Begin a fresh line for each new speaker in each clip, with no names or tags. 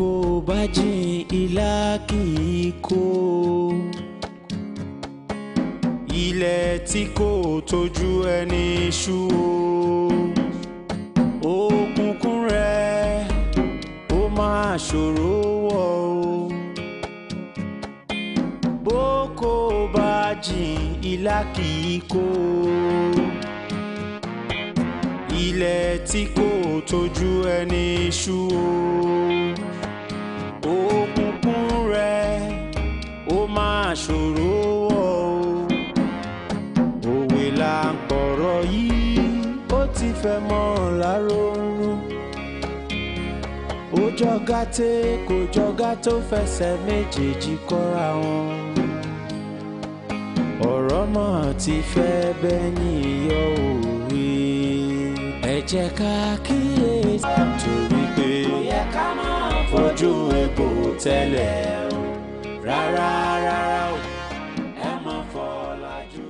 kò bá jìn ilá kì í kó ilẹ̀ tí kò tójú ẹni ṣú o òkùnkùn rẹ̀ ó máa ṣòro wọ̀ o bó kò bá jìn ilá kì í kó ilẹ̀ tí kò tójú ẹni ṣú o. máa ṣòro wọ̀ o òwe là ń pọ̀rọ̀ yìí ó ti fẹ́ mọ́ láró rú ó jọgá tẹ kò jọgá tó fẹsẹ̀ méjèèjì kọ́ra wọn ọ̀rọ̀ mọ̀ ti fẹ́ bẹ́ẹ̀ ní òwe ẹ ká kíyèsí torí pé kò yẹ tẹ́lẹ̀ o rárá rárá o ẹ má fọlájú.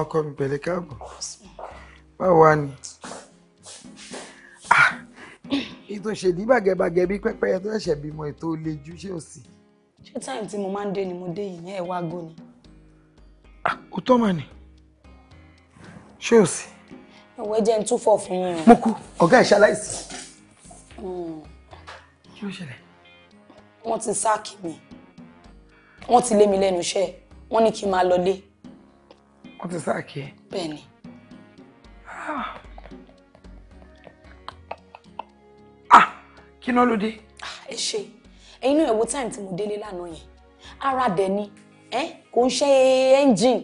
ọkọ mi pẹ̀lẹ́ káàbọ̀ báwo wá ni ètò ah! ìṣèdí bàgẹ́bàgẹ́ bí pẹ́pẹ́yẹ tó ṣẹ̀ṣẹ̀ bímọ ètò olèjú ṣé ò sí. ṣé táìmù tí mo máa ń dé ni mo dé yìí yẹn ẹ wá ah! ó tọ́ mà ní ṣé ò sí ìwé jẹ́ ń túfọ̀ fún yín. mo kú ọ̀gá ẹ̀ ṣaláìsí. Hmm. kí ló ṣẹlẹ̀. wọ́n ti sáàkì mi wọ́n ti lé mi lẹ́nu iṣẹ́ wọ́n ní kí n máa lọlé. wọ́n ti sáàkì ẹ. bẹ́ẹ̀ ni. ah, ah kí náà ló dé. Ah, ẹ ṣe ẹ̀yin náà ẹ wo táìmù tí mo délé lánàá yẹn ara dẹ̀ ni kò ń ṣe ẹ́ńjìn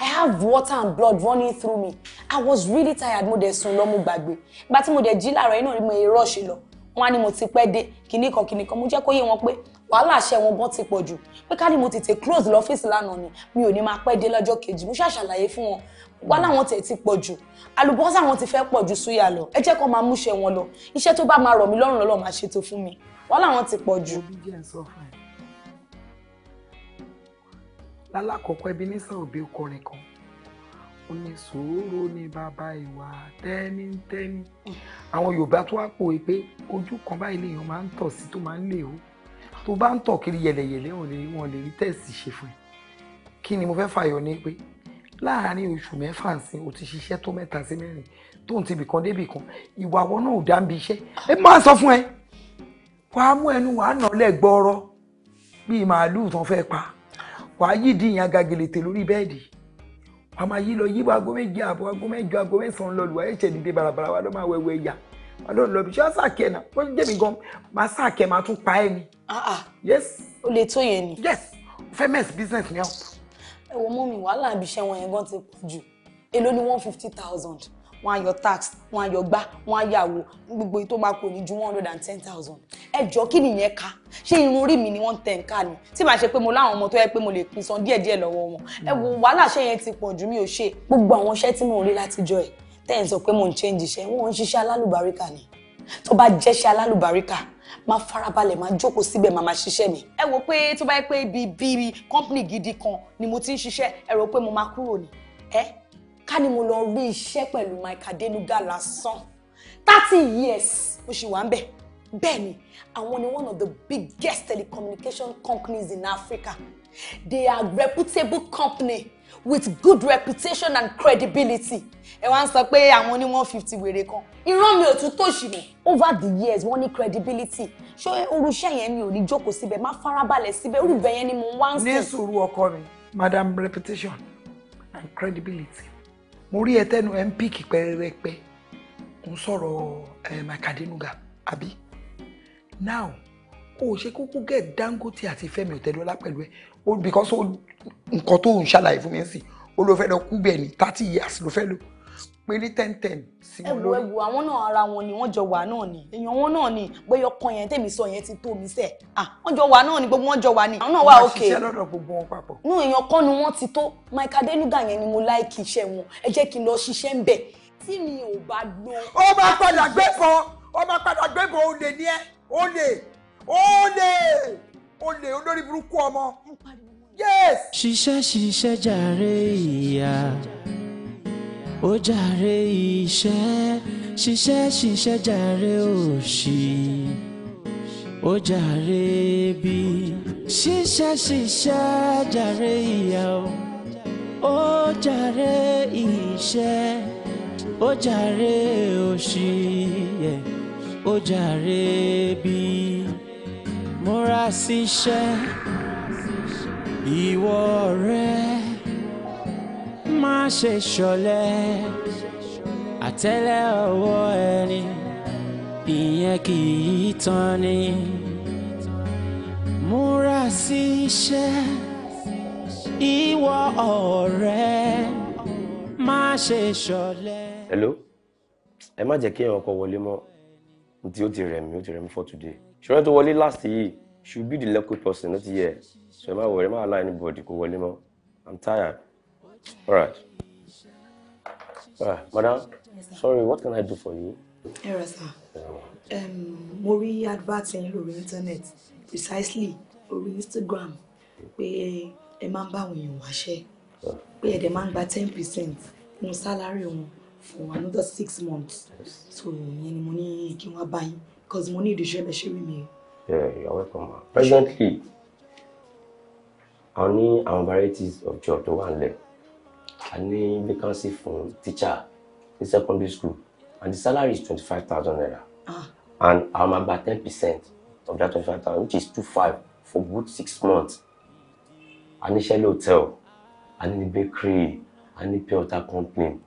I have water and blood running through me. I was really tired mo dẹ̀ sùn lọ mo gbàgbé. Ìgbà tí mo dẹ̀ jí láàárọ̀ yìí náà ni mo èrò ṣe lọ. Wọ́n á ní mo ti pẹ́ dé kinní kan kinní kan. Mo jẹ́ kó yé wọn pé wàhálà àṣẹ wọn gan ti pọ̀ jù. Pé ká mo tètè close lọ́fíìsì lánàá ni mi ò ní máa pẹ́ dé lọ́jọ́ kejì. Mo ṣàṣàlàyé fún wọn. Wàhálà wọn tẹ̀ ti pọ̀ jù. Àlùbọ́sà wọn ti fẹ́ pọ̀ ju súyà lọ. Ẹ jẹ́ kó máa múṣẹ́ wọn lọ. Iṣẹ́ tó bá máa rọ̀ mí lọ́rùn lọ́lọ́ máa ṣètò fún mi. Wàhálà wọn ti pọ̀ jù. Olùdíje ń sọ fún lálàkọ́kọ́ Ebenezer Obey kọrin kan ó ní sùúrù ni bàbá ìwà tẹ́nítẹ́ní àwọn Yorùbá tó wá pò é pé ojú kan báyìí lèèyàn máa ń tọ̀ sí tó máa ń lè o tó bá ń tọ̀ kiri yẹ̀lẹ̀yẹ̀lẹ̀ wọn lè rí tẹ̀sí ṣe fún ẹ kí ni mo fẹ́ fàyọ ní pé láàárín oṣù mẹ́fà sí o ti ṣiṣẹ́ tó mẹ́ta sí mẹ́rin tó ń tibì kan débì kan ìwà wọn náà ò dá ń bi iṣẹ́ ẹ máa sọ fún ẹ wàá mú ẹnu wàá nà lẹ́gbọ́ọ́rọ́ bíi màálùú tán fẹ́ pa wàá yídi ìyẹn agagèlètè lórí bẹ́ẹ̀dì wàá máa yí lọ yíwọ aago méje àbọ̀ aago mẹ́jọ aago mẹ́sàn-án lọ lùwà ẹ̀ṣẹ̀ dìde bàràbàrà wa ló máa wẹ̀wẹ̀ ìyà wà ló lọ bí ṣé wàá sàkẹ́ náà wọ́n jẹ́ mi gan máa sàkẹ́ máa tún pa ẹ́ ni. Ah, ah. yes. o lè tó yẹn ni. yes famous business ni help. ẹ wo mú mi wàhálà ibiṣẹ́ wọn yẹn gan ti pọ̀ jù èló ni one fifty thousand wọ́n á tax wọ́n á yọ gbá wọ́n á yàwó gbogbo èyí tó máa kù ní ju one hundred and ten thousand ẹ jọ kí nìyẹn ká ṣé irun orí mi ni wọ́n tẹ̀ ń ká ni tí màá ṣe pé mo láwọn ọmọ tó yẹ pé mo lè pín san díẹ̀díẹ̀ lọ́wọ́ wọn ẹ wo wàhálà ṣe yẹn ti pọ̀ ju mi ò ṣe gbogbo àwọn iṣẹ́ tí mò ń rí látijọ́ ẹ̀ tẹ́ ẹ̀ ń sọ pé mò ń change iṣẹ́ wọ́n ń ṣiṣẹ́ alálùbáríkà ni tó bá jẹ́ṣẹ́ alálùbáríkà máa farabalẹ̀ máa jókòó síbẹ̀ máa máa ṣiṣẹ́ mi. ẹ wo pé tó bá yẹ pé ibi bíi company gidi kan ni mo ti ń ṣiṣẹ́ ẹ rò pé mo máa kúrò ni ẹ ká ní mo lọ rí iṣẹ́ pẹ̀lú Mike Adenuga lásán thirty years mo ṣì wà ń bẹ̀ bẹ́ẹ̀ àwọn ni one of the biggest telecommunication companies in Africa they are reputable company with good reputation and credibility ẹ wá ń sọ pé àwọn ní one fifty wèrè kan ìran mi ò tún tòṣì mọ́ over the years wọ́n ní credibility ṣé orúṣẹ́ yẹn mi ò ní jókòó síbẹ̀ má farabalẹ̀ síbẹ̀ orúbẹ̀ yẹn ni mo wá ń sìn. ní sùúrù ọkọ mi madam reputation and credibility mo rí ẹ tẹnu ẹ ń píìkì pẹrẹpẹ ń sọ̀rọ̀ eh, makadenuga now o ṣe kúkú gẹ Dangote àti Fẹ́mi Ọ̀tẹ́dọ́lá pẹ̀lú ẹ o because nǹkan tó ń ṣàlàyé fún mi sí o ló lọ kú bẹ́ẹ̀ ni thirty years ló fẹ́ lọ péré tẹ́ntẹ́n sí wọn lórí. ẹwù ẹwù àwọn náà ara wọn ni wọ́n jọ wà náà ni èèyàn wọn náà ni bóyá ọkàn yẹn tèmi sọ yẹn ti tó mi sẹ ah wọ́n jọ wà náà ni gbogbo wọn jọ wà ni àwọn náà wà òkè. wọ́n ṣiṣẹ́ lọ́dọ̀ gbogbo wọn papọ̀. inú èèyàn kan ni wọ́n ti tó Michael Adenuga yẹn ni mo láìkì iṣẹ́ wọn ẹ jẹ́ kí n lọ ṣiṣẹ́ ń bẹ̀ tí mi ò bá lọ. ó máa padà gbẹ́bọ̀ ó máa padà gbẹ́bọ̀ ó lè ní ẹ ó lè ó lè ó lè olórí burúkú ọmọ.
yes. ṣiṣẹ́ ṣiṣẹ́ jàre ìyá ó jàre iṣẹ́ ṣiṣẹ́ ṣiṣẹ́ jàre òṣì ó jàre bí ṣiṣẹ́ ṣiṣẹ́ jàre ìyà ó jàre iṣẹ́ ó jàre òṣì ó jàre bí múra síṣẹ́ ìwọ rẹ̀ má ṣe ṣọ̀lẹ àtẹ́lẹ̀ ọwọ́ ẹni ìyẹn kì í tán ni múra sí iṣẹ́ ìwọ ọ̀rẹ́ má ṣe ṣọ̀lẹ.
hello ẹ má jẹ́ kí ẹ̀wọ̀n kan wọlé mọ́ tí ó ti rẹ̀ mí ó ti rẹ̀ mí for today ṣùgbọ́n tó wọlé last yìí should be the local person ló ti yẹ ṣùgbọ́n ẹ má wọlé má lie anybody kó wọlé mọ́ i'm tired. All right. All uh, madam. Yes, Sorry, what can I do for you? Ẹ sir. sà,
mo rí advert yín lórí internet precisely orí Instagram pé ẹ máa ń bá àwọn èèyàn wáṣẹ́ pé ẹ dẹ̀ máa ń gba ten percent fún sálárì for another six months. So any ni mo ní kí wọ́n bá yín because mo ní ìdíṣẹ́ bẹ̀ ṣe rí
Yeah, you're welcome. Presently, a ní varieties of job tó wà nílẹ̀ a ní vacancy fún teacher ní secondary school and the salary is twenty five thousand naira ah. and i'm about ten percent of that twenty five thousand which is two five for good six months I need shelly hotel I need bakery I need pure water company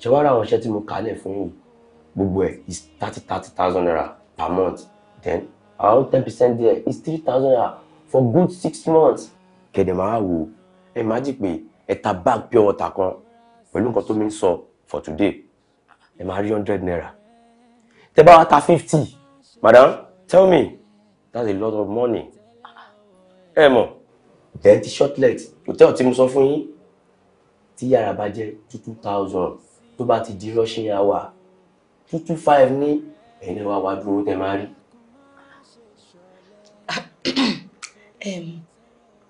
ṣe wá ra àwọn iṣẹ́ tí mo kalẹ̀ fún is thirty thirty thousand naira per month then around ten percent there is three thousand naira for good six months kẹ̀dẹ̀ máa wò ẹ̀ má ẹ ta bag pure water kan pẹ̀lú nǹkan tó mi ń sọ for today ẹ máa rí hundred naira tẹ bá wa ta fifty madam tell me that's a lot of money ẹ mọ̀ then ti shortlet hotel tí mo sọ fún yín tí yàrá bá jẹ́ two two thousand tó bá ti di rushing hour two two five ní ẹni wa wá dúró tẹ máa rí.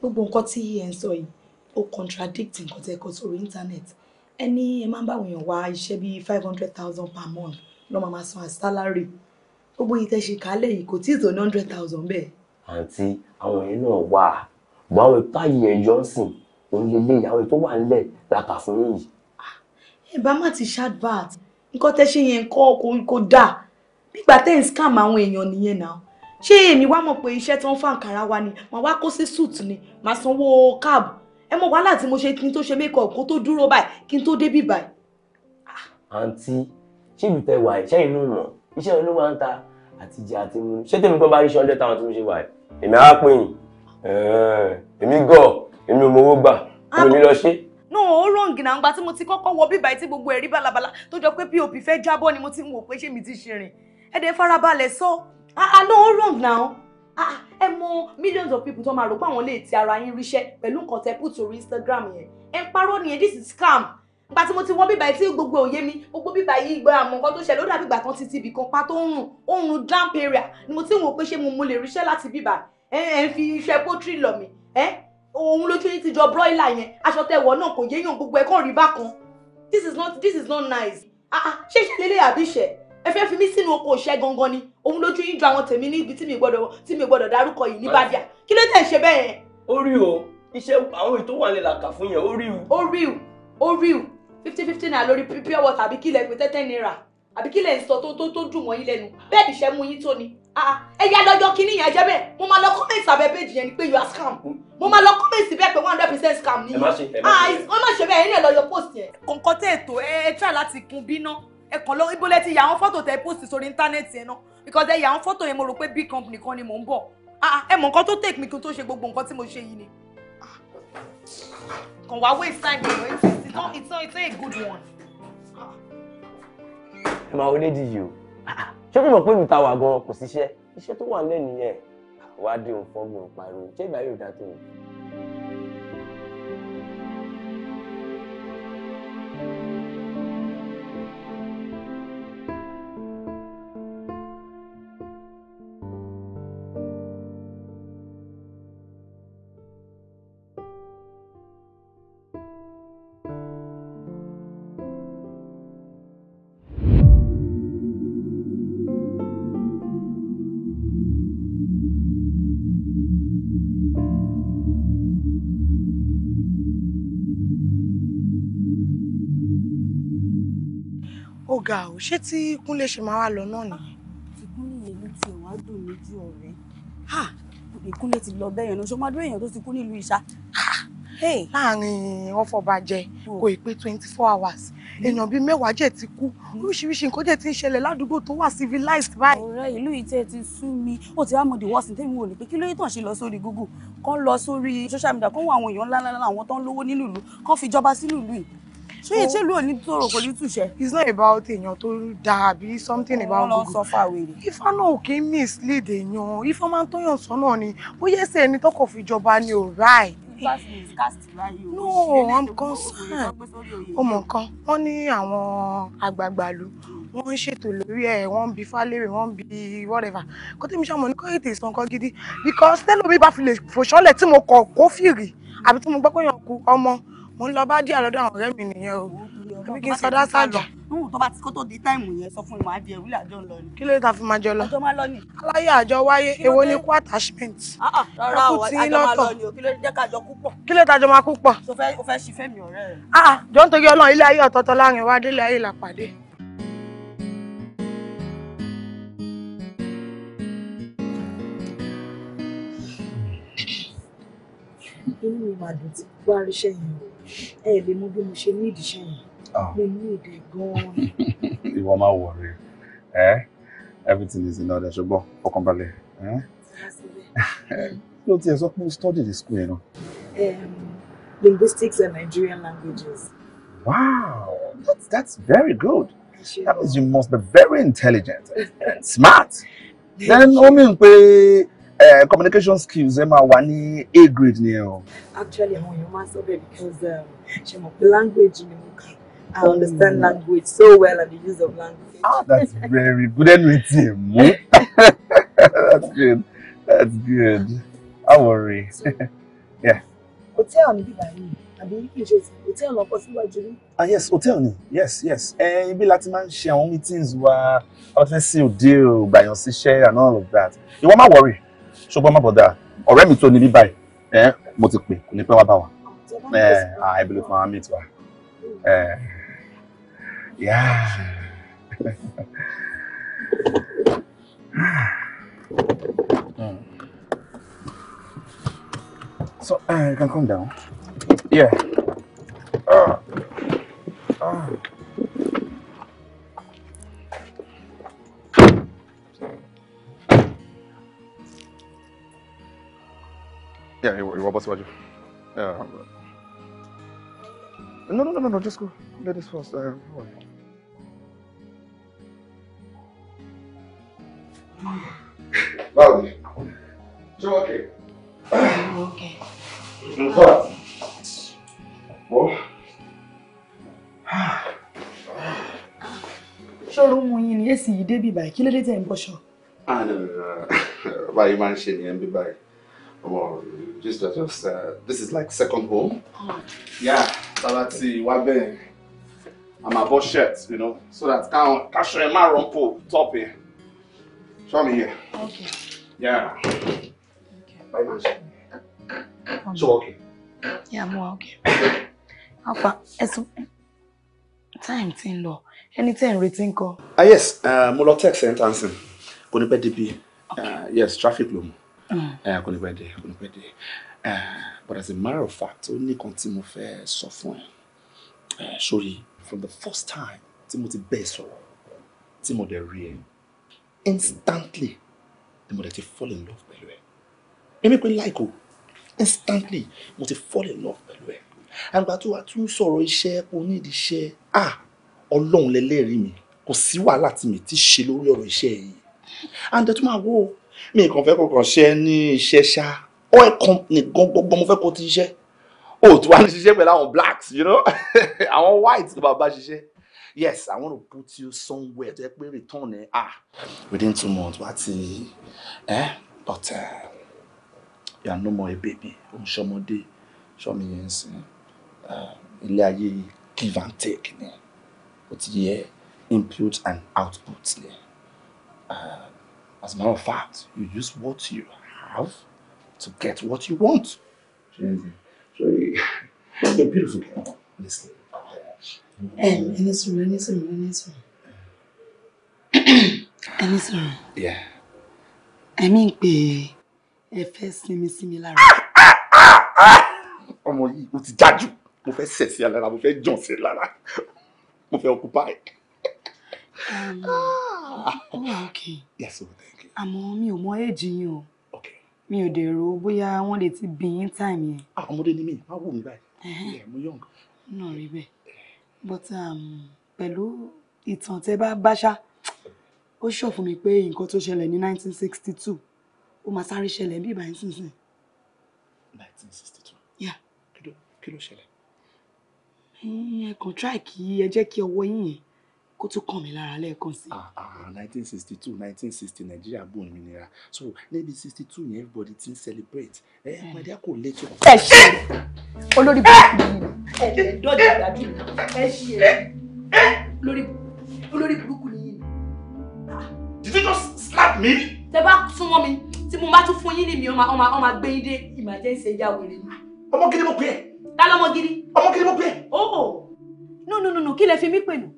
gbogbo nǹkan tí ẹ ń sọ yìí ó contradict nǹkan tẹ́ kọ sórí internet ẹni ẹ máa ń báwọn èèyàn wá iṣẹ́ bíi five hundred thousand per month lọ́mọ máa san as salary gbogbo yìí tẹ́ ṣe kálẹ̀ yìí kò tí ì tó ní hundred thousand
bẹ́ẹ̀. àǹtí àwọn yẹn náà wà bọ́ àwọn ipá yìí ẹ̀ johnson òun lè lè àwọn tó wà nílẹ̀ làkà fún yìí. Ah,
ẹ bá má ti ṣàdvat nǹkan tẹ́ ṣe yẹn kọ́ kó dáa nígbà tẹ́ ń scam àwọn èèyàn nìyẹn náà ṣé èmi wá mọ̀ pé iṣẹ́ tó ń fà ń kára wa ni màá wá kó sí suit ni màá sanwó cab ẹ mọ wàhálà tí mo ṣe kí n tó ṣe makeup kó tó dúró báyìí kí n tó débì báyìí.
Ah. àǹtí ṣé ìlú tẹ wà yìí ṣé inú mọ iṣẹ́ olówó à ń ta àtijọ́ àti mú ṣé tèmi kan bá rí iṣẹ́ ọdẹ táwọn tó ń ṣe wà yìí èmi á pín yìí èmi gọ̀ èmi ò mọwó gbà èmi lọ ṣe.
nù ó rọǹgì náà gba tí mo ti kọ́kọ́ wọ bíbá yìí tí gbogbo ẹ̀rí balabala tó jọ pé pop fẹ́ jábọ́ ni mo ti ń wò pé ṣé mi ti ṣe rìn ẹ̀dẹ̀ farabalẹ̀ sọ àná ah, ah, ó rọǹgì náà. Ah, ah, ẹ mọ millions of people tó máa rò pé àwọn lè ti ara yín ríṣẹ́ pẹ̀lú nǹkan tẹ put orí Instagram yẹn ẹ ń parọ́ nìyẹn this is scam nígbà tí mo ti wọ́n bíbá yìí tí gbogbo òye mi gbogbo bíbá yìí gbọ́ àmọ́ nǹkan tó ṣẹlẹ̀ ó dàbí ìgbà kan títí ibì kan pa tó ń rùn ó ń rùn damp area ni mo ti ń wò pé ṣé mo lè ríṣẹ́ láti bíbá ẹ ẹ fi iṣẹ́ poultry lọ mi ẹ òun lójú yín ti jọ broiler yẹn aṣọ tẹwọ náà kò yéèyàn gbogbo ẹ kàn rí bákan this is not this is not nice ah ah ṣé ṣe lélẹ̀ àbí ṣe ẹ fẹ́ fi mí sínú oko òṣẹ́ gangan ni òun lójú yín ju àwọn tèmi níbi tí mi gbọ́dọ̀ tí mi gbọ́dọ̀ dárúkọ yìí ní badia. kí ló tẹ̀ ń ṣe bẹ́ẹ̀ yẹn. ó rí o
iṣẹ́ àwọn ètò wà lè làkà
fún yẹn ó o. ó o ó rí o fifty fifty naira lórí pure water àbí kílẹ̀ pé tẹ́tẹ́ naira àbí kílẹ̀ ń sọ tó tó tó dùn mọ́ yín lẹ́nu bẹ́ẹ̀ ìṣẹ́ mú yín tó ni ah, ah. ẹ yá lọ́jọ́ kínní yẹn jẹ́ bẹ́ẹ̀ mo máa lọ kọ́mẹ̀sì abẹ́ péjì yẹn ni pé you are scam mo máa lọ kọ́mẹ̀sì bẹ́ẹ̀ pé one hundred percent scam ni yín
ah,
ẹ má ṣe bẹ́ẹ̀ ẹ ní ẹ̀ lọ yọ post yẹn. kọ̀ǹkọ́tẹ̀ ètò ẹ ẹ try láti kun bí náà ẹ kàn lọ ibo lẹ ti yà àwọn fọ́tò tẹ post sórí íńtánẹ́ẹ̀tì yẹn náà because ẹ yà àwọn fọ́tò yẹn mo rò pé big company kan ni mò ń bọ̀ ah, ah, ẹ mọ̀ nǹkan tó take mi kí n tó ṣe gbogbo nǹkan tí mo ṣe yìí ni ah, kàn wá waste time you know it's not it's not it's not a good one.
ẹ máa wọlé di yìí o ṣé kò mọ̀ pé ìlú ta wà gan-an kò síṣẹ́ iṣẹ́ tó wà lẹ́nu yẹn wàá dé òun fọ́gbọ̀n pariwo ṣé ìgbà yóò dá tó o.
ga ò ṣé tí Kúnlé ṣe máa wá lọ náà nìyẹn. Ìkúnlé yẹn ló ti ẹ̀wá dùn lójú ọ̀rẹ́. Ìkúnlé ti lọ bẹ́yẹn náà ṣọmọdún èèyàn tó ti kú nílùú Ìṣá. Láàárín ọ̀fọ̀bàjẹ́ kò ì pé twenty four hours èèyàn bíi mẹ́wàá jẹ́ ti kú oríṣiríṣi nǹkan jẹ́ ti ń ṣẹlẹ̀ ládùúgbò tó wà civilized báyìí. ọ̀rẹ́ ìlú yìí tẹ́ ti sú mi ó ti wá mọ̀ the worst tẹ́mi wò ní pé kí ló yìí tàn ṣe lọ sórí Google kán lọ sórí social media kán wọ àwọn èèyàn ńláńlá àwọn tó ń lówó nílùú kán fi jọba sílùú yìí ṣé ìṣèlú ò ní tòrò kò ní túṣẹ. it's not about èèyàn tó dáa àbí something about gbogbo. wọ́n lọ sọ fàwèrè. ifá náà ò kí ń mislead èèyàn ifá máa ń tọ́yàn sọ́nà ni bóyá ẹsẹ̀ ẹni tọkọ̀ fi jọba ni ò ráì. no i'm concerned. ó mọ̀ nǹkan wọ́n ní àwọn àgbààgbàlú wọ́n ń ṣètò lórí ẹ̀ wọ́n ń bi fálẹ́rẹ̀ wọ́n bi whatever kó tèmi ṣàmọ̀ ní kó ètè ìsàn gidi because tẹ́lómi bá fi lè fòṣọ́lẹ̀ tí mo kọ̀ kófìrì àbí tí mo gbọ́ pé yàn ku ọmọ mo ń lọ bá díà lọ́dọ̀ àwọn ọ̀rẹ́ mi nìyẹn o àbí kí n sọdá sájà. tó bá ti kó tó di táìmù yẹn sọ fún ìwà adìẹ wílà àjọ lọ ni. kí ló ta fi máa jọ lọ. àjọ máa lọ ni. aláyé àjọ wáyé èwo ni kú attachment. Ah, ah, rárá o àjọ máa lọ ni o kí ló jẹ́ kájọ kú pọ̀. kí ló tajọ máa kú pọ̀. o fẹ́ ṣi fẹ́mi ọ̀rẹ́ rẹ̀. Ah, jọ ń torí ọlọ́run ilé ayé ọ̀tọ̀ọ̀tọ̀ láàrin wa délé ayé là pàdé. inú mi máa dùn tí wàá ríṣẹ́ yìí ẹ lè mú bí mo ṣe ní ìdíṣẹ́ yìí ah. mo ní èdè gan-an.
ìwọ máa wọ̀ rẹ ẹ everything is in order ṣùgbọ́n ọkàn balẹ̀
ẹ ló tiẹ̀ sọ pé study the school yẹn náà.
linguistics and Nigerian languages.
wow that's, that's very good
that means you must be very intelligent and smart. then ó mìíràn pé uh, communication skills ẹ máa wà A grade ni o.
actually àwọn èèyàn máa ń sọ bẹ́ẹ̀ because um, ṣe mọ̀ pé language ni mo kà I understand mm. language so well and the use of
language. ah that's very good ẹnu etí ẹ mú that's good that's good I worry. yeah.
hotel ni bíbá yìí àbí ìjọ ti hotel náà kọ síwájú rí.
ah yes hotel ni yes yes ẹ eh, ibi láti máa ń ṣe àwọn meetings wa a bá fẹ́ sí òde ò gbàyàn síṣẹ́ and all of that ìwọ má worry ṣùgbọ́n má bọ̀dà ọ̀rẹ́ mi tó ní bí báyìí mo ti pè kò ní pẹ́ wá bá wa ibi ló fún wa meet wa
So uh, you can come down. Yeah. Uh, uh.
Yeah, ìwọ ìwọ bọ́ síwájú.
No, no, no, no, no, just go. Ladies first. Uh,
Báwo ni? Ṣé wọ́n kè? Wọ́n kè. Nǹkan. Wọ́n.
Ṣọ́run mu yín ni èsì yìí débì báyìí, kí ló dé tẹ̀ ń bọ́ṣọ?
Ah, báyìí máa ń ṣe wow just just uh, this is like second home. yeah so bàbá tí wá bẹ́ẹ̀ i'm about shirt you know so that can káwọn káṣọ ẹ má rọpò top here. show me here. okay. yeah. bye bye. so okay.
yeah mo wa okay. afa ẹsùn time ti ń lọ ẹni
ah yes Uh, lọ tech sentencing kò ní pẹ́ débi uh, yes traffic loom. Eh, kò ní pẹ́ dé kò ní pẹ́ dé eh, but as a matter of fact ó ní kan tí mo fẹ́ sọ fún ẹ eh, sórí from the first time tí mo ti bẹ́ẹ̀ sọ̀rọ̀ tí mo dẹ̀ rí ẹ instantly ni mo dẹ̀ ti fall in love pẹ̀lú ẹ èmi pé láìkò instantly mo ti fall in love pẹ̀lú ẹ àgbà tó wà tún sọ̀rọ̀ iṣẹ́ kò ní ìdí iṣẹ́ ah ọlọ́run lẹ́lẹ́rìí mi kò sí wàhálà tí mi ti ṣe lórí ọ̀rọ̀ iṣẹ́ yìí and ẹ̀ tún máa wò mi kàn fẹ́ kó kàn ṣe ẹ ní iṣẹ́ ṣá oil company gangan mo fẹ́ kó ti ṣiṣẹ́ o tí wàá ní ṣiṣẹ́ pẹ̀lú àwọn blacks you know àwọn whites ló bàbá ṣiṣẹ́ yes i want to put you somewhere to help me return eh ah within two months wá ti eh but uh, you are no more a baby o n ṣọmọdé ṣọmi yẹn sìn eh, ilé ayé give and take ni o ti yẹ input and output ni. Uh, As a matter of fact, you use what you
have to get what you want. So, you're beautiful girl. Listen. And it's room, it's room, and it's room. And it's room. Yeah. I mean, pé ẹ fẹ́ sinmi sinmi lára.
Ọmọ yìí, ó ti jájú. Mo fẹ́ ṣẹ̀ sí lára, mo fẹ́ jàn sí lára. Mo fẹ́ occupy.
Um, oh, okay. Yes, okay àmọ́ mi ò mọ èjì yín o mi ò dèrò bóyá wọ́n lè ti bí yín time yẹn.
Ah, ọmọdé ni mí má wò mí báyìí mo yọ̀ nǹkan.
náà rí bẹ́ẹ̀ but um, pẹ̀lú ìtàn tẹ bá báṣá ó sọ fún mi pé nǹkan tó ṣẹlẹ̀ ní 1962 ó máa sáré ṣẹlẹ̀ bí ìbáyìí sínsìn. 1962. kí ló ṣẹlẹ̀. ẹ kàn try kí ẹ jẹ́ kí ọwọ́ yín yẹn kó tún kàn mí lára lẹ́ẹ̀kan
sí. Ah, ah, ah, nineteen sixty two nineteen sixty Nigeria bò ń nira so níbi sixty two yẹn everybody ti ń celebrate ẹ ẹ pàdé kò lè tó. ẹ ṣe olórí burúkú yìí
ni ẹ lè dọ́jú ìdájú
mi ẹ ṣe ẹ
olórí burúkú yìí
ni. did you just slap me.
tẹ bá súnmọ́ mi tí mo bá tún fún yín ní mi ọmọ gbé yín dé emergency ìjà wèrè mi. ọmọ gidi mo pè é. ta lọmọ gidi. ọmọ gidi mo pè é. oh, oh. no no no kí lẹ fi mí pè nù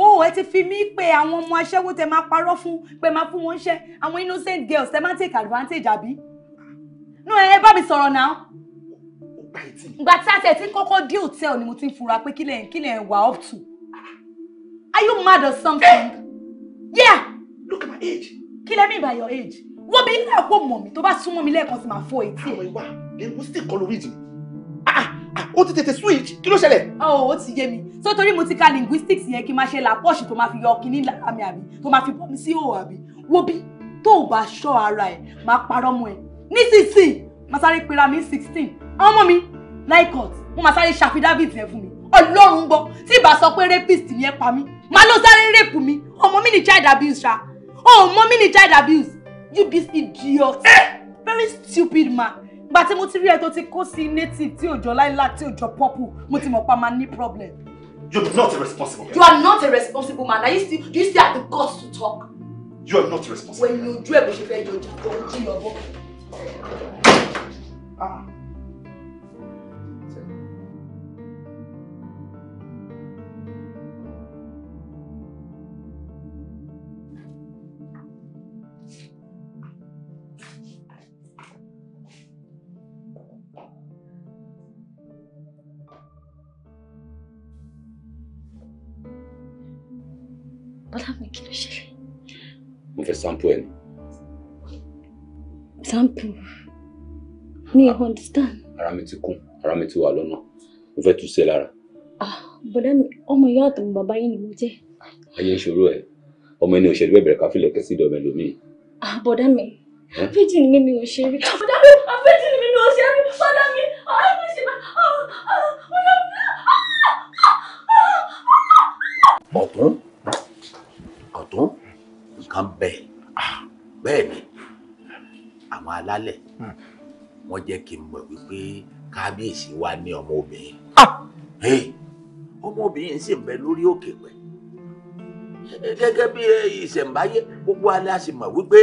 ó ẹ ti fi mí pé àwọn ọmọ aṣẹ́wó tẹ máa parọ́ fún pé máa fún wọn ṣẹ́ àwọn innocent girls tẹ máa take advantage àbí nú ẹ bá mi sọ̀rọ̀ náà ìgbà tí a tẹ̀ tí kọ́kọ́ dé hòtẹ́ẹ̀lì ni mo ti ń fura pé kílẹ̀ kílẹ̀ wà up to are you mad or something? yeah. look at my age. kílẹ̀ mi by your age. wọ́n bí ilé ẹ̀kọ́ mọ̀ mi tó bá súnmọ́ mi lẹ́ẹ̀kan sí máa fọ́ etí ẹ̀. àwọn ìwà lè wọ́n sì kọ́ lórí ìdìbò ó ti tètè switch kí ló ṣẹlẹ̀. ọ̀ oh, ó ti yé mi so torí mo ti ka linguistics yẹn kí n máa ṣe la pọ́ọ̀ṣì tó máa fi yọ kínní lára mi àbí tó máa fi bọ́ mi sí òwò àbí wo bí tó o bá ṣọ́ ara ẹ̀ máa parọ́ mọ́ ẹ nísinsìnyí máa sáré pera mi sixteen ọmọ mi lycott mo máa sáré ṣàfidábìtì ẹ fún mi ọlọ́run gbọ́ tí ìbá sọ pé rapist ni pa mí máa ló sáré rape mi ọmọ mi ni child abuse ṣá ọmọ mi ni child abuse you be idiot eh! very stupid man gba tí mo ti rí ẹ tó ti kó sí native tí òjò láìlá tí òjò purple mo ti mọ̀ pa máa ní problem.
you are not a responsible man. you are not
a responsible man na you still you still have the guts to talk.
you are not responsible.
wẹ̀yìn ojú ẹ̀ bó ṣe fẹ́ jọjà tó ń jí lọ́bọ̀. Ah. sample ẹni. sample mi ò ah. understand.
ara mi ti kún ara mi ti wà lọ́nà mo fẹ́ túṣe lára.
Ah, bọ̀dá mi ọmọ ìyá àtọmọ bàbá yìí ni mo jẹ́.
Ah, ayé ìṣòro ẹ ọmọ ẹni òṣèlú me káfílẹ̀ kẹsí ìdọ̀ ọmọ ẹlòmíì.
bọ̀dá mi fíjì ni mi ò ṣe rí. ni mi ò ṣe rí mi ọ̀rẹ́ mi ṣe máa
ọ̀tún ọ̀tún nǹkan bẹ́ẹ̀ bẹ́ẹ̀ ni àwọn alálẹ̀ hmm. wọ́n jẹ́ kí n mọ̀ wípé kábíyèsí wa ní ọmọbìnrin ah! ọmọbìnrin sì ń bẹ lórí òkè pẹ̀ gẹ́gẹ́ bí ìṣẹ̀ǹbáyé gbogbo alẹ́ a sì mọ̀ wípé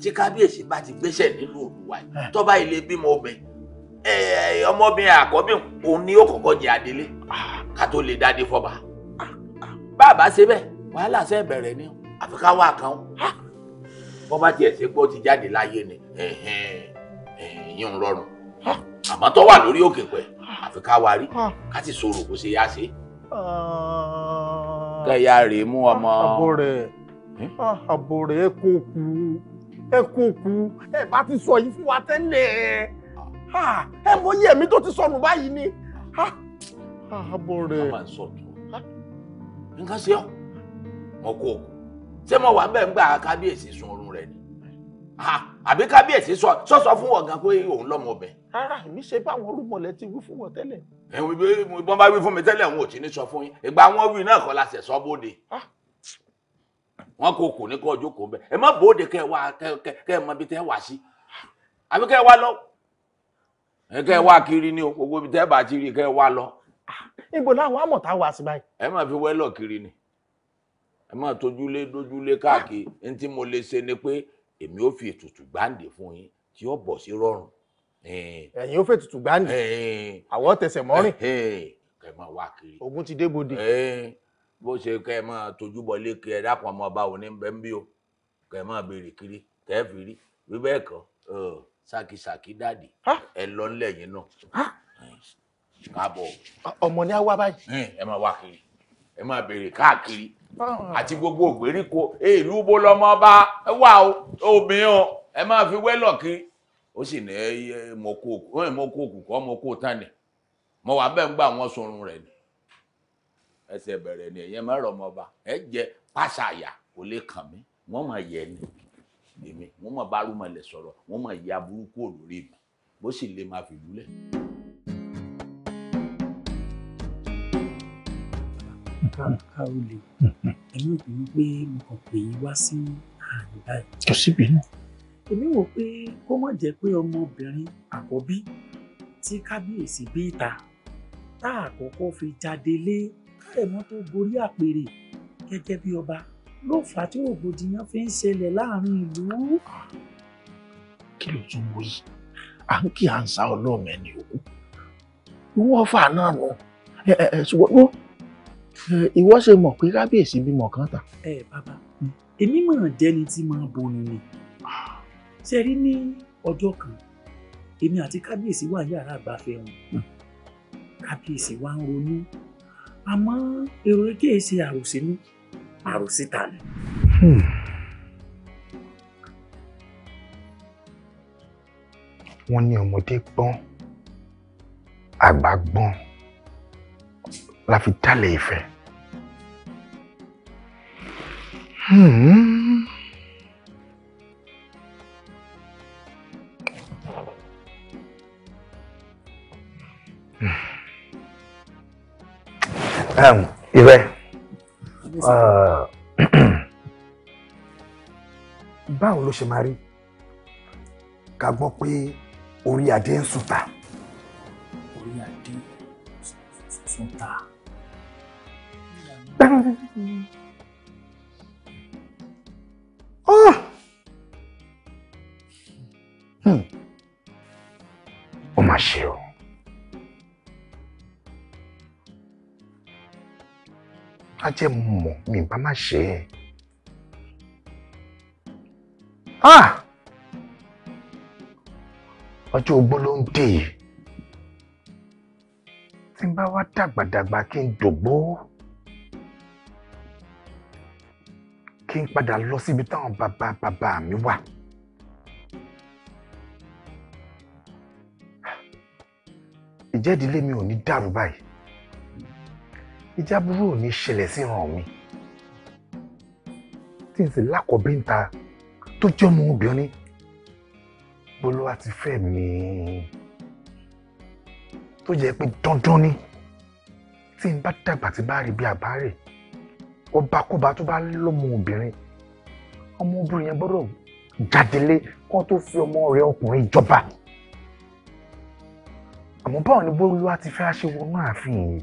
tí kábíyèsí bá ti gbéṣẹ̀ nílùú Oòduà eh. tó bá ilé bímọ obìnrin ọmọbìnrin àkọ́bí òun ni ó kọ́kọ́ jẹ adélé ah! ká tó lè dáadé fọba bàbá ṣe bẹ́ẹ̀ wàhálà ṣe bẹ̀rẹ̀ ni àfi ká wá kan wọ́n bá tiẹ̀ ṣe gbọ́ ti jáde láyé ni yín ń rọrùn àmọ́ tó wà lórí òkè pẹ̀ àfi ká wa rí ká sì sọ̀rọ̀ bó ṣe yá ṣe. kẹ́yà rèé mú ọmọ. àbò
rẹ̀ hm? àbò rẹ̀ ẹ kó kú ẹ kó kú ẹ bá ti sọ yìí fún
wa tẹ́lẹ̀ ẹ mọ iye mi tó ti sọnù báyìí ni.
àbò rẹ̀. a máa ń sọ̀tún nǹkan ṣe ọ́ ọkọ̀ òkú ṣé mo wà ń bẹ̀ ń gbà kábíyèsí sun oorun rẹ̀ ni àbí kábíyèsí sọ sọ fún wọn gan pé òun lọ́mọ ọbẹ̀. rárá mi ṣe báwọn olúmọlẹ̀ ti wí fún wọn tẹ́lẹ̀. ẹ̀wọ̀n ibi wọn bá wí fún mi tẹ́lẹ̀ wọn ò tí ní sọ fún yín ìgbà wọn wí náà kọ́ la ṣẹ̀ sọ bóde. Ah. wọn kò kò ní kọ́ ọjọ́ kò ń bẹ̀ ẹ má bóde kẹ́ ẹ wá kẹ́ ẹ mọ ibi tẹ́ ẹ wá sí àbí kẹ́ ẹ wá lọ ẹ kẹ́ ẹ wá kiri ni o gbogbo ibi tẹ́ ẹ bá ti rí kẹ́ ẹ wá lọ.
Ah, ibo làwọn amọ̀ta wá sí
ẹ má fi wẹ́lọ̀ kiri ni ẹ máa tójúlé dójúlé káàkiri ní tí mo lè ṣe ni pé èmi ò fi ètùtù gbáǹdè fún yín tí ó bọ̀ sí rọrùn. ẹ̀yin ò fẹ́ ètùtù gbáǹdè àwọ̀ tẹsẹ̀ mọ́rìn. kẹ́ máa wá kiri. ogun ti dé bodè. bó ṣe kẹ́ ẹ máa tójú bọ lékè ẹ dákun ọmọ ọba òní bẹ́ẹ̀ ń bí o kẹ́ ẹ máa béèrè kiri kẹ́ ẹ fi rí bí bẹ́ẹ̀ kọ́ ṣàkíṣàkí dàdí ẹ lọ nílẹ̀ yín náà káàbọ̀. ọmọ ni a wá báyìí. ẹ máa wá kiri ẹ máa béèrè káàkiri àti gbogbo ògbèríko ìlú bó lọmọ bá wà obìnrin o ẹ máa fi wẹ́lọ̀ kí ó sì ní mo kó òkú kọ́ mo kó tán ni mo wà bẹ́ẹ̀ ń gbà wọ́n sọrun rẹ̀ ni ẹsẹ̀ bẹ̀rẹ̀ ni ẹ̀yẹn má rọ̀ ọmọ ọba ẹ jẹ pàṣàyà kò lè kàn mí wọ́n máa yẹ ni èmi wọ́n máa bá rúmọlẹ̀ sọ̀rọ̀ wọ́n máa ya burúkú òlórí mi bó sì lè máa fi lúlẹ̀.
káolè ẹ̀yin obìnrin pé mo
kàn pè yín wá sí àárín
báyìí. kò síbi náà.
èmi wò pé kó má jẹ́ pé ọmọbìnrin àkọ́bí tí kábíyèsí bí ìta tá àkọ́kọ́ fi jáde lé káyọ̀mọ́ tó borí àpèrè gẹ́gẹ́ bí ọba ló fà á tí rògbòdìyàn fi ń ṣẹlẹ̀ láàrin ìlú.
kí ló tún wọ
yìí à ń kí à ń sá ọlọ́ọ̀mẹ́ni òkú wọ́n fà náà nù ẹ̀ ẹ̀ ṣùgbọ́n ìwọ ṣe mọ̀ pé kábíyèsí bímọ kan tà. ẹ bàbá èmi mọ̀ jẹ́ni tí máa bonu ni ṣe rí ní ọjọ́
kan èmi àti kábíyèsí wà yàrá àgbàfẹ́ wọn hmm. kábíyèsí wa ń ronú àmọ́ èrò ike ṣe àròsí ní àròsí ta ni. Hmm.
wọ́n ní ọmọdé gbọ́n àgbà gbọ́n la fi dálẹ̀ ìfẹ́.
Hmm. Um,
Ìrẹ́, ah.
báwo ló ṣe máa rí ká gbọ́ pé
orí adé ń sùtà?
Orí adé ń sùtà. ó mà ṣe o.
a jẹ́ mọ̀ mi bá má ṣe é.
ọjọ́ ogbó ló ń dè yìí
tí n bá wá dàgbàdàgbà kí n dògbó kí n padà lọ síbi táwọn bàbá bàbá mi wà. ìjẹ́ ìdílé mi ò ní dàrú báyìí ìjà burú ò ní ṣẹlẹ̀ sí ìran mi
tí n sì lákọ̀ọ́bí ń ta tó jẹ́ ọmọ obìnrin bolówá ti
fẹ́ mi tó jẹ́ pé dandan ni tí n bá dàgbà tí bá rí bí àbárè ọbakúba tó bá lọ́mọ obìnrin ọmọ obìnrin yẹn gbọ́dọ̀ jáde lé kó tó fi ọmọ rẹ̀ ọkùnrin
jọba
àmọ́ báwo ni bólúwa ti fẹ́ ṣe wọnú ààfin yìí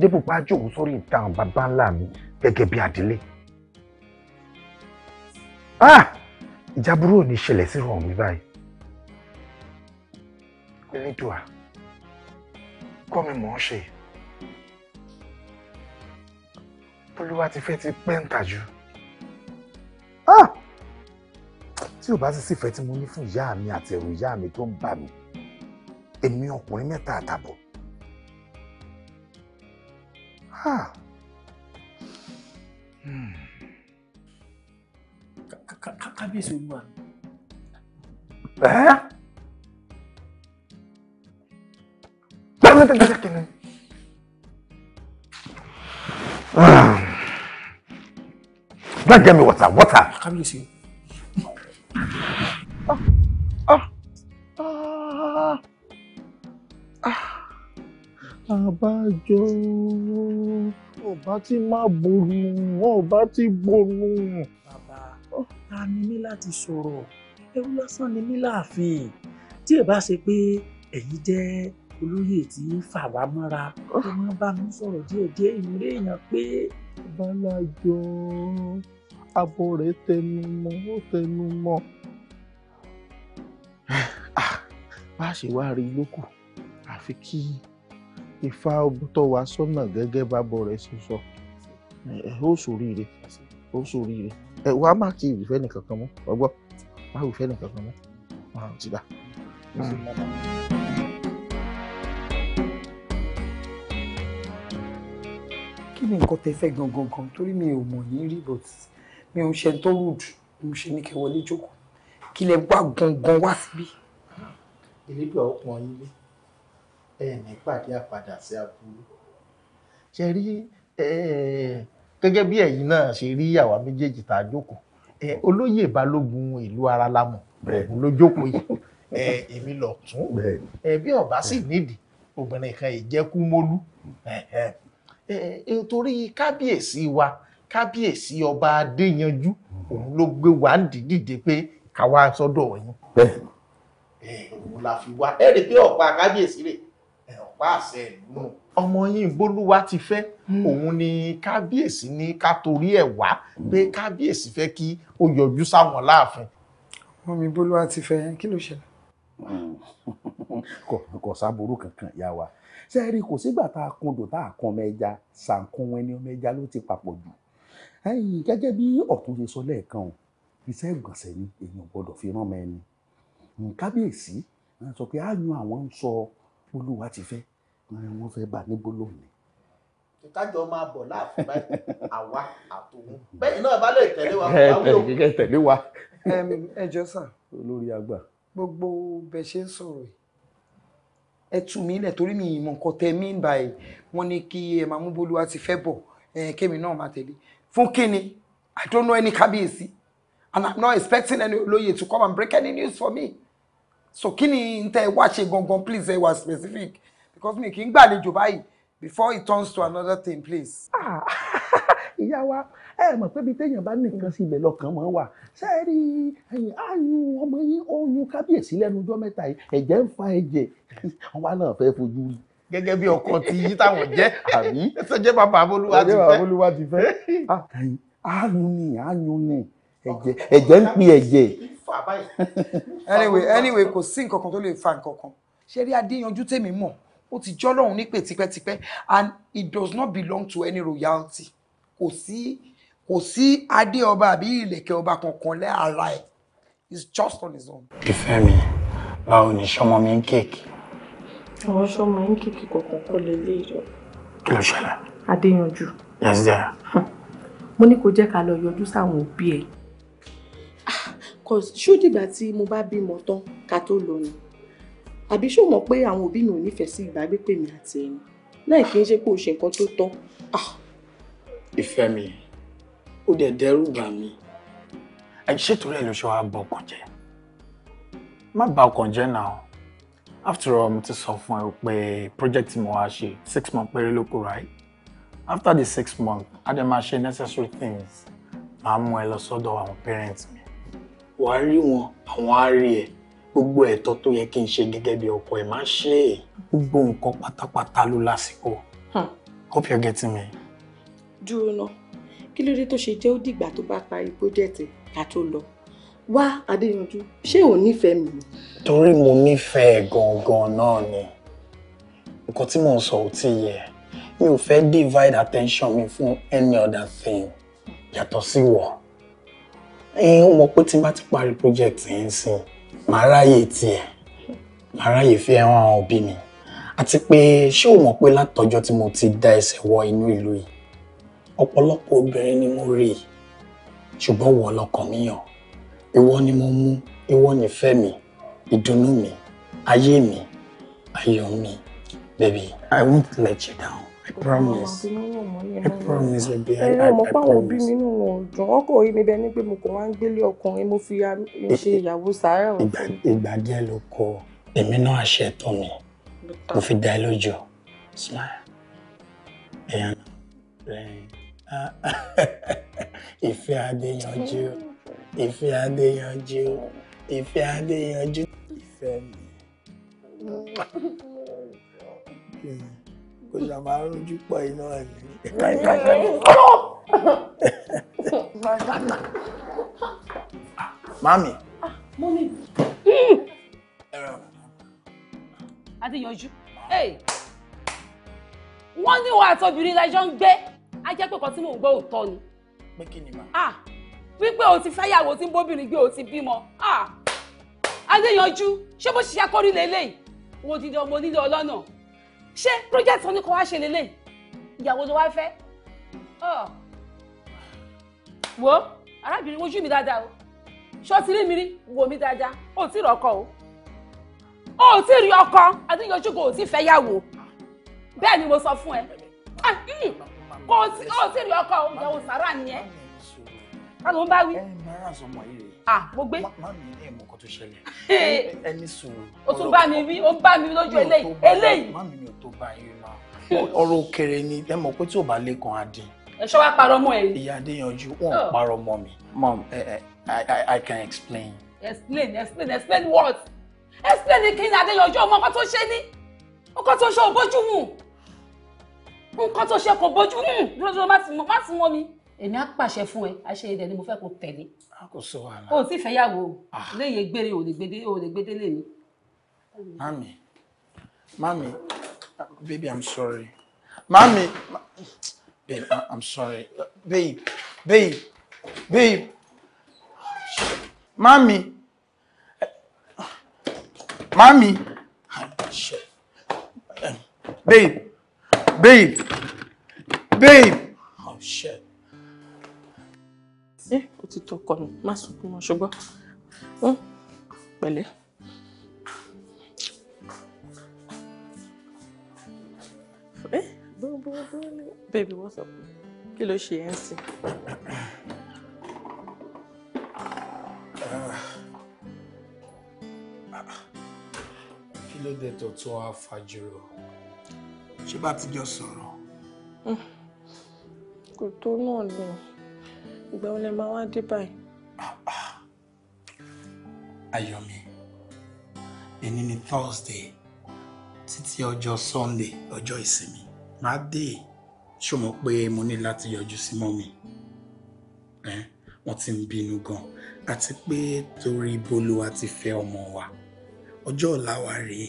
dépò bá jókòó sórí ìtàn bàbá ńlá mi gẹ́gẹ́ bí adélé. Ah! ìjà burú ò ní ṣẹlẹ̀ sí ràn mí báyìí.
onídùá kọ́ mi mọ̀ ọ́n ṣe. bólúwa ti fẹ́ ti pẹ́ǹtà jù.
Ah! tí ò bá sì sí ìfẹ́ tí mo ní fún ìyá mi àti ẹ̀rù ìyá mi tó ń bà mí èmi ọkùnrin mẹ́ta àtàbọ̀
hmm.
kábíyèsí olúwa hmm. mi. Don't get me water, water. Kábíyèsí. Ah, àbájọ ọba tí má ború wọn ọba tí ború.
bàbá oh. ta ni mí láti sọ̀rọ̀ ẹrú lásán ni mí láàfin tí ẹ bá ṣe pé ẹ̀yin jẹ́ olóyè tí ń fà wá mọ́ra tó oh. máa bá
mi sọ̀rọ̀ díẹ̀díẹ̀ ìmúlẹ̀ èèyàn pé. bàlájọ abọ́ rẹ̀ tẹnu mọ́ ó tẹnu mọ́ ah, bá a ṣe wá rí lókùn àfi kí Ifá tọ́ wa sọ́nà gẹ́gẹ́ bábọ̀ rẹ̀ ṣe sọ ó ṣoríire ó ṣoríire
ẹ wàá má kí ìwìfẹ́ nìkan kan mọ́ ọgbọ́n má ìwìfẹ́ nìkan kan mọ́ máa ti dà.
kí ni nǹkan tẹ fẹ́ gangan gan torí mi ò mọ̀ yín rí but mi ò ń ṣe tó rúdù mo ṣe ní kẹ́ wọlé jókòó kí lẹ wá gangan wá síbí. ìlédùn àwọn ọkùnrin yín lé
ẹ ní pàdé àpadà sí aburú ṣe rí gẹ́gẹ́ bí ẹ̀yin náà ṣe rí àwa méjèèjì tá a jókòó olóyè balógun ìlú ara la mọ̀ òun ló jókòó yìí èmi lọ tún bí ọba sì nídìí obìnrin kan ìjẹ́kú mólú torí kábíyèsí wa kábíyèsí ọba adéyanjú òun ló gbé wa ń dìdíje pé ká wá sọ́dọ̀ yín
òun la fi wá ẹ rí i pé ọ̀pá kábíyèsí rèé ọ̀pá àṣẹ ìlú nù.
ọmọ yín bólúwa ti fẹ́ hmm. òun ni kábíyèsí ní ká torí ẹ̀ wá hmm. pé kábíyèsí fẹ́ kí ó yọjú sáwọn láàfin.
ọmọ mi bólúwa ti fẹ́ kí ló ṣẹlẹ̀.
Hmm. kò kò sábúrú kankan ìyá wa ṣe rí kò sígbà tá a kundò tá a kan ọmọ ẹja ṣàǹkún ẹni ọmọ ẹja ló ti papọ̀ jù gẹ́gẹ́ bí ọ̀tún ṣe sọ lẹ́ẹ̀kan o iṣẹ́ ìgbọ̀nsẹ̀ ni èèyàn gbọ́dọ̀ fi rán ọmọ ẹni kábíyèsí sọ pé á yan àwọn ń sọ olúwa ti fẹ́ wọ́n fẹ́ bà níbo lónìí.
kíkájọ máa bọ̀ láàfin báyìí àwa àtòun bẹ́ẹ̀ náà bá lè
tẹ̀lé wa. ẹ jọ sàn. olórí àgbà.
gbogbo bẹ ṣe ń sọ̀rọ̀ yìí ẹ tù mí lẹ̀ torí mi ìmọ̀ nǹkan tẹ mí báyìí wọ́n ní kí ẹ máa mú bolúwa ti fẹ́ bọ̀ kémi náà máa tẹ̀lé fún kíni I don't know any kábíyèsí and I'm not expecting any olóyè to come and break any news for me so kí ni n tẹ́ wá ṣe gangan please ẹ wá specific because mi kì í gbàlejò báyìí before it turns to another thing please.
Ah, ìyá wa ẹ mọ̀ pé bí téèyàn bá nìkan sí ibẹ̀ lọ́kàn mọ́ wà ṣé ẹ rí ẹyìn ààyùn ọmọ yín oyún kábíyèsí lẹ́nu ọjọ́ mẹ́ta yìí ẹ̀jẹ̀ ń fa ẹ̀jẹ̀ wọn náà fẹ́ fojú rí. gẹ́gẹ́ bí ọkọ ti yí táwọn jẹ́
àbí ṣẹjẹ́ bàbá abolúwa ti fẹ́. bàbá
abolúwa ti fẹ́. Ah, ààyùn ni ààyùn ni ẹ̀jẹ̀ ẹ̀jẹ̀ ń pin ẹ̀jẹ̀ fà báyìí. anyway anyway kò sí nǹkan kan tó lè fa nǹkan kan ṣé rí adéyanjú tèmi mọ̀ ó ti jọ́ lọ́hùn nípè tipẹ́tipẹ́ and it does not belong to any royalty kò sí kò sí adé ọba àbí ìlẹ̀kẹ̀ ọba kankan lára ẹ̀ it's just on his own.
ìfẹ́ mi báwo ni sọmọ mi ń kéèkì.
àwọn sọmọ ń kéèkì kọ̀ọ̀kan kọ́ lè lé ìjọ. kí ló ṣẹlẹ̀. adéyanjú.
yes
dear.
mo ní kó jẹ́ ká lọ yọjú sáwọn òbí ẹ̀ cause ṣó dìgbà tí mo bá bímọ tán ká tó lọ ni àbí ṣó mọ̀ pé àwọn òbí mi ò nífẹ̀ẹ́ sí ìbágbépè mi àti ẹni láì kí n ṣe pé o ṣe nǹkan tó tọ́. Ah.
ìfẹ́ mi ó dẹ̀ dẹ́rù bà mí àìṣètò rẹ̀ ló ṣe wàá bọ ọkàn jẹ́ má bà ọkàn jẹ́ náà after all mo ti sọ fún ẹ pé project mo wá ṣe six months péré ló kù right after the six months a dẹ̀ máa ṣe necessary things máa mú ẹ lọ sọ́dọ̀ àwọn parents mi
wà á rí wọn àwọn á rí ẹ gbogbo ẹ̀tọ́ tó yẹ
kí n ṣe gẹ́gẹ́ bí ọkọ ẹ má ṣe é gbogbo nǹkan pátápátá ló lásìkò hmm. hope you're getting me.
dúró ná kí ló dé tó ṣe jẹ́ ó dìgbà tó bá parí bójẹ́tì ká tó lọ wá adéyanjú ṣé ò nífẹ̀ẹ́ mi.
torí mo nífẹ̀ẹ́ gangan náà ni nǹkan tí mò ń sọ ò tí yẹ mi ò fẹ́ divide attention mi fún any other thing yàtọ̀ sí wọ̀ ẹ̀yin ó mọ̀ pé tí n bá ti parí project yẹn sí màá ráyè tiẹ̀ màá ráyè fi ẹran àwọn òbí mi àti pé ṣé o mọ̀ pé látọjọ́ tí mo ti da
ẹsẹ̀ wọ inú ìlú yìí ọ̀pọ̀lọpọ̀ obìnrin ni mo rí ṣùgbọ́n wọ́n lọ́kàn mi yàn ìwọ ni mo mú ìwọ nífẹ̀ẹ́ mi ìdùnnú mi
ayé mi ayọ̀ mi baby i won't let you down. I
promise.
I
promise, baby. I, I, I promise. Àwọn òbí mi
nù I dùn. Wọ́n kò rí mi bẹ́ẹ̀ ni pé mo kàn wá ń gbélé ọkùnrin. Mo fi e-, ṣe if e-, sàárà wọn.
Ìgbà díẹ̀ ló kọ.
Èmi náà àṣẹ ẹ̀tọ́ mi. Mo fi dá ẹ lójú. Smile. Ẹ̀yàn lẹ́yìn. Ìfẹ́ Adéyanjú. Ìfẹ́ Adéyanjú. Ìfẹ́ Adéyanjú. Ìfẹ́ kò sọ máa ń rojú pọ̀ iná
ni. Mami. Mami.
Adéyanjú. Wọ́n ní wàá tóbìnrin lẹ́jọ́ ń gbé. A jẹ́ pé kan tí mò ń gbọ́ òótọ́ ni. Pé kí ni màá? Ah. Wípé o ti fẹ́yàwó tí ń bóbìnrin gbé o ti bímọ. Ah. Adéyanjú, ṣé bó ṣiṣẹ́ kórìí lélẹ́yìí? Wo dídán mo nílò ọlọ́nà ṣé project wọn ni kò wá ṣe lélẹ̀ ìyàwó ló wá fẹ́ wo arábìnrin wojú mi dáadáa o ṣọ́ọ́tì rí mi rí wò mí dáadáa ó ti rí ọkọ o ó ti rí ọkọ adéyanjú kò tí fẹ́ yàwó bẹ́ẹ̀ ni mo sọ fún ẹ ah, hmm. kò tí ó ti rí ọkọ o ìyàwó sàrà nìyẹn ká ló ń bá wí. ẹ ah, máa nǹkan tó ṣẹlẹ̀ ẹni sùúrù. o tún bá mi rí o bá mi lójú eléyìí eléyìí. má mi mi ò tó bá
yín ma ọ̀rọ̀ òkèrè ni ẹ mọ̀ pé tí ò bá lẹ́kàn á dín.
ẹ̀ṣọ́ wa parọ́ mọ́
ẹ. ìyá adéyanjú wọn ò oh. parọ́ mọ́ mi mom I, I, I can explain.
explain explain explain what explain kí ni adéyanjú ọmọ nǹkan tó ṣe ní nǹkan tó ṣe ò bójú mu nǹkan tó ṣe kò bójú mu dúró dúró má ti mọ mi èmi á pàṣẹ fún ẹ àṣẹ ìdẹ ni mo fẹ́ kó tẹ̀lé. a kò sọ wàhálà. Ah. léyè gbére o lè gbédé o lè gbédé lèmi.
mami mami baby i'm sorry mami babe i'm sorry babe babe babe
mami mami
babe babe babe. Oh shit ẹ eh, o ti
tọkọ nù má sunkún mọ́ ṣùgbọ́n ó hm, pẹ̀lẹ́.
ẹ bọ́ọ̀ bọ́ọ̀ bọ́ọ̀
bẹ́ẹ̀ bí wọ́n sọ pé kí ló ṣe ẹ́ ń sìn.
kí ló dé tó tún ṣé bá ti jọ sọ̀rọ̀.
Hm,
kò tó náà ni ìgbà wo lẹ máa wá dé báyìí.
ayọ̀mí èyí ni
thursday títí ọjọ́ sunday ọjọ́ ìsinmi máa dé ṣó mọ̀ pé mo ní láti yọjú sí mọ́mì wọ́n ti ń bínú gan àti pé torí bolo àti fẹ́ ọmọ wa ọjọ́ ọ̀la wa rèé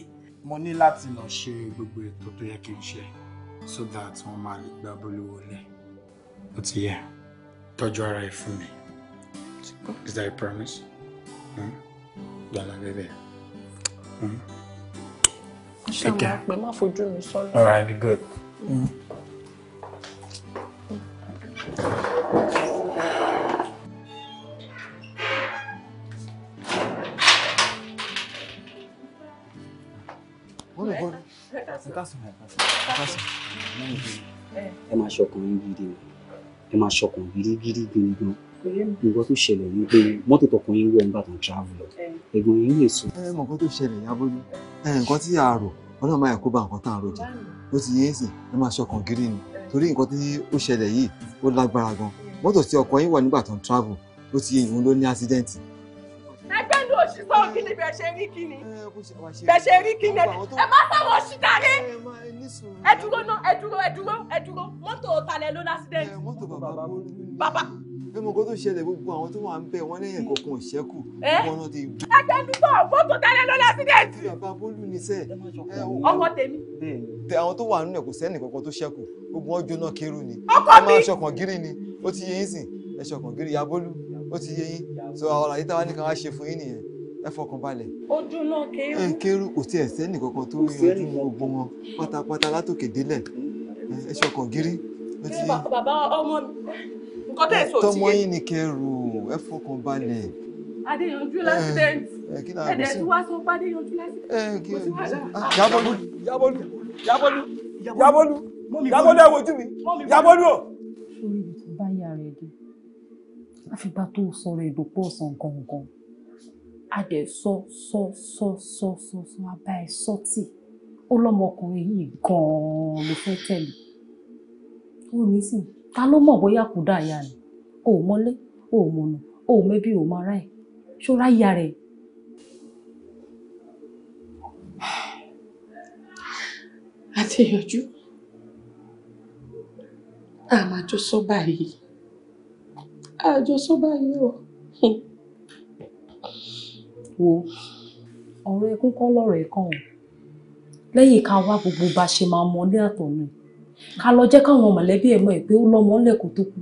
mo ní láti lọ ṣe gbogbo ètò tó yẹ kí n ṣe so that wọ́n máa
lè gbá bolo wọlé
ó ti yẹ. Yeah tọ́jú ara ẹ fún mi is that a promise gbala bẹbẹ
take care all right be good. Mm.
ẹ máa
ṣọkùnrin gidi o ẹ máa ṣọkàn gírígírí gbìngbìn nǹkan tó
ṣẹlẹ̀ ni pé mọ́tò tọkùnrin wọ ń travel ẹ̀gbọ́n yín lè sọ. ẹ mọ̀ nǹkan tó ṣẹlẹ̀ Ìyábọ̀dé ẹ nǹkan tí a rò ọlọ́run máa kó bá nǹkan tá a rò jẹ ó ti yéé sìn ẹ máa ṣọkàn gírí ni torí nǹkan tí ó ṣẹlẹ̀ yìí ó lágbára gan mọ́tò tí ọkọ yín wọ̀ nígbà tó ń travel ó
ti
yé ìhun ló ní accident
sọ kíni bẹ ṣe rí kíni eh,
bẹ ṣe rí kíni ẹ má sọ̀rọ̀ ṣìdáre eh,
eh, ẹ dúró náà ẹ dúró ẹ dúró ẹ dúró mọ́tò talẹ̀ ló lásìdẹ́ǹtì.
mọ́tò bàbá bàbá ẹ mọ̀ kó tó ṣẹlẹ̀ gbogbo àwọn tó wà ń bẹ̀ wọ́n lẹ́yìn kọ̀ọ̀kan ìṣẹ́kù
wọn náà ti gbó. ẹ tẹnu bọ mọ́tò talẹ̀ ló lásìdẹ́ǹtì. bàbá bólú ni sẹ. ọkọ tèmi.
àwọn tó wà nínú ẹ kò sẹ́ni kankan tó ṣẹ́kù gbogbo
wọn jóná kéru ni. ọkọ mi ẹ máa ṣọkàn gírí ni ó ti yẹ yín sìn ẹ gírí yabólú ó ti yé yín so àwọn àlàyé táwa ní ẹ fọkàn balẹ̀. ojú náà kéérú. ẹ kéérú kò sí ẹsẹ nìkankan tó yọjú gbogbo wọn pátápátá látòkè délẹ̀ ẹ ṣọkàn gírí. kí bàbá ọmọ nǹkan tẹ̀ sọ sí. tọmọ
yín ni kẹrù ẹ fọkàn balẹ̀.
adéyanjú lásìdẹ̀ntì ẹ̀dẹ̀ tí wàá sọ pé adéyanjú lásìdẹ̀ntì kò sí wàhálà. Ah, yabolu
yabolu yabolu
yabolu yabolu ẹ wojú
mi yabolu o.
sórí ibi tó bá yà rẹ̀ dé àfìgbà tó sọ̀rọ̀ èdò pọ̀ sàn gangan a dẹ̀ sọ sọ sọ sọ sọ sọ abá ẹ sọ́tì ó lọ́mọkùnrin yìí gan-an ló fẹ́ tẹ̀lé ó ní sìn ta ló mọ̀ bóyá kò dá ìyá rẹ̀ o ò mọ́lé o ò mọ̀nà o ò mẹ́bí o ò mọ ara ẹ̀ ṣọ́ra ìyá rẹ̀. àti ìyànjú a máa jọ sọ báyìí a jọ sọ báyìí o. wo ọ̀rọ̀ ẹkún kọ́ lọ̀rọ̀ ẹ̀kan o lẹ́yìn ká wá gbogbo bá ṣe máa mọ ní àtọ̀nù ká lọ jẹ́ káwọn mọ̀lẹ́bí ẹ̀ mọ̀ ẹ̀ pé ó lọ́mọ lẹ́kọ̀ọ́ tó kú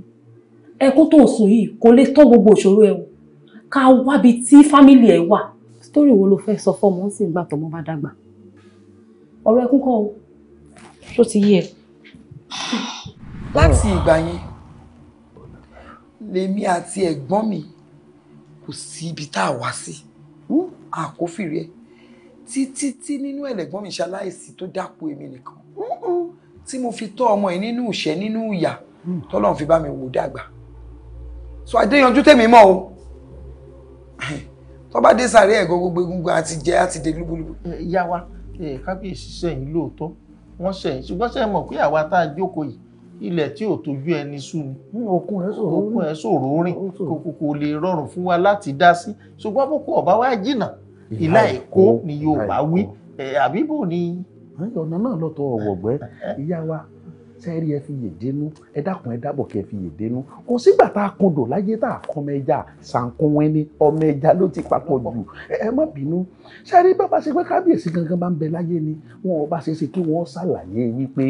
ẹkún tó ń sùn yìí kò lè tán gbogbo ìṣòro ẹ̀ o ká wábi tí fámìlì ẹ̀ wà sítórì wo ló fẹ́ sọ fọ́mọ ó sì ń gbà tọmọ bá dàgbà ọ̀rọ̀ ẹkún kọ́ o ti yé ẹ. láti ìgbà yẹn lèmi àti ẹ̀gbọ́n mi kò sí ibi tá a wá sí àkófìrí ẹ títí tí nínú ẹlẹgbọn mi ṣaláìsí tó dápò èmi nìkan tí mo fi tọ́ ọmọ yìí nínú ìṣẹ́ nínú ìyà hmm. tọ́lọ́run fi bá mi wò dàgbà so adéyanjú tèmi mọ̀ o tó bá dé sàárè ẹ̀gọ́ gbogbo egungun àti jẹ́ àti dé lúbúlúbú.
ìyá wa kábíyèsí sẹ́yìn lóòótọ́ wọ́n sẹ́yìn ṣùgbọ́n sẹ́yìn mọ̀ pé àwa tá a jókòó yìí ilẹ̀ tí ò tójú ẹni sú okun ẹ̀ ṣòro rìn kò lè rọrùn fún wa láti dá sí ṣùgbọ́n bó kó ọ̀bá wa jìnnà ìlà èkó ni yóò bá wí
àbíbò ni. ọ̀nà náà lọ́tọ̀ ọ̀wọ̀gbẹ́ ìyá wa tẹ́rí ẹ fi yèdè nú ẹ dákun ẹ dábọ̀ kẹ́ ẹ fi yèdè nú kò sígbà tá a kodò láyé tá a kọ́ ọmọ ẹja sànkún ẹni ọmọ ẹja ló ti papọ̀ jù ẹ má bínú sẹ́rí bàbá ṣe pé kábíyèsí gangan bá ń bẹ láyé ni wọn ò bá ṣe ṣe kí wọ́n ṣàlàyé wípé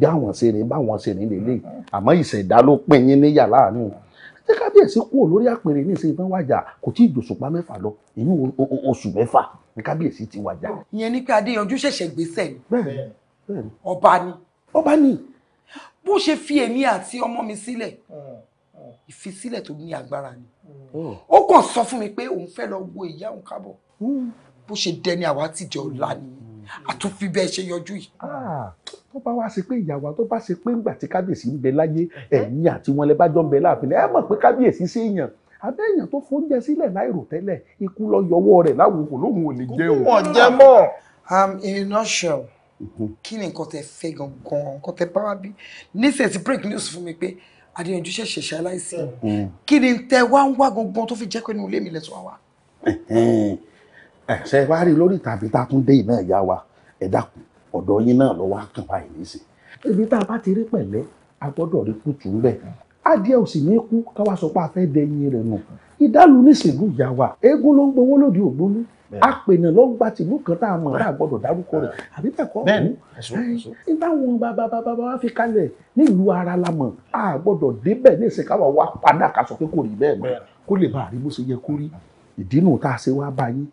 báwọn ṣe ní báwọn ṣe ní lélẹ̀ àmọ́ ìṣẹ̀dá ló pín yín níyà láàánú tí kábíyèsí kú olórí àpèrè ní ìsìn ìfẹ́ wájà kò tí ì dòṣùpá mẹ́fà lọ èyí oṣù mẹ́fà ní kábíyèsí ti wájà.
ìyẹn ní pé adéyanjú ṣẹ̀ṣẹ̀ gbèsè ni ọba ni. ọba ni bó ṣe fi èmi àti ọmọ mi sílẹ̀ ìfisílẹ̀ tó ní agbára ni oh. ó kàn sọ fún mi pé òun fẹ́ lọ wo ìyá òun kábọ̀ hmm. bó ṣe dẹni àwa tìjọ ọ̀la ni àtúnfi bẹ́ẹ̀ ṣe yọjú yìí.
Ah, tó bá wá sí pé ìyàwó tó bá ṣe pé ńgbà tí kábíyèsí ń bẹ láyé ẹ̀yìn àti wọn lẹ bá jọ ń bẹ láàfin ẹ mọ̀ pé kábíyèsí sí èèyàn abẹ́ èèyàn tó fóúnjẹ sílẹ̀ láìrò tẹ́lẹ̀ ikú lọ yọwọ́ rẹ̀ láwùjọ lóhùn ò ní
jẹun. kókó wọn jẹ
mọ́.
I'm in a nutshell kí ni nǹkan tẹ fẹ́ gangan nǹkan tẹ bá bí nísìnyí ti break news fún mi pé adéyanjú ṣẹ̀ṣẹ̀ ṣaláìsí kí ni tẹ wá ń wá gangan tó fi jẹ́ pé inú ilé mi lẹ̀ tó wá wá.
ṣe wá rí lórí tàbí tá a tún dé ìná ìyá wa ẹ dákun ọ̀dọ̀ yín náà lọ́wọ́ kàn báyìí nísìn. ibi tá a bá ti rí pẹ̀lẹ́ a gbọ́dọ̀ rí kùtù ń bẹ̀ adìẹ ò sì ní kú káwá sọ pé a fẹ́ dẹyin rẹ̀ nù
ìdálù nísìlú ìyá wa eégún ló ń gbowó lòdì ògbómi apènà ló ń gba tìlú kan tá a mọ̀ tá
a gbọ́dọ̀ dárúkọ rẹ̀ ah. àbí bẹ́ẹ̀ kọ́ ọ̀hún nígbà wọn bàbá bàbá wa fi kalẹ̀ nílùú ara la mọ̀ a gbọ́dọ̀ débẹ̀ ní ìsìn káwa wa padà ká sọ pé kò rí bẹ́ẹ̀ mọ́ kó lè bá a rí bó ṣe yẹ kó rí ìdínú tá a ṣe wá bá yín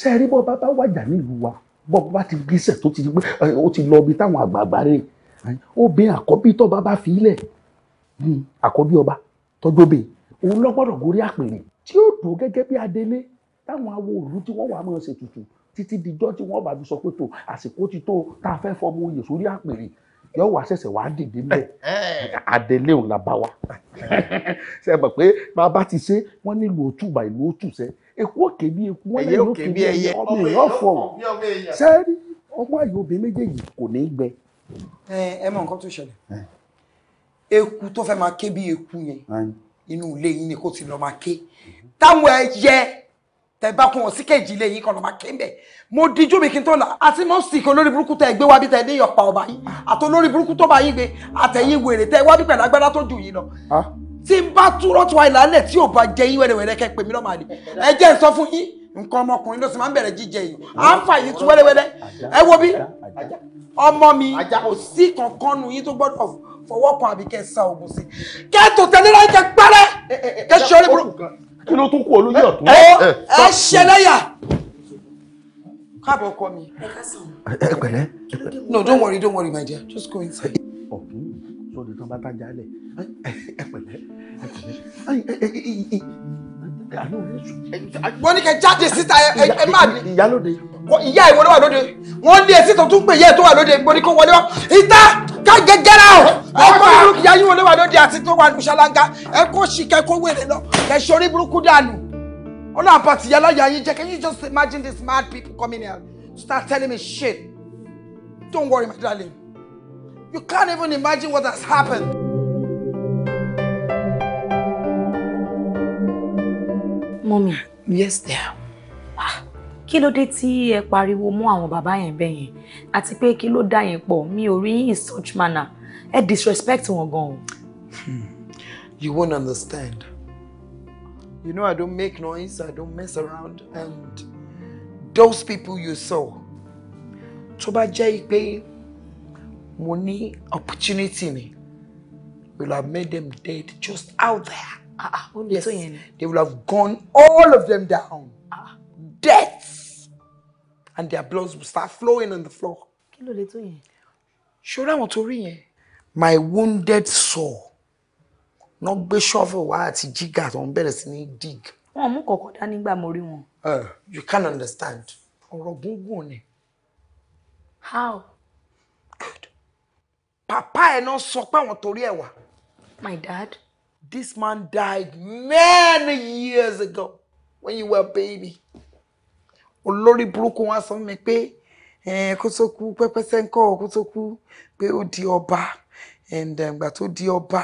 ṣe rí bọ́ bàbá wàjà nílùú wa bọ́ bá ti gíṣẹ̀ tó ti gbé ó ti lọ bí táwọn àgbààgbà rè ó bẹ àkọ́bí tó bàbá fi ilẹ̀ àkọ́bí ọba tọ́jú bẹ́ẹ̀ òun ló gbọ́dọ̀ gorí àpèrè tí ó dùn gẹ́gẹ́ bí adelé táwọn awo òru tí wọ́n wà máa ṣètùtù títí dijọ́ tí wọ́n bá fi sọ pé tó àsìkò ti tó tá a fẹ́ fọmọ oyè sórí àpèrè yóò wá ṣẹ̀ṣẹ̀ wá dìde mbẹ́ adelé òun la bá wa ṣe mọ̀ pé bàbá ti ṣe wọ́n nílùú òtúbà ìlú òtúṣẹ́ èkó òkè bí èkó wọ́n lẹ́yìn òkè bí ẹyẹ ọmọ èèyàn fọ̀rọ̀ sẹ́ẹ̀rì ọmọ àyè obìnrin méjèèjì kò ní í gbẹ.
ẹ mọ nǹkan tó ṣẹlẹ̀ eku tó fẹ́ máa ké bí eku yẹn inú ilé yín ni kó ti lọ́ọ́ máa ké táwọn ẹyẹ tẹ̀bá kun ọ̀ sí kejì ilé yín kan lọ́ọ́ máa ké mbẹ̀ mo dijú mi kí n tó là àti mo sì kí olórí burúkú tẹ̀ gbé wá bí tẹ̀ ní ìyọ̀pá ọba yìí àti olórí burúkú tó bá yín gbé àtẹ̀yìn wèrè tẹ̀ wá bí pẹ̀lú agbára tó jù yín lọ ah. tí n bá túrọ́ tó àìlà lẹ̀ tí ò bá jẹ yín wẹ́rẹ́wẹ́rẹ́ kẹ́ pèmí lọ́ọ́ máa lè ẹ jẹ́ sọ fún yín nǹkan ọmọkùnrin ló sì máa ń bẹ̀rẹ̀ jíjẹ yìí à yìí tú wẹ́rẹ́wẹ́rẹ́ ẹ wo bí ọmọ mi kò sí kankan nu yín tó gbọ́dọ̀ fọwọ́ kan àbí kẹ́ ẹ sa sí
kẹ́ tó tẹ̀lé láì kẹ́ pẹ́rẹ́
eh, eh, eh, kẹ́ ṣe orí burúkú.
kí ló tún kú olóyè ọ̀tún. ẹ
ṣe lẹ́yà. káàbọ̀ ọkọ mi. ẹ pẹ̀lẹ́. no don't worry don't worry my dear just go inside. ọ̀hún
sọ̀rọ̀ ìtàn bá tá a jalè ẹ pẹ̀lẹ́ ẹ
pẹ̀lẹ́ wọ́n
ní kẹ́ jáde síta
ẹ má ní.
ìyálòde. ìyá ìwọ ló wà lóde wọ́n lé etí tó tún pè yẹ́ tó wà lóde ìgbóni kó wọlé wá ìta ká gẹ́gẹ́rà o. ọkọ ìlú
ìyá ìwọ ló wà lóde àti tó wà ní ṣáláńgá ẹ kó sì kẹ kó wèrè lọ ẹ sori burúkú dànù. ọlọ́run àpàtì yàrá yà yín jẹ́ can you just imagine these mad people coming here to start telling me shit don't worry my darling you can't even imagine what has
happened.
Mọ́mí. Yes, dear. Ah, kí ló dé tí ẹ pariwo mú àwọn bàbá yẹn bẹ́ẹ̀ yẹn? Àti pé kí ló dá yẹn pọ̀? Mi ò rí in such manner. Ẹ disrespect wọn gan o. Hmm. You won't understand. You know I don't make noise, I don't mess around and those people you saw. Tó bá jẹ́ pé mo ní opportunity ni, will have made them dead just out there. Ah, ah yes, they would have gone all of them down. Ah, ah. Death! And their blood would start flowing on the floor. Kí ló lè tó yẹn? Ṣọ́ra My wounded soul. Wọ́n be shovel wá àti jígà tó ń bẹ̀rẹ̀ sí ní dig. Wọ́n mú kọ̀kọ̀ dání nígbà mo rí wọn. Eh, you can't understand. Ọ̀rọ̀ gúngùn ni. How? Good. Papa ẹ̀ náà sọ pé àwọn torí ẹ̀ wà. My dad. This man died many years ago when you were a baby. Olórí burúkú wá sọ mi pé kó tó kú pẹ́pẹ́sẹ́ ń kọ́ kó tó kú pé ó di ọba um, ìgbà tó di ọba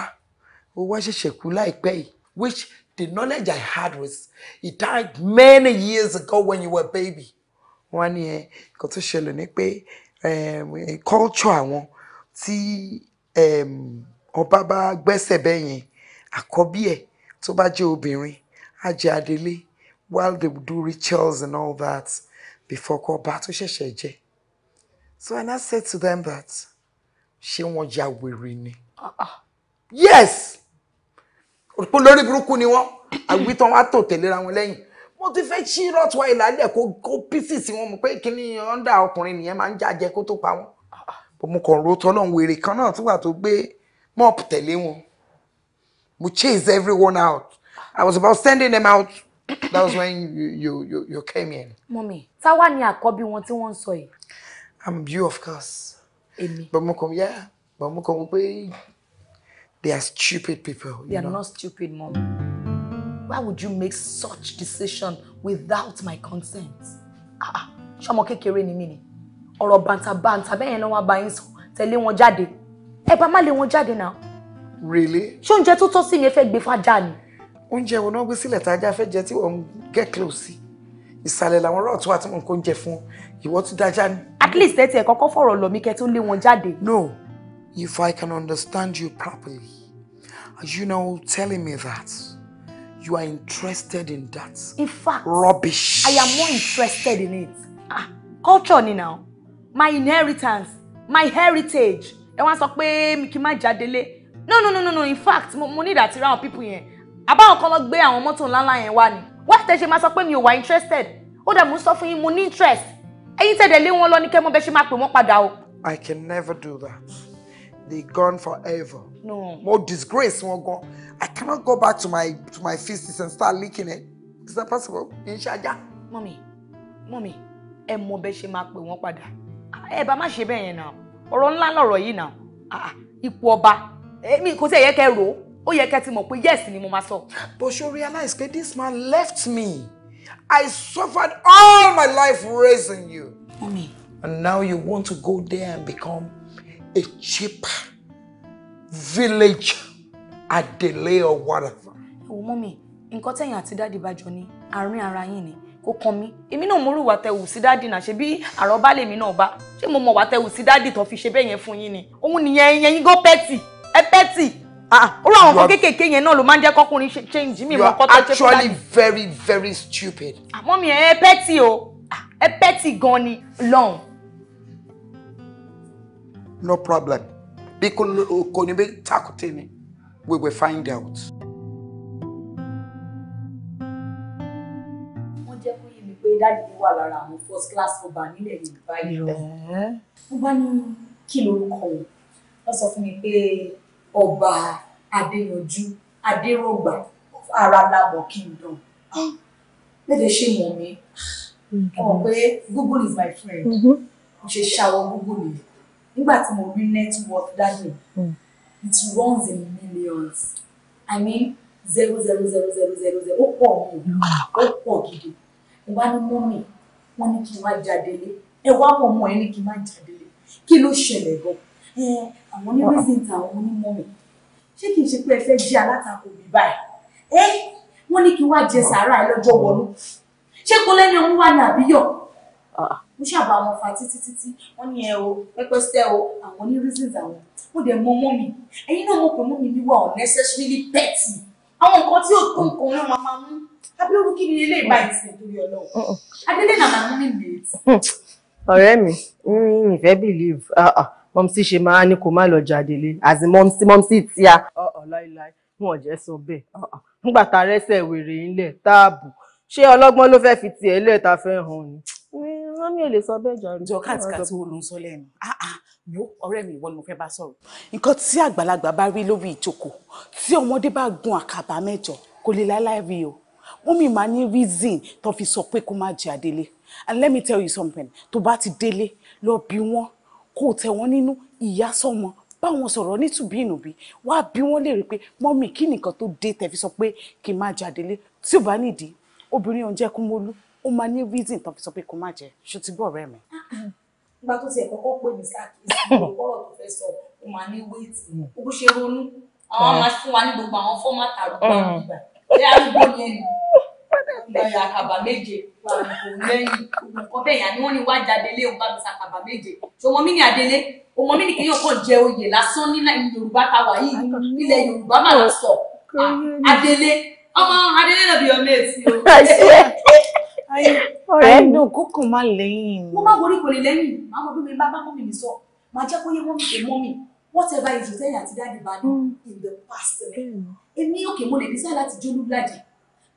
ó wá ṣẹ̀ṣẹ̀ kú láìpẹ́ which the knowledge I had was he died many years ago when you were a baby. Wọ́n á ní ẹ nǹkan tó ṣẹlẹ̀ ni pé um, culture àwọn tí um, ọba bá gbẹ́sẹ̀ bẹ́yẹn àkọ́bí ẹ̀ tó bá jẹ́ obìnrin á jẹ́ adelé while they do rituals and all that before kọ́ ọba tó ṣẹ̀ṣẹ̀ jẹ́ so I na said to them that ṣé wọ́n ya wèrè ni yes olórí burúkú ni wọ́n àgbìtàn wa tò tẹ̀léra wọn lẹ́yìn wọ́n ti fẹ́ ṣí rọ́tùwá ìlàlẹ̀ kó kó pieces wọn mọ̀ pé kíní ọ̀ndà ọkùnrin nìyẹn máa ń jàjẹ kó tó pa wọn. mo kàn ro tọ́lọ́hún wèrè kan náà tó wà tó gbé mọ́ọ̀pù tẹ̀lé wọn. We chased everyone out. I was about sending them out. That was when you you you, you came in. Mommy, ta wá ni àkọ́bí wọn tí wọ́n sọ I'm you of course. Èmi. But mo kàn yeah, but mo kàn they are stupid people. They are know? not stupid, mom. Why would you make such decision without my consent? Ah ah, ṣọmọ kékeré ni mí ni. Ọ̀rọ̀ bàǹtà bàǹtà bẹ́ẹ̀ yẹn náà wá bá yín sọ, tẹ̀lé wọn jáde. Ẹ bá má lé wọn jáde Really? Ṣé oúnjẹ tó tọ́ sí mi fẹ́ gbé fájà ni? Oúnjẹ wo náà gbé sílẹ̀ tá a já fẹ́ jẹ tí wọ́n ń get close sí? Ìsàlẹ̀ làwọn ọ̀rọ̀ tó wà tí mò ń kó oúnjẹ fún ìwọ tún dájá ni. At least ẹ tiẹ̀ kọ́kọ́ fọ̀rọ̀ lọ mí kẹ́ tó lé wọn jáde. No, if I can understand you properly, you know telling me that you are interested in that. In fact, rubbish. I am more interested in it. Ah, culture ni now, my inheritance, my heritage. Ẹ wá sọ pé kí n má jáde lé no no no no no in fact mo, mo need àti ráwọn people yẹn àbáwọn kan lọ gbé àwọn mọ́tò ńláńlá yẹn wá ni wọ́n tẹ̀ ṣe máa sọ pé mi ò wà interested ó dẹ̀ mú sọ fún yín mo ní interest ẹ̀yin tẹ̀dẹ̀ lé wọn lọ ní kẹ́mọ́ bẹ́ẹ̀ ṣe máa pè wọ́n padà o. I can never do that they gone forever. No. More disgrace won't go. I cannot go back to my to my feces and start licking it. Is that possible? In Shaja. Mommy, mommy, ẹ mọ bẹ ṣe máa pè wọ́n padà. Ẹ bá má ṣe bẹ́ẹ̀ yẹn náà. Ọ̀rọ̀ ńlá lọ̀rọ̀ yìí náà. Ah, ah, ipò ọba èmi eh, kò sí ẹ̀yẹ kẹ rò ó yẹ kẹ ti mọ̀ pé yes ni mo máa sọ. but she realized pé this man left me I suffered all my life raising you. Mommy. and now you want to go there and become a cheap village adelé or whatever. ẹ̀wọ̀n mọ́mí nǹkan tẹ̀yìn àti dáàdì bá jọ ní àárín ara yín ni kò kàn mí èmi náà mọ̀rú wà tẹ̀wù sí dáàdì náà ṣe bí àròbá lèmi náà bá ṣé mo mọ̀ wà tẹ̀wù sí dáàdì tó fi ṣe bẹ́ẹ̀ yẹn fún yín ni òun nìyẹn ẹ̀yìn gọ́pẹ́tì ẹ pẹ́tì orú ah, ah. àwọn nǹkan kéékèèké yẹn náà ló máa ń jẹ́ kọ́kùnrin change mi mọ́ ṣe fún dáàdì. you are actually very very stupid. àmọ́ ah, mi ẹ pẹ́tì o ẹ pẹ́tì gan ni lọ́hùn. no problem bí kò ní bí takùtì ni we will find out. wọ́n jẹ́ kó yé wà lára àwọn first class ọba nílẹ̀ Yorùbá yìí. mo bá ní kí lorúkọ wọn wọ́n sọ fún mi pé ọba adéyanjú adérògbà aralabọ kingdom
lédè ah, ṣe mọ mi ọ pé
google is my friend mm-hmm. mo ṣe ṣàwọ google yìí nígbà tí mo rí network dájú mm. it runs in millions i mean zero zero zero zero zero zero ó pọ̀ mi ó pọ̀ gidi mo bá ní mọ́mì wọ́n ní kí n wá jáde lé ẹ wá mọ̀ mọ́ ẹ ní kí n má jáde lé kí ló ṣẹlẹ̀ gan àwọn ní resident àwọn onímọ̀mì ṣé kìí ṣe pé ẹ fẹ́ jí alátakò mi báyìí ẹ wọ́n ní kí wá jẹ sàárà ẹ lọ́jọ́ wọnú ṣé kò lẹ́ni ọmú wà ní àbíyọ̀ ah. mo ṣàbà wọn fa títí títí wọ́n ní ẹ o pẹpẹsẹ o àwọn ní resident àwọn mo dẹ̀ mọ mọ́ mi ẹ̀yin náà mo pè mọ́ mi níwà unnecessarily petty àwọn nǹkan tí ó tó nǹkan ló máa máa mú abẹ́rú kí ni ilé ìbá ìsìn torí ọlọ́run adélé náà máa mú mi mèétì.
ọ̀rẹ́ mi
mi ìfẹ́ believe ah, ah mọ́mísí ṣe máa ní kó má lọ jáde lé àti mọ́mísí mọ́mísí tíya ọ̀ọ́ láíláí wọn jẹ́ sọ bẹ́ẹ̀ oh, oh. nígbà tá a rẹ́sẹ̀ wèrè ńlẹ̀ táàbù ṣé ọlọ́gbọ́n ló fẹ́ẹ́ fi tiẹ̀ lẹ̀ ta fẹ́ hàn ni. wọ́n ní èlé sọ bẹ́ẹ̀ jàre. jọ káàtìkàtì wo ló ń sọ lẹ́nu yo ah, ah. ọ̀rẹ́ mi ìwọ ni mo fẹ́ bá sọ̀rọ̀. nǹkan tí àgbàlagbà bá rí lórí ìjókòó tí ọmọdé bá gun àkàbà mẹ́jọ kò lè láíláí rí o wọ́n mi máa ní reason tó fi sọ pé kó má jẹ́ àdélé and let me tell you something tó bá ti délé lọ bí wọ́n kò tẹ̀ wọ́n nínú ìyá sọ́mọ bá wọn sọ̀rọ̀ nítùbí ìnùbí wá bí wọ́n lè rí pé mọ́mì kí nìkan tó dé tẹ̀ fi sọ pé kí n má jáde lé tí ò bá nídìí obìnrin ọ̀hún jẹ́ kúmólú ó máa ní reason tó fi sọ pé kó má jẹ ṣó ti gbọ́ ọ̀rẹ́ mi. nígbà tó tiẹ̀ kọ́kọ́ pè mí sákìsì ọ̀rọ̀ tó fẹ́ sọ ó máa ní wait ó ṣe ronú àwọn máa fún wa ní gbogbo àwọn fọ́mátà ìlàyà àkàbà méje òògùn lẹ́yìn nǹkan bẹ́ẹ̀ yà ni wọ́n ní wá jádelé òun bá mi sàkàbà méje ṣọmọ mi ní adélé ọmọ mi ní kí yóò kàn jẹ oyè lásán ní Yorùbá ta wà yìí ilẹ̀ Yorùbá mà lọ sọ
ah, adélé
ọmọ adélé náà bí ọmọ èsì o. ọ̀rẹ́ dùn kókò má lẹ́yìn. wọ́n má borí kò lè lẹ́yìn màá mọ bí mi bá bá mọ́ mi mi sọ màá jẹ́ kó yé mọ́ mi kò mọ́ mi whatever is your thing àti dáàdì bá ní mm. in the past. èmi òkè mo lè dísáì láti jólú ládì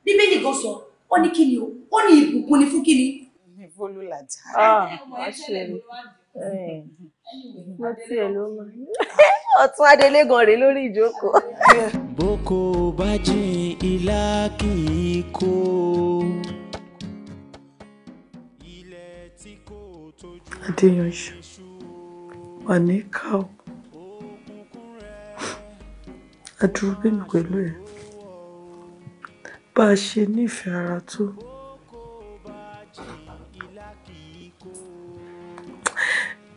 bíbélì gan sọ ó ní kí ni o ó ní ìbùkún ni fún kí ah, ah, ni. ìfọlù làjà. mo ti ẹ̀ ló mọ̀. ọ̀tún adélé gan rèé lórí ìjókòó.
boko bá jìn ilá kì í kó.
adéyanjú wà ní ká o àdúró bẹ́ẹ̀ pẹ̀lú ẹ̀ bá a ṣe nífẹ̀ẹ́ ara tó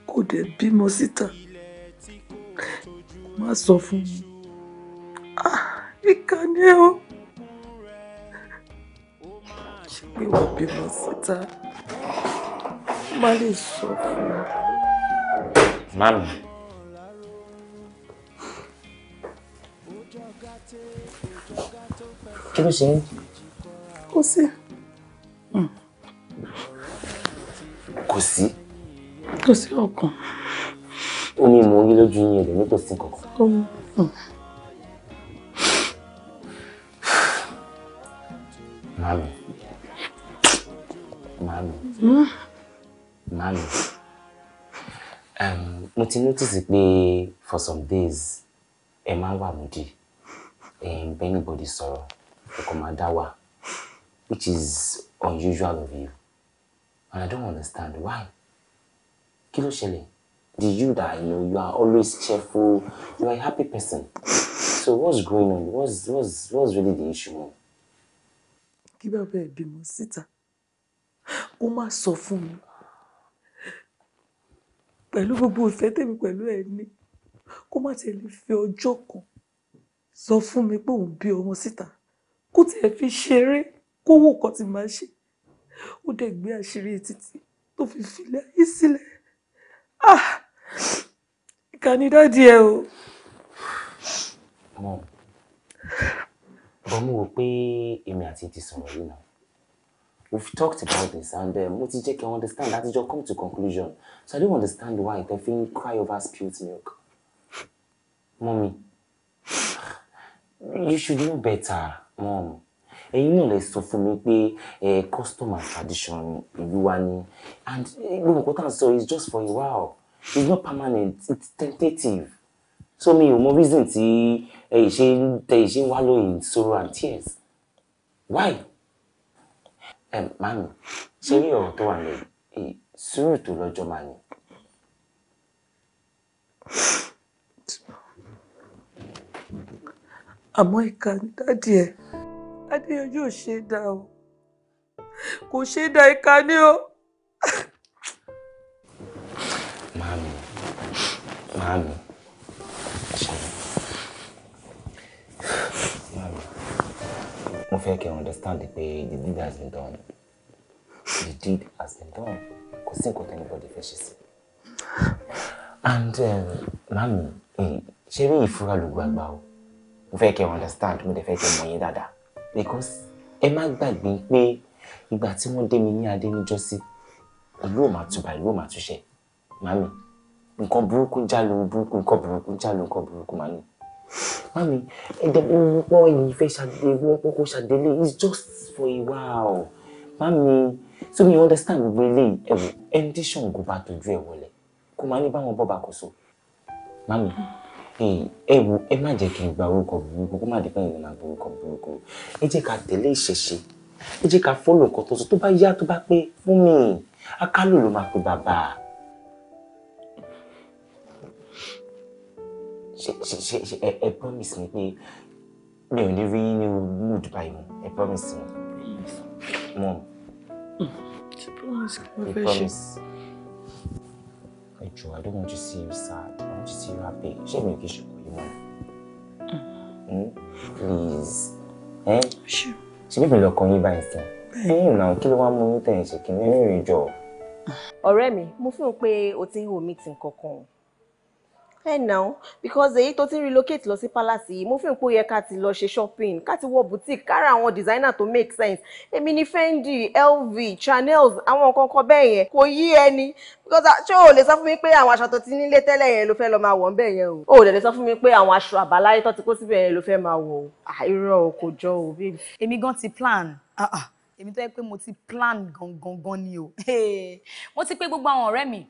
kò dẹ̀ bímọ síta má sọ fún mi ah, ìkà ẹ o ṣe pé wọ́n bímọ síta má lè sọ fún mi.
Mami.
kí ló ṣe ń.
Hmm. kò sí. kò sí. kò sí ọkàn.
ó ní mò ń lójú yín rẹ̀ ní kò sí
kankan.
Mami. Mami. Hmm? Mami. Um, mo ti notice pé for some days ẹ máa ń wà moody ẹ ń bẹ́ẹ̀ anybody sọ̀rọ̀ Okomadawa, which is unusual of you. And I don't understand why. Kilo shelly, the you that I know you are always cheerful, you are a happy person. So what's going on? What's what's what's really the issue?
Kí bàbá ẹ bímọ síta. Ó má sọ fete mi. Pẹ̀lú gbogbo ìfẹ́ tèmi pẹ̀lú ẹ ní. Kó má tẹ̀lé fi ọjọ́ kan mi pé òun bí ọmọ kó tiẹ̀ fi ṣeré kó wò kó ti máa ṣe ó dẹ̀ gbé àṣírí títí tó fi filẹ̀ ayé sílẹ̀ ah ìkànnìdádìí ẹ o.
mọ bọ mo rò pé èmi àti ti sọ̀rọ̀ yìí náà we've talked about this and eh, mo ti jẹ́ kí i understand láti jọ come to conclusion so i don't understand why I fit cry over spilt milk mommy you should know better mom ẹ̀yin náà lè sọ fún mi pé custom and tradition ìlú wa ni and eh, gbogbo nǹkan tá à ń sọ is just for a while it's not permanent it's tentative so mi ò mọ reason tí ẹ ṣe ń tẹ ṣe ń wallow in sorrow and tears why ẹ mami ṣe ní ọ̀rọ̀ tó wà lẹ́yìn sùúrù tó lọ́jọ́ máa ní.
àmọ́ ìkànnì dádì ẹ̀ adéyanjú ò ṣe é dá o kò ṣe é dá ìka ní o.
màámi màámi màámi mo fẹ́ kẹ́ understand pé the deed has been done the deed has been done kò sí nǹkan tó anybody fẹ́ ṣe sí and um, màámi eh, ṣe rí ìfura ló gbàgbà o mo fẹ́ kẹ́ understand mo dẹ̀ fẹ́ kẹ́ mọ̀ yín dáadáa because ẹ má gbàgbé pé ìgbà tí wọ́n dé mi ní adé níjọ́sí ìlú ò máa tùbà ìlú ò máa túṣẹ màmí nǹkan burúkú jálo burúkú nǹkan burúkú jálo nǹkan burúkú màmí mami ẹ̀dẹ̀ pọ̀ yìí fẹ́ ṣàdélé wọ́n kókó ṣàdélé it's just for a while mami so mi understand gbogbo eléyìí
ẹ̀wò ẹni tí ṣọ̀ǹgó bá tọ́jú
ẹ̀
wọlé kó máa ní báwọn bọ́ bá kó so
mami. Mm -hmm ẹ wo ẹ má jẹ́ kí n gba orúkọ burúkú kó má dé pẹ́ ìrìnà orúkọ burúkú ẹ jẹ́ ká tẹ̀lé ìṣẹ̀ṣe ẹ jẹ́ ká fọ́lọ̀ nǹkan tuntun tó bá yá tó bá pé fún mi akálò ló máa pe bàbá. ṣe ṣe ṣe ẹ promise mi pé mi ò ní rí ní mood báyìí mo ẹ promise mi. mom.
Mm. ti promise kí mo fẹ́ ṣe
ẹ I don't want to see you sad I want to see you happy ṣé èmi ò kí ṣe kò yí mọ́ please ẹ ṣe bíbí lọkàn yín báyìí sìn ẹ̀yin ìlànà kí ló wá mú yín tẹ̀yìn ṣe kí ní ìrìn jọ.
ọ̀rẹ́ mi mo fún un pé o ti ń meeting kankan ẹ náà because èyí tó ti ń relocate lọ sí palace yìí mo fi ń pò yẹ ká ti lọ ṣe shopping ká ti wọ boutique ká ra àwọn designer tó make sense èmi ni Fendi LV Chanel àwọn nǹkan kan bẹ́ẹ̀ yẹn kò yí ẹni because ah, ṣé o lè sọ fún mi pé àwọn aṣọ tó ti nílé tẹ́lẹ̀ yẹn ló fẹ́ lọ máa wọ̀ ń bẹ̀ yẹn o o lè sọ fún mi pé àwọn aṣọ àbáláyé tó ti kó síbẹ̀ yẹn ló fẹ́ máa wọ̀ o àìrọ̀ ah, o kò jọ o babe. èmi gan ti plan ah, èmi tó yẹ pé mo ti plan gangan gan ni o mo ti pè gbogbo àwọn ọ̀rẹ́ mi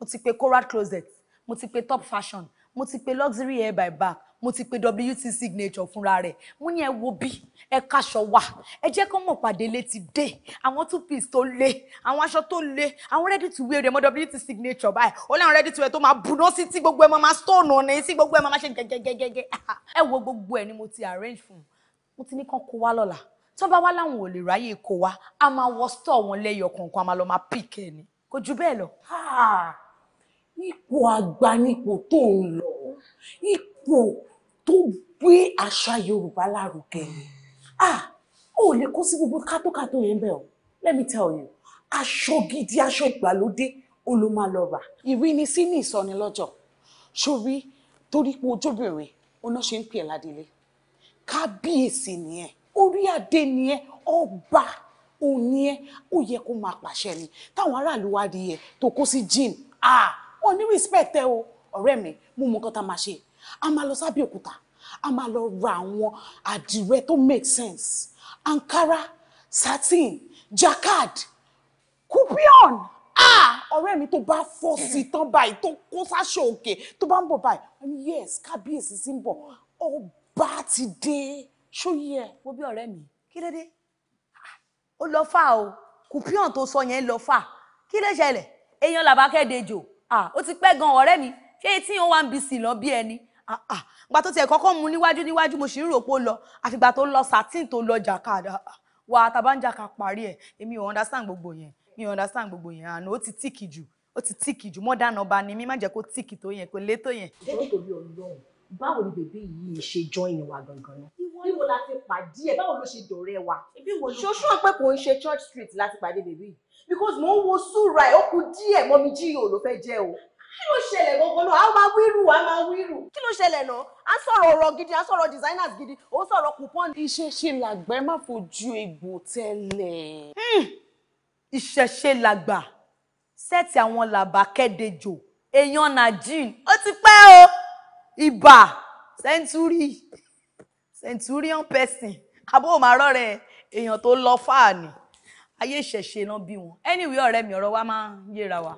mo ti pè Korat Closet mo ti pe top fashion mo ti pe luxury hair by back mo ti pe wt signature fúnra rẹ̀ mo ní ẹ wo bí ẹ kaṣọ wà ẹ jẹ́ kó mọ̀ pàdé lé ti dé àwọn two piece tó lé àwọn aṣọ tó lé àwọn ready to wear mọ wt signature báyìí ó láwọn ready to wear tó máa buná sí tí gbogbo ẹ máa máa stone ní sí gbogbo ẹ máa máa ṣe gẹgẹgẹgẹ ẹ wo gbogbo ẹ ni mo ti arrange fún mo ti ní kán kó wá lọ́la tó bá wá láwọn ò lè ráyè kó wá a máa wọ store wọn lẹ́yọ̀ kọ̀ọ̀kan a máa lọ máa pick ẹ ni kò ju bẹ́ẹ̀ lọ ipò àgbà ni ipò tó ń lọ ipò tó gbé àṣà Yorùbá lárugẹ ah o ò lè kó sí gbogbo kátókátó yẹn bẹ́ẹ̀ o let me tell you aṣọ gidi aṣọ ìgbàlódé o ló máa lọ rà. ìrínisí ní ìsọnilọ́jọ̀ sórí torí pé ojóbìnrin oná ṣe ń pè é ládélé kábíyèsí nìyẹn orí adé nìyẹn ọba òní ẹ ó yẹ kó máa pàṣẹ ni táwọn aráàlú wá rí ẹ tó kó sí gym ah wọn ní respect ẹ o ọ̀rẹ́ mi mú mu nǹkan tá a máa ṣe a máa lọ sábẹ́òkúta a máa lọ ra àwọn àdìrẹ tó make sense ankara satin jacquard coupion ọ̀rẹ́ mi tó bá fọ́ sí tán báyìí tó kó sáṣọ òkè tó bá ń bọ̀ báyìí yes kábíyèsí sí ń bọ̀ ọba ti dé ṣóyí ẹ. wo bí ọ̀rẹ́ mi kí ló dé ó lọ fà o coupion tó sọ yẹn lọ fà kí ló ṣẹlẹ̀ èèyàn làbá kẹ́ẹ̀dẹ́jọ́ ah ó ti pẹ́ gan ọ̀rẹ́ mi ṣé etí yẹn wá ń bi sí lọ bí ẹni ah ah gba tó tiẹ̀ kọ́kọ́ mu níwájú níwájú mo sì ń rò pé ó lọ àfìgbà tó lọ sàtìn tó lọ jàkadà wà á tàbá ń jàkà parí ẹ̀ èmi ò understand gbogbo yẹn mi ò understand gbogbo yẹn àná ó ti tíìkì jù ó ti tíìkì jù mọ́ dáná ọba ni mi má jẹ́ kó tíìkì tó yẹn kó lé tó yẹn. ìjọ́ tòbí ọlọ́run báwo ni bèbí yìí ṣe join wa gangan náà. ìwọ la ti pàdé ẹ báwo ló ṣe dọ̀rẹ́ wa. ṣoṣo pé kò ń ṣe church street láti pàdé bèbí yìí because mo ń wo súra ẹ ó kù díẹ̀ mọ́mi jíyò ló fẹ́ jẹ́ o kí ló ṣẹlẹ̀ gbogbo náà a máa wíru a máa wíru. kí ló ṣẹlẹ̀ náà a sọ̀rọ̀ ọ̀rọ̀ gidi a sọ̀rọ̀ designers gidi ó sọ̀rọ̀ coupon. ìṣẹ̀ṣe làgbà ẹ má fojú egbò tẹ́lẹ̀. ìṣẹ̀ṣe hmm. làgbà sẹ́ẹ̀tì àwọn làbà kẹ́dejò èèyàn nàjín ó ti pẹ́ ibà sẹ́ńtúrì centurion person àbó ò máa rọ́rẹ̀ èèyàn tó lọ fáàní ayé ìṣẹ̀ṣe náà bí wọn anyway ọ̀rẹ́ mi ọ̀rọ̀ wa máa ń yéra wa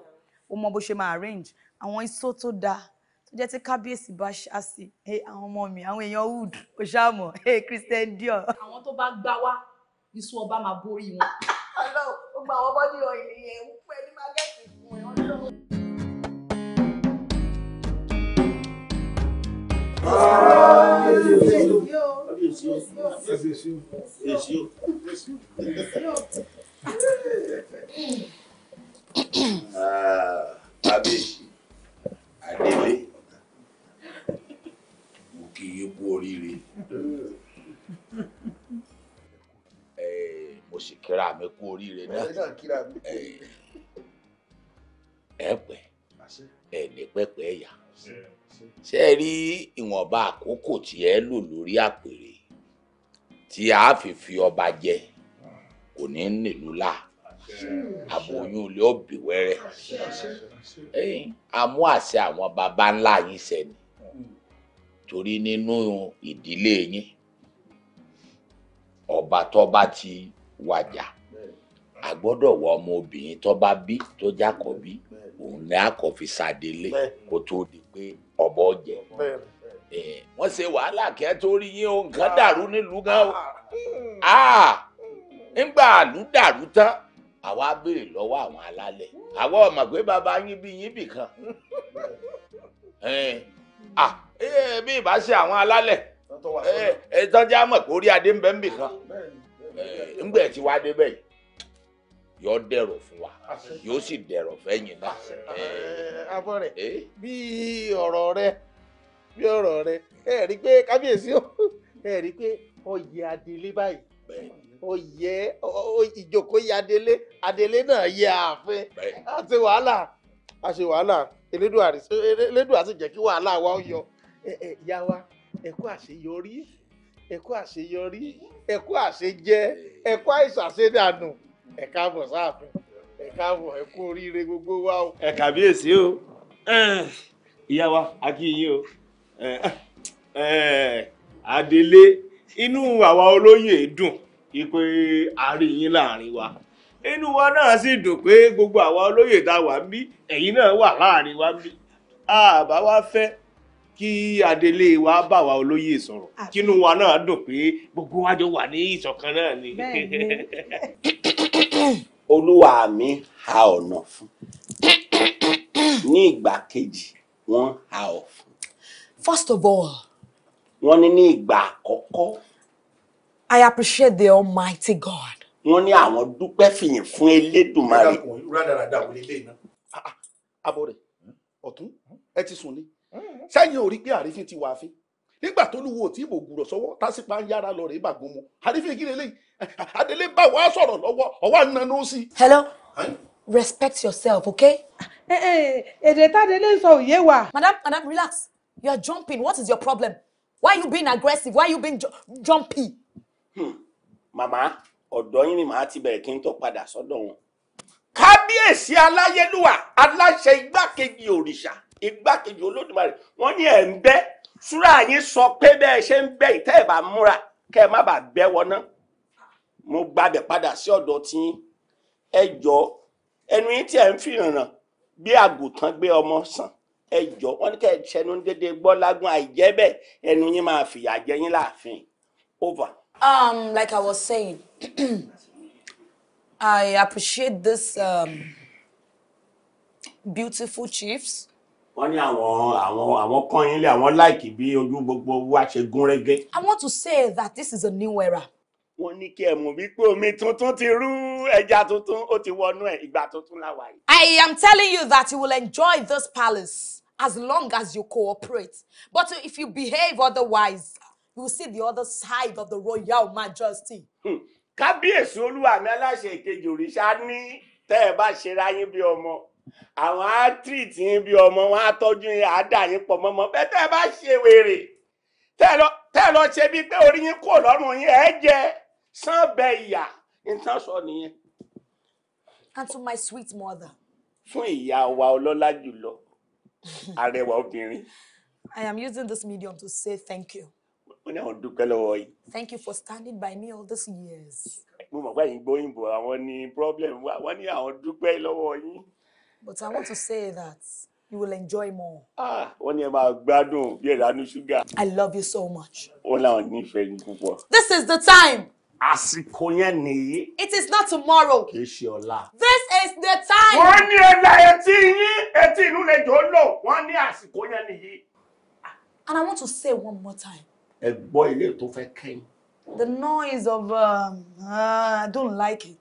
ó mọ bó ṣe máa arrange àwọn iṣó tó dáa tó jẹ́ tí kábíyèsí bá ṣá sí àwọn ọmọ mi àwọn èèyàn wood oṣàmọ christian dior. àwọn tó bá gbá wá iṣu ọba máa borí wọn. ọlọ́run ó gba àwọn bọ́dí ọ̀yẹ̀ yẹn ń pẹ́ ní mágẹ́tì fún ẹ̀ ọlọ́run.
Ah,
kábíyèsí adélé mo kì í kú oríire mo sì kíra mi kú oríire náà ẹ pẹ
ẹ ní pẹpẹ ẹyà ṣe rí
ìwọ̀nba àkókò tí ẹ lò lórí àpèrè tí a fi fi ọba jẹ kò ní nílùú là àbòyún ilé òbí wẹrẹ amú àṣẹ àwọn baba ńlá yín sẹni torí nínú ìdílé yín ọba tọba ti wàjà a wọ ọmọ obìnrin tọba bí tó jákọ bí. òun ni akọ̀fisà kó tó di pé ọ̀bọ jẹ wọ́n ṣe wàhálà kí tó rí yín o nǹkan ah. dàrú nílùú gan o hmm. ah, nígbà àlù dàrú tán àwa béèrè lọwọ àwọn alálẹ̀ àwa ọmọ pé 'Baba! yín bí yín bì kan bí ìbá ṣe àwọn alálẹ̀ ẹ tán jẹ́ pé orí kan ńgbẹ̀ tí wàá yóò dẹ̀rọ̀ fún wa yóò sì dẹ̀rọ̀ fẹ́yìn náà.
abọ́ rẹ̀ bí ọ̀rọ̀ rẹ̀ bí ọ̀rọ̀ rẹ̀ ẹ rí i pé kábíyèsí o ẹ rí i pé oyè adelé báyìí oyè ìjókòó adelé adelé náà yẹ ààfin àti wàhálà àṣe wàhálà elédùà sì jẹ́ kí wàhálà wa ó yọ ìyá wa ẹ kú àṣeyọrí ẹ kú àṣeyọrí ẹ kú àṣejẹ ẹ kú àìsàṣedànù. ẹ káàbọ̀ sáàfin ẹ káàbọ̀ ẹ kú oríire gbogbo wa o.
ẹ kàbíyèsí
o ìyá wa a kí yín o Adele inú àwa olóyè dùn ipe àárín yín láàrin wa inú wa náà sì dùn pé gbogbo àwa olóyè tá a wà ń bí ẹ̀yin náà wà láàrin wa ń bí àbá wa fẹ́ kí Adele wa bá wa olóyè sọ̀rọ̀ kínú wa náà dùn pé gbogbo wa jọ wà ní ìṣọ̀kan náà ni. bẹ́ẹ̀ olúwa mi ha ọ̀nà fún ní ìgbà kejì wọ́n ha ọ̀ fún.
first of all.
wọ́n ní ní ìgbà àkọ́kọ́.
I appreciate the almighty God.
wọ́n ní àwọn dúpẹ́ fìyìn fún elédùnmarè. rádaràdà wọlé lé iná. Ah, ah, abọ́rẹ̀ ọ̀tún ẹ ti sùn ni sẹ́yìn ò rí pé àrífín ti wà á fín nígbà tó lúwo tí ìbò gùrọ̀ sọ́wọ́ tásìpá ń yára lọ rèé bàgbọ́n mu àrífín kí lélẹ́yìí adele bá wa sọ̀rọ̀
lọ́wọ́ ọwọ́ ànánú sí. hello respect yourself okay. Eh, eh, èdè tádélé sọ òye wa. madam madam relax you are jumping what is your problem why you being aggressive why you being jumpy.
Hmm. màmá ọ̀dọ́ yín ni màá ti bẹ̀rẹ̀ kí n tó padà sọ́dọ̀ wọn. kábíyèsí aláyélúwà aláṣẹ igbákejì òrìṣà igbákejì olódùmarè wọ́n ní ẹ̀ ń bẹ́ súrà yín sọ pé bẹ́ẹ̀ ṣe ń bẹ́ ìtẹ́ ẹ̀ kẹ́ ẹ má bàa bẹ́ wọná mo gbabẹ̀ padà sí ọ̀dọ̀ tí ẹ jọ ẹnu yìí tí ẹ ń fi ràn bí àgùntàn gbé ọmọ sàn ẹ jọ wọn ní kẹ ṣẹnu déédéé gbọ́ lágùn àìjẹ́ bẹ́ẹ̀ ẹnu yín máa fìyà jẹ yín láàfin over.
Um, like I was saying, I appreciate this um, beautiful
chiefs. wọ́n ní àwọn àwọn àwọn kan yín lé àwọn láìkì bí ojú gbogbo wa ṣe gún régé. I want to say that this is a new era wọ́n ní kí ẹ mọ̀ wípé omi tuntun ti rú ẹja tuntun ó ti wọnú ẹ̀ ìgbà tuntun la
I am telling you that you will enjoy this palace as long as you cooperate but if you behave otherwise
you will see the other side of the royal majesty. Hmm. kábíyèsí olúwa mi aláṣẹ ìkejì òrìṣà ní tẹ́ ẹ bá ṣera yín bí ọmọ àwọn á tírìtì yín bí ọmọ wọn á tọ́jú yín á dà yín pọ̀ mọ́mọ́ bẹ́ẹ̀ tẹ́ ẹ bá ṣe wèrè tẹ́ ẹ lọ ṣe bíi pé orí yín kò lọ́rùn yín ẹ jẹ́ sàn bẹ nǹkan sọ nìyẹn.
and to my sweet mother.
fún ìyá wa ọlọ́lá jùlọ arẹwà obìnrin.
I am using this medium to say thank you.
Mo ní àwọn dúpẹ́ lọ́wọ́ yìí.
Thank you for standing by me all these years.
Mo mọ̀ pé àyìn gbóyìnbó àwọn ní problem wa, wọ́n ní àwọn dúpẹ́ lọ́wọ́ yín.
But I want to say that you will enjoy more.
Ah, wọ́n ní ẹ máa gbádùn bí ẹ̀dánú ṣúgà. I love you so much. Ó láwọn nífẹ̀ẹ́ yín púpọ̀. This is the time. Àsìkò yẹn nìyí. It is not tomorrow. Kì í ṣe ọ̀la. This is the time. Wọ́n ní ọ̀la etí yín, etí inú lè jò lò, wọ́n ní àsìkò yẹn nìyí. And I want to say one more time. Ẹ gbọ́ ilé tó fẹ́ kẹ́yìn. The
noise of um, uh, I don't like it.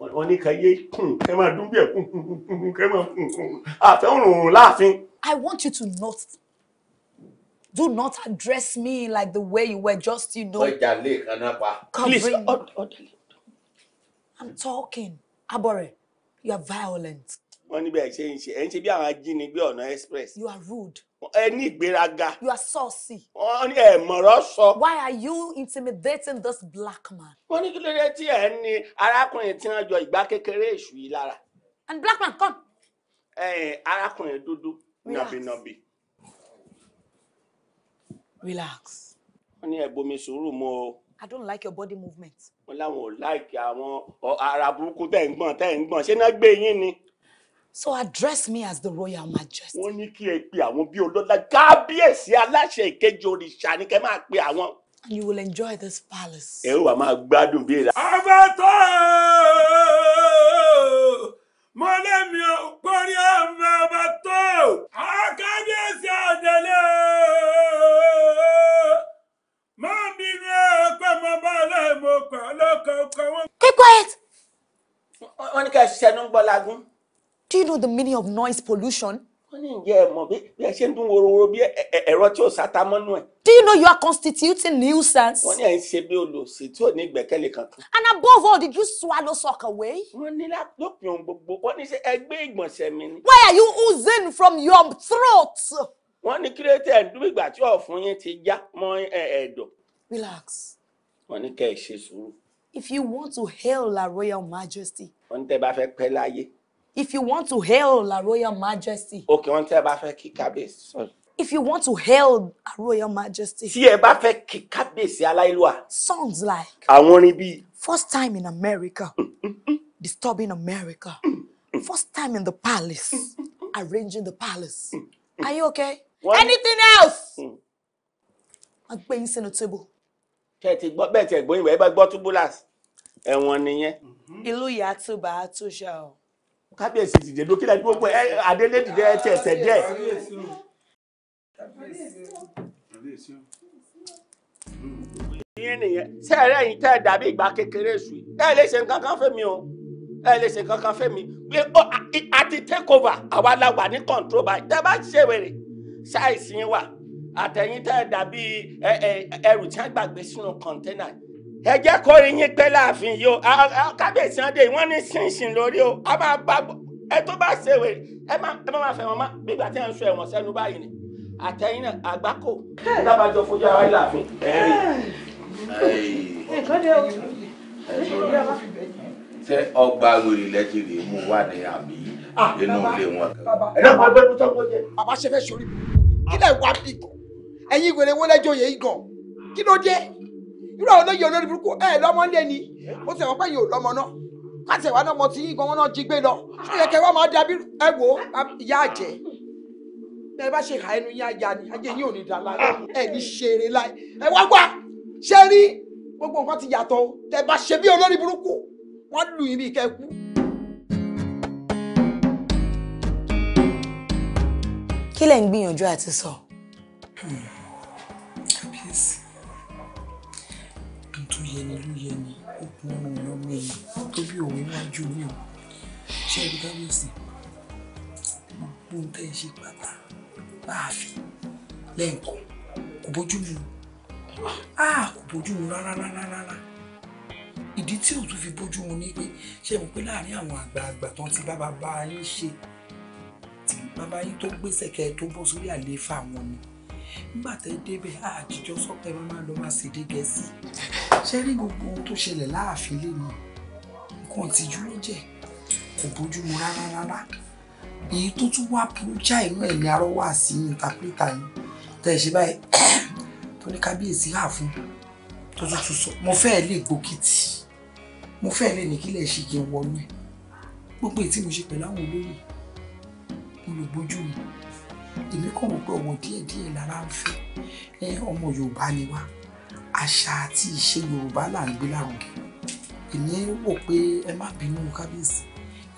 Wọ́n ní ká yé kùn, kẹ́ máa dún bí ẹ̀kún kùn kùn kùn kẹ́ máa kùn kùn. Àfẹ́ láàfin.
I want you to note do not address me like the way you were just, you know. Please, oh, oh, oh, I'm talking. Abore, you are violent.
You are rude. Ẹ ní You are saucy. Wọ́n ní ẹ̀mọ̀rọ̀
sọ. Why are you intimidating this black man?
Wọ́n ní kí ló dé tí ẹ̀ ń ní arákùnrin tí wọ́n jọ ìgbà kékeré èṣù yìí lára. And black man come. Ẹ arákùnrin dúdú nàbìnàbì. Relax. Wọ́n ní ẹ̀gbọ́n mi sùúrù mu o.
I don't like your body movement.
Wọ́n láwọn ò láìkí àwọn ara burúkú tẹ̀ ń gbọ̀n tẹ̀ ń gbọ̀n ṣé náà gbé yín ni. So address me as the royal majesty. Wọ́n ní kí ẹ pe àwọn bí ọlọ́lá kábíyèsí aláṣẹ ìkejì òrìṣà ni kẹ́ máa pe àwọn. And you will enjoy this palace. Ẹ ó wà máa gbádùn bí èdè. Àbẹ̀tọ̀
mọ́lẹ́mi ò gbórí ọmọ àbẹ̀tọ̀. Àkábíyèsí àdẹ̀lẹ̀. Keep quiet. Wọ́n ṣiṣẹ́ ló ń gbọ́ lagún.
Do you know the meaning of noise pollution?
Wọ́n ní ìyẹ́ ẹ̀ bí bí ẹ ṣe ń dún worowóró bí ẹ̀rọ tí ò sáta mọ́nú ẹ̀. Do you know you are constituting nuisance? Wọ́n ní ẹ̀ ń ṣe bí olùsí tí ò ní ìgbẹ́kẹ̀lé kankan. And above all, did you swallow sock away? Wọ́n ní lópin ohun gbogbo, wọ́n ní ṣe ẹgbẹ́ ìgbọ̀nsẹ̀ mi ni. Why are you oozing from your throat? Wọ́n ní kírètì ẹ̀dúgbò ìgbà tí ọ̀fun yín ti já mọ́ ẹ̀dọ̀. Relax. Wọ́n ní kẹ́ ẹ ṣe sùúrù
if you want to hail her royal majesty.
wọ́n tẹ́ bá fẹ́ pẹ́ láyé.
if you want to hail her royal majesty.
okay, wọ́n tẹ́ bá fẹ́ kí kábíyèsí sọ̀rọ̀.
if you want to hail her royal majesty.
tí ẹ bá fẹ́ kí kábíyèsí aláìlúwa.
songs like.
àwọn orin bíi.
first time in America disturbing America first time in the palace arranging the
palace are you okay. One. anything else. a hmm. gbé yín sínú table. kẹ́ ẹ ti gbọ́ bẹ́ẹ̀ ti ẹ̀ gbóyìnbó ẹ bá gbọ́ tubulance ẹ̀wọ̀n nìyẹn. Mm-hmm.
ìlú ìyá àtúbà àtúnṣe ọ.
kábíyèsí dìde lókè láti gbogbo ẹ adélé dìde ẹ ti ẹsẹ̀ díẹ̀. ìyẹn nìyẹn sẹ́ẹ̀rẹ́ yìí tẹ́ ẹ dàbí ìgbà kékeré sùn ẹ lè ṣe nǹkan kan fẹ́mi o ẹ lè ṣe nǹkan kan fẹ́mi àti take over àwa la wà ní control báyìí tẹ́ bá ṣèwèrè ṣáìsì wà àtẹ̀yìn tẹ́ ẹ dàbí ẹrù tí wọ́n gbàgbé sínú kọ̀ńténà yìí ẹ jẹ́ kó rí yín pẹ́ láàfin yìí o kábíyèsí ọdẹ wọ́n ní ṣinṣin lórí o a máa bá ẹ tó bá ṣe wèrè ẹ má ẹ má máa fẹ́ wọn má gbígbà tí wọ́n ń sọ ẹ̀wọ̀n sẹ́nu báyìí ni àtẹ̀yìn náà àgbákò lábàjọ fojú ara yìí láàfin.
ṣé ọgbà wèrè lẹ́jì rèé mú wà ní àmì ah, inú ilé wọn. ẹ̀rọ máa gbẹ́nu tó
kó jẹ. bàbá ṣe fẹ́ sori kí lè wá bí gan ẹ̀yin ìwèrè wọlé jòyè yìí gan
kí ló dé irú àwọn olóyè olórí burúkú ẹ lọ́mọ ńlẹ̀ ni ó sì wọ́n pẹ́ yìí ò lọ́mọ náà
káṣẹ̀ wá lọ́mọ tí yín gan wọn náà jí gbé lọ ṣé yẹ kẹ́ wọ́n máa dàbí ẹ wò ìyá àjẹ́ ẹ bá ṣe ha ẹnu yín ajá ni ajé yín ò ní dà láyé ẹ ní ṣeré láyé ẹ wá gbà ṣe rí gbogbo nǹkan ti yàtọ̀ tẹ bá ṣe bí olórí burúkú wọ́n lù yín bí kẹ́ kú. kí lẹ̀ ń gbìyànjú àti sọ. So? yẹni ló yẹni okùn ọmọ èèyàn ọmọ èèyàn tó bí òun wájú mi o ṣé ẹ̀rí kábíyèsí gbogbo ohun tẹ́ ẹ ṣe pátá láàfin lẹ́ẹ̀kan kò bójú mu a ah, kò bójú mu rárá rárá rárá ìdí tí ò tún fi bójú mu ni pé ṣé mo pé láàrin àwọn àgbààgbà tán ti bá bàbá yín ṣe tí bàbá yín tó gbèsè kẹ tó bọ́ sórí àlééfà wọn ni nígbà tẹ́ débẹ̀ àjíjọ sọ́kẹ́ máa lọ máa ṣèdí gẹ̀ẹ́sì ṣé rí gbogbo ohun tó ṣẹlẹ̀ láàfin lé mi nǹkan ìtìjú ló jẹ́ kò bójú mu rárá rárá èyí tó tún wá burú já inú ẹ̀ ní arọ́ wà sí ìtàpítà yìí tẹ̀ ṣe báyìí tó ní kábíyèsí hà fún tó tún tún sọ mo fẹ́ lè gbókìtì mo fẹ́ lè ní kílẹ̀ ṣe kí n wọnú ẹ̀ gbogbo èyí tí mo ṣe pẹ̀lú àwọn olóyè olùgbójú mi èmi kàn wò pé ọmọ díẹ̀díẹ̀ lára ń fẹ́ ọmọ Yorùbá ni wá àṣà àti ìṣe yorùbá là ń gbé lárugẹ èmi rò pé ẹ má bínú kábíyèsí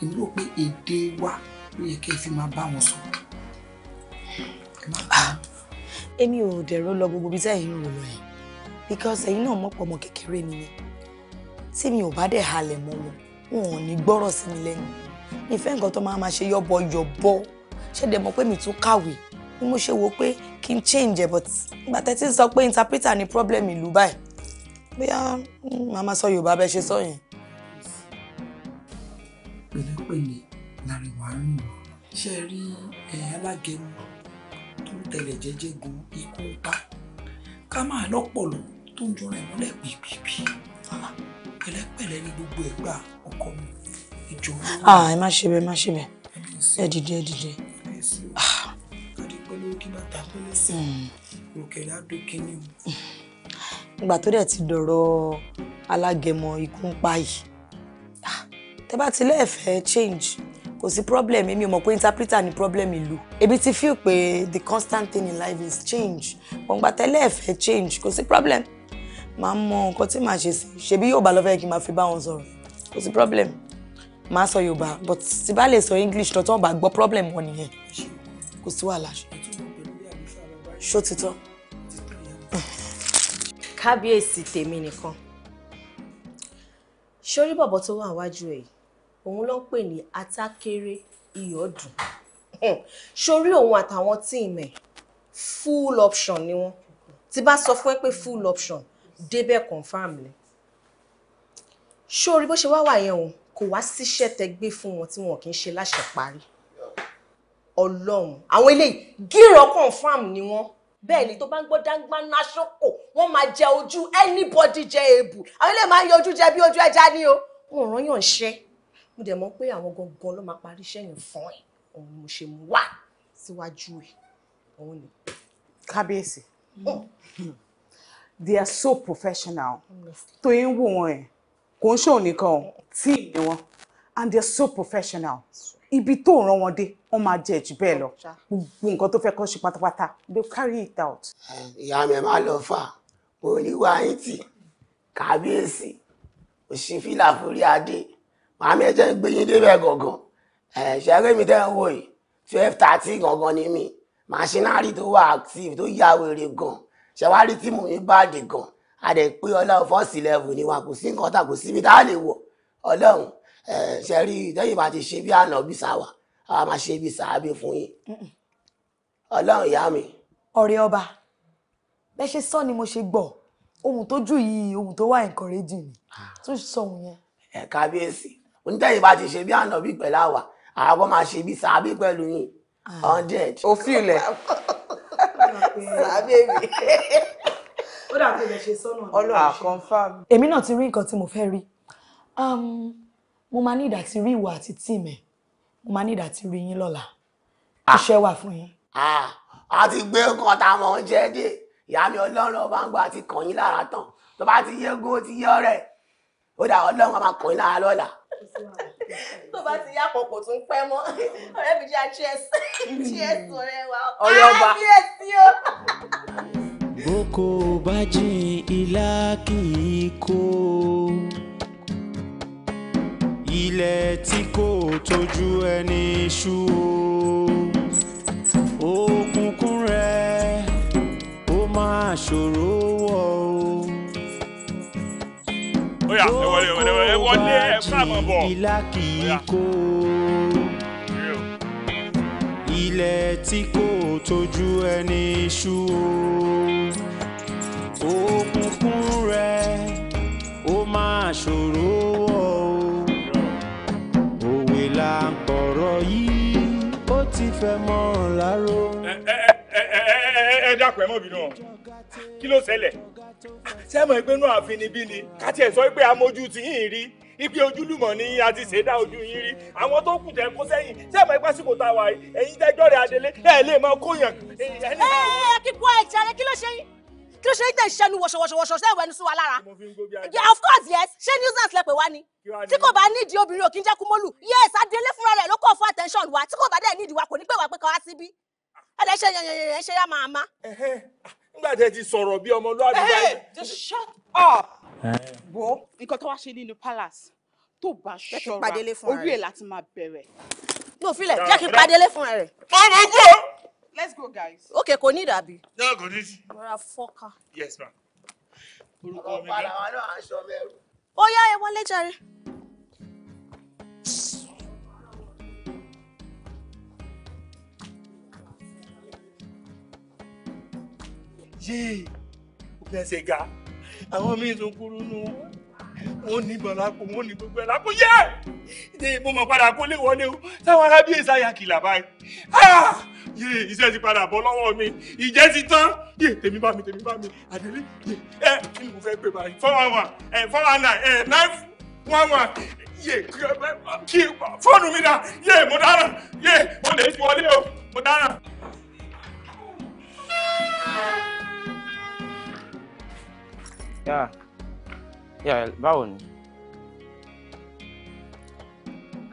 èmi rò pé èdè wa ló yẹ kẹ́ ẹ fi máa bá wọn sọ. Ah, èmi ò dẹ̀rọ lọ gbogbo ibi tẹ́yìn ń rò lọ yẹn because ẹ̀yin náà mọ̀pọ̀ ọmọ kékeré mi ni tí mi ò bá dẹ̀ halẹ̀ mọ́ wọn wọn ò ní gbọ́rọ̀ sí mi lẹ́nu ìfẹ́ nǹkan tó máa ma ṣe yọ̀bọ̀yọ̀bọ̀ ṣẹ̀dẹ̀ mọ̀ pé mi tún kàwé ni mo ṣe wo pé kí change ẹ̀ but ìgbà tẹ́tí sọ pé interpreter ni problem ìlú báyìí bóyá mm, màmá sọ Yorùbá bẹ́ẹ̀ ṣe sọ yẹn. pẹ̀lẹ́pẹ̀lẹ́ làrìwá rìn ṣe rí alágẹ̀mú tó ń tẹ̀lẹ̀ jẹ́jẹ́ gun ikú pa ká máa lọ́pọ̀lọ́ tó ń jọra ìmọ́lẹ̀ pìpìpì pẹ̀lẹ́pẹ̀lẹ́ ní gbogbo ẹ̀gbà ọkọ mi ìjọba. ẹ má ṣe bẹ́ẹ̀ má ṣe bẹ́ẹ̀ ẹ dìde ẹ dìde dúpẹ́ lówó kí bàtà pẹ́ lẹ́sẹ̀ òkè ládò kínní o. ìgbà tó dẹ̀ ti dọ̀rọ̀ alágẹmọ ikú pa yìí ah, tẹ bá ti lẹ́ẹ̀fẹ́ change kò sí problem èmi ò mọ̀ pé interpreter ni problem ìlú ebi ti feel pé the constant thing in life is change gbọ̀ngbà tẹ lẹ́ẹ̀fẹ́ change kò sí problem màá mọ nǹkan tí màá ṣe sí ṣebí yóò bá lọ fẹ́ kí n máa fi bá wọn sọ̀rọ̀ kò sí problem màá sọ yorùbá but tí bá lè sọ english tó tán bá gbọ́ problem wọn nìyẹn kò sí wàhálà ṣó ti tán. kábíyèsí tèmi nìkan sórí bọ̀bọ̀ tó wà níwájú ẹ̀ òun ló ń pè ní atákéré iyọ̀dùn sórí òun àtàwọn tíìmù full option ni wọ́n tí bá sọ fún ẹ pé full option débẹ̀ confam lẹ̀ sórí bó ṣe wá wà yẹn òun kò wá síṣẹ́ tẹ gbé fún wọn tí wọn kì í ṣe láṣẹ parí ọlọ́run àwọn eléyìí gíràn confam ni wọ́n bẹ́ẹ̀ ni tó bá ń gbọ́ dáńgbá náṣọ́kò wọ́n máa jẹ ojú anybody jẹ èbù àwọn eléyìí máa ń yọ ojú jẹ bí ojú ẹja ní o wọn ò rányàn ṣẹ́ mo dẹ̀ mọ̀ pé àwọn gangan ló máa parí iṣẹ́ yẹn fún ẹ̀ òun mo ṣe mú wá síwájú ẹ̀ òun ni. kábíyèsí they are so professional tó yín wò wọn ẹ kò ń ṣòun nìkan tíì ni wọn and they are so professional. So ibi tó ràn wọn dé wọn máa jẹ jù bẹ́ẹ̀ lọ gbogbo nǹkan tó fẹ́ kọ́ ṣe pátápátá they carry it out.
ìyá mi máa lọ fà oníwà yín tì kábíyèsí òṣìfìlà forí adé màmí ẹ jẹ́ ń gbé yín débẹ̀ gangan ṣẹ́rẹ́ mi tẹ́ ń wò yìí twelve thirty gangan ni mi machinery tó wà active tó yà wèrè gan ṣẹwárí tí mò ń bá dé gan a dẹ̀ pé ọlọ́run fọ́ọ̀sì level ni wa kò sí nǹkan tà kò síbi tá a lè wọ̀ ọlọ́run Eh, ṣe rí ìtẹ́yìn bá ti ṣe bí àná bí sáwà a máa ṣe bí sàábì fún yín ọlọ́run ìyá mi.
ọ̀rẹ́ ọba bẹ́ẹ̀ ṣe sọ ni mo ṣe gbọ́ ohun tó jù yìí ohun tó wà encouraging ni ah. tún sọ òun yẹn.
ẹ eh, kábíyèsí onítẹ̀yìn bá ti ṣe bí àná bí pẹ̀lú àwa àwọn máa ṣe bí sàábì pẹ̀lú yín ah. hundred.
òfin ilẹ̀. sàábì mi ó dà pé lè ṣe sọ́nà. ọlọ́run confirm. èmi náà ti rí nǹkan tí mo fẹ́ rí. Um, mo máa ní ìdàtí rí ìwà àti tíì mẹ́ mo máa ní ìdàtí rí yín lọ́la ah. iṣẹ́ wà fún yín.
Ah, a ti gbé nǹkan tá a mọ̀ ń jẹ́ dé ìyá mi ọlọ́run ọba ń gbọ́ àti kàn yín lára tán tó bá ti yé gó ti yé ọ̀rẹ́ ó dà ọlọ́run ọba kàn yín lára lọ́la.
tó bá ti yá àkókò tó ń pẹ́ mọ́ ọ̀rẹ́ mi jẹ́ cheers cheers ọ̀rẹ́
wa ọ̀rẹ́ ọba bó kò bá jìn ilá kì í kó o ilẹ̀ tí kò tójú ẹni ṣú o òkùnkùn rẹ̀ ó máa ṣòro wọ̀ o. bóyá ẹ wọlé ẹ wọlé ẹ káàmọ̀ bọ̀. ìlà kì í kó ilẹ̀ tí kò tójú ẹni ṣú o òkùnkùn rẹ̀ ó máa ṣòro wọ̀ o à ń pọ̀rọ̀ yìí ó ti fẹ́ mọ́ láró. ẹ dákun ẹ mọ̀ bínú o kí ló ṣẹlẹ̀
ṣé mọ̀ pé inú àfinibí ni ká tiẹ̀ sọ pé amójú ti yín rí ibi ojúlùmọ̀ ni a ti ṣẹ̀dá ojú yín rí àwọn tó kù tẹ̀ kó sẹ́yìn ṣé mọ̀ ipá síkò tá a wà yìí ẹ̀yin tẹ́jọ́ rẹ̀ adelé ẹ̀ lè máa kóyàn.
ẹ ẹ kíkú àìsàn kí ló ṣe yín kí ló ṣe ní tẹ̀ ṣẹ́nu wọ̀ṣọ̀wọ̀ṣọ̀ ṣẹ́ ìwẹ́nu sí wa lára of course yes ṣé nuisance lẹ pè wá ni tí kò bá nídìí obìnrin ò kí ń jẹ́ kúmọ́lù yes adélé fúnra rẹ̀ ló kọ̀ fún attention wa tí kò bá dẹ̀ nídìí wa kò ní pè wá pé ká wá síbí ẹ̀dẹ̀ ṣe yẹnyẹnyẹn ṣe yá máa má. Ah,
nígbà tẹ ti sọ̀rọ̀ bí ọmọlúwàbí báyìí.
just shut up. wo nǹkan tó wá ṣe nínú palace tó bá ṣọ́ra orí ẹ̀ láti máa bẹ̀rẹ̀. ní òfin lẹ̀ jẹ́ kí n padé lé fún ẹ̀ rẹ̀. ọmọ gbọ́ let's go guys. ok kò ní ìdàbí. náà kò ní. rọra fọ́ka.
yes ma'am. Oh, yeah, bẹ́ẹ̀. ọ̀pá náà aṣọ mẹ́rù.
ó yá ẹ wọlé jàre.
yéé ó fẹ́ ṣe ga wọ́n ní ìbọn lápò wọ́n ní gbogbo ẹ̀ lápò yẹ́ ẹ̀ mo mọ̀ padà kó lè wọlé o táwọn arábíyèsí àyàkìlà báyìí ah! yé iṣẹ́ ti padà bọ́ lọ́wọ́ mi ìjẹ́ ti tán yé tèmi bá mi tèmi bá mi àdélé ẹ kí ni mo fẹ́ pè báyìí four one one four one nine ẹ nine one one yé kí fóònù mi dà yé mo dára yé mo lè ti wọlé o mo dára.
Yeah. Yeah, báwo ni?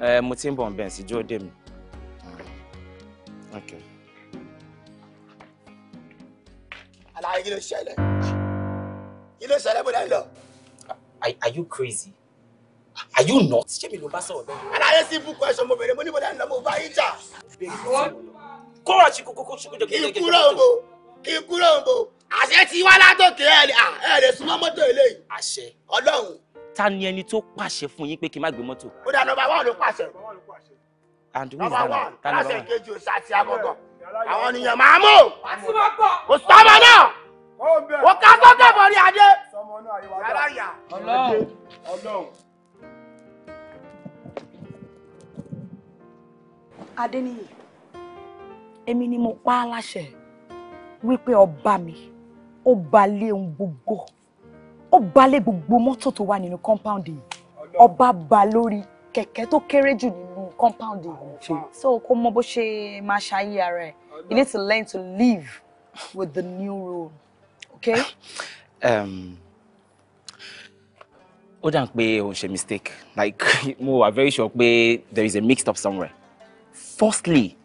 Ẹ mo ti ń bọ̀ bẹ́ẹ̀ sí dúró dè mí.
Àlàyé kí ló ṣẹlẹ̀? Kí ló ṣẹlẹ̀ bóyá lọ? Are you crazy? Are you not? Ṣé mi ló bá sọ̀rọ̀ bẹ́ẹ̀? Àlàyé sí ibú question mo bèrè mo ní bóyá lọ mo bá yín jà. Kọ́ra ṣe kókó kó ṣe kójọ kí n kúrò ń bò kí n kúrò ń bò àṣẹ ti wá látòkè ẹ ẹ lè súnmọ́ mọ́tò eléyìí. àṣẹ
Ọlọ́run. ta ni ẹni tó pàṣẹ fún yín pé kí n má gbé mọ́tò. ó dà
nọ́mbà wà ló pàṣẹ.
and who is that man ta nọ́mbà wà. láṣẹ
kejì òṣà àti agogo
àwọn ènìyàn máa mú. kò sọmọ náà kò ká sókè bọ̀rí adé. yàrá yà. Ọlọ́run.
Adéníyì èmi ni mo pa á láṣẹ wípé ọba mi ó balẹ̀ ohun gbogbo ó balẹ̀ gbogbo mọ́tò tó wà nínú compound yìí ọba ba lórí kẹ̀kẹ́ tó kéré jù nínú compound yìí so kó mọ bó ṣe máa ṣayé ara ẹ̀ you need to learn to live with the new rule okay.
Um, ó dàn pé ó ń ṣe mistake like mo wà very sure pé there is a mixed up somewhere
firstly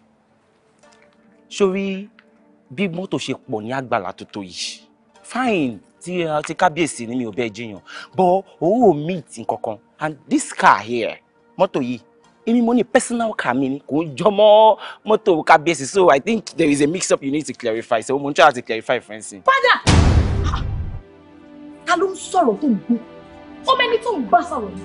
sórí bí mọ́tò ṣe pọ̀ ní àgbàlá tó tó yìí fine ti ti kábíyèsí ni mi ò bẹ́ẹ̀ jiyàn but owó mint kankan and this car here
mọ́tò yìí èmi mo ní personal car mi ni kò ń jọ mọ́ mọ́tò kábíyèsí so i think there is a mix up you need to clarify so mo ń try to clarify for instance.
padà ta ló ń sọ̀rọ̀ tó ń gbó ọmọ ẹni tó ń bá sọ̀rọ̀ ni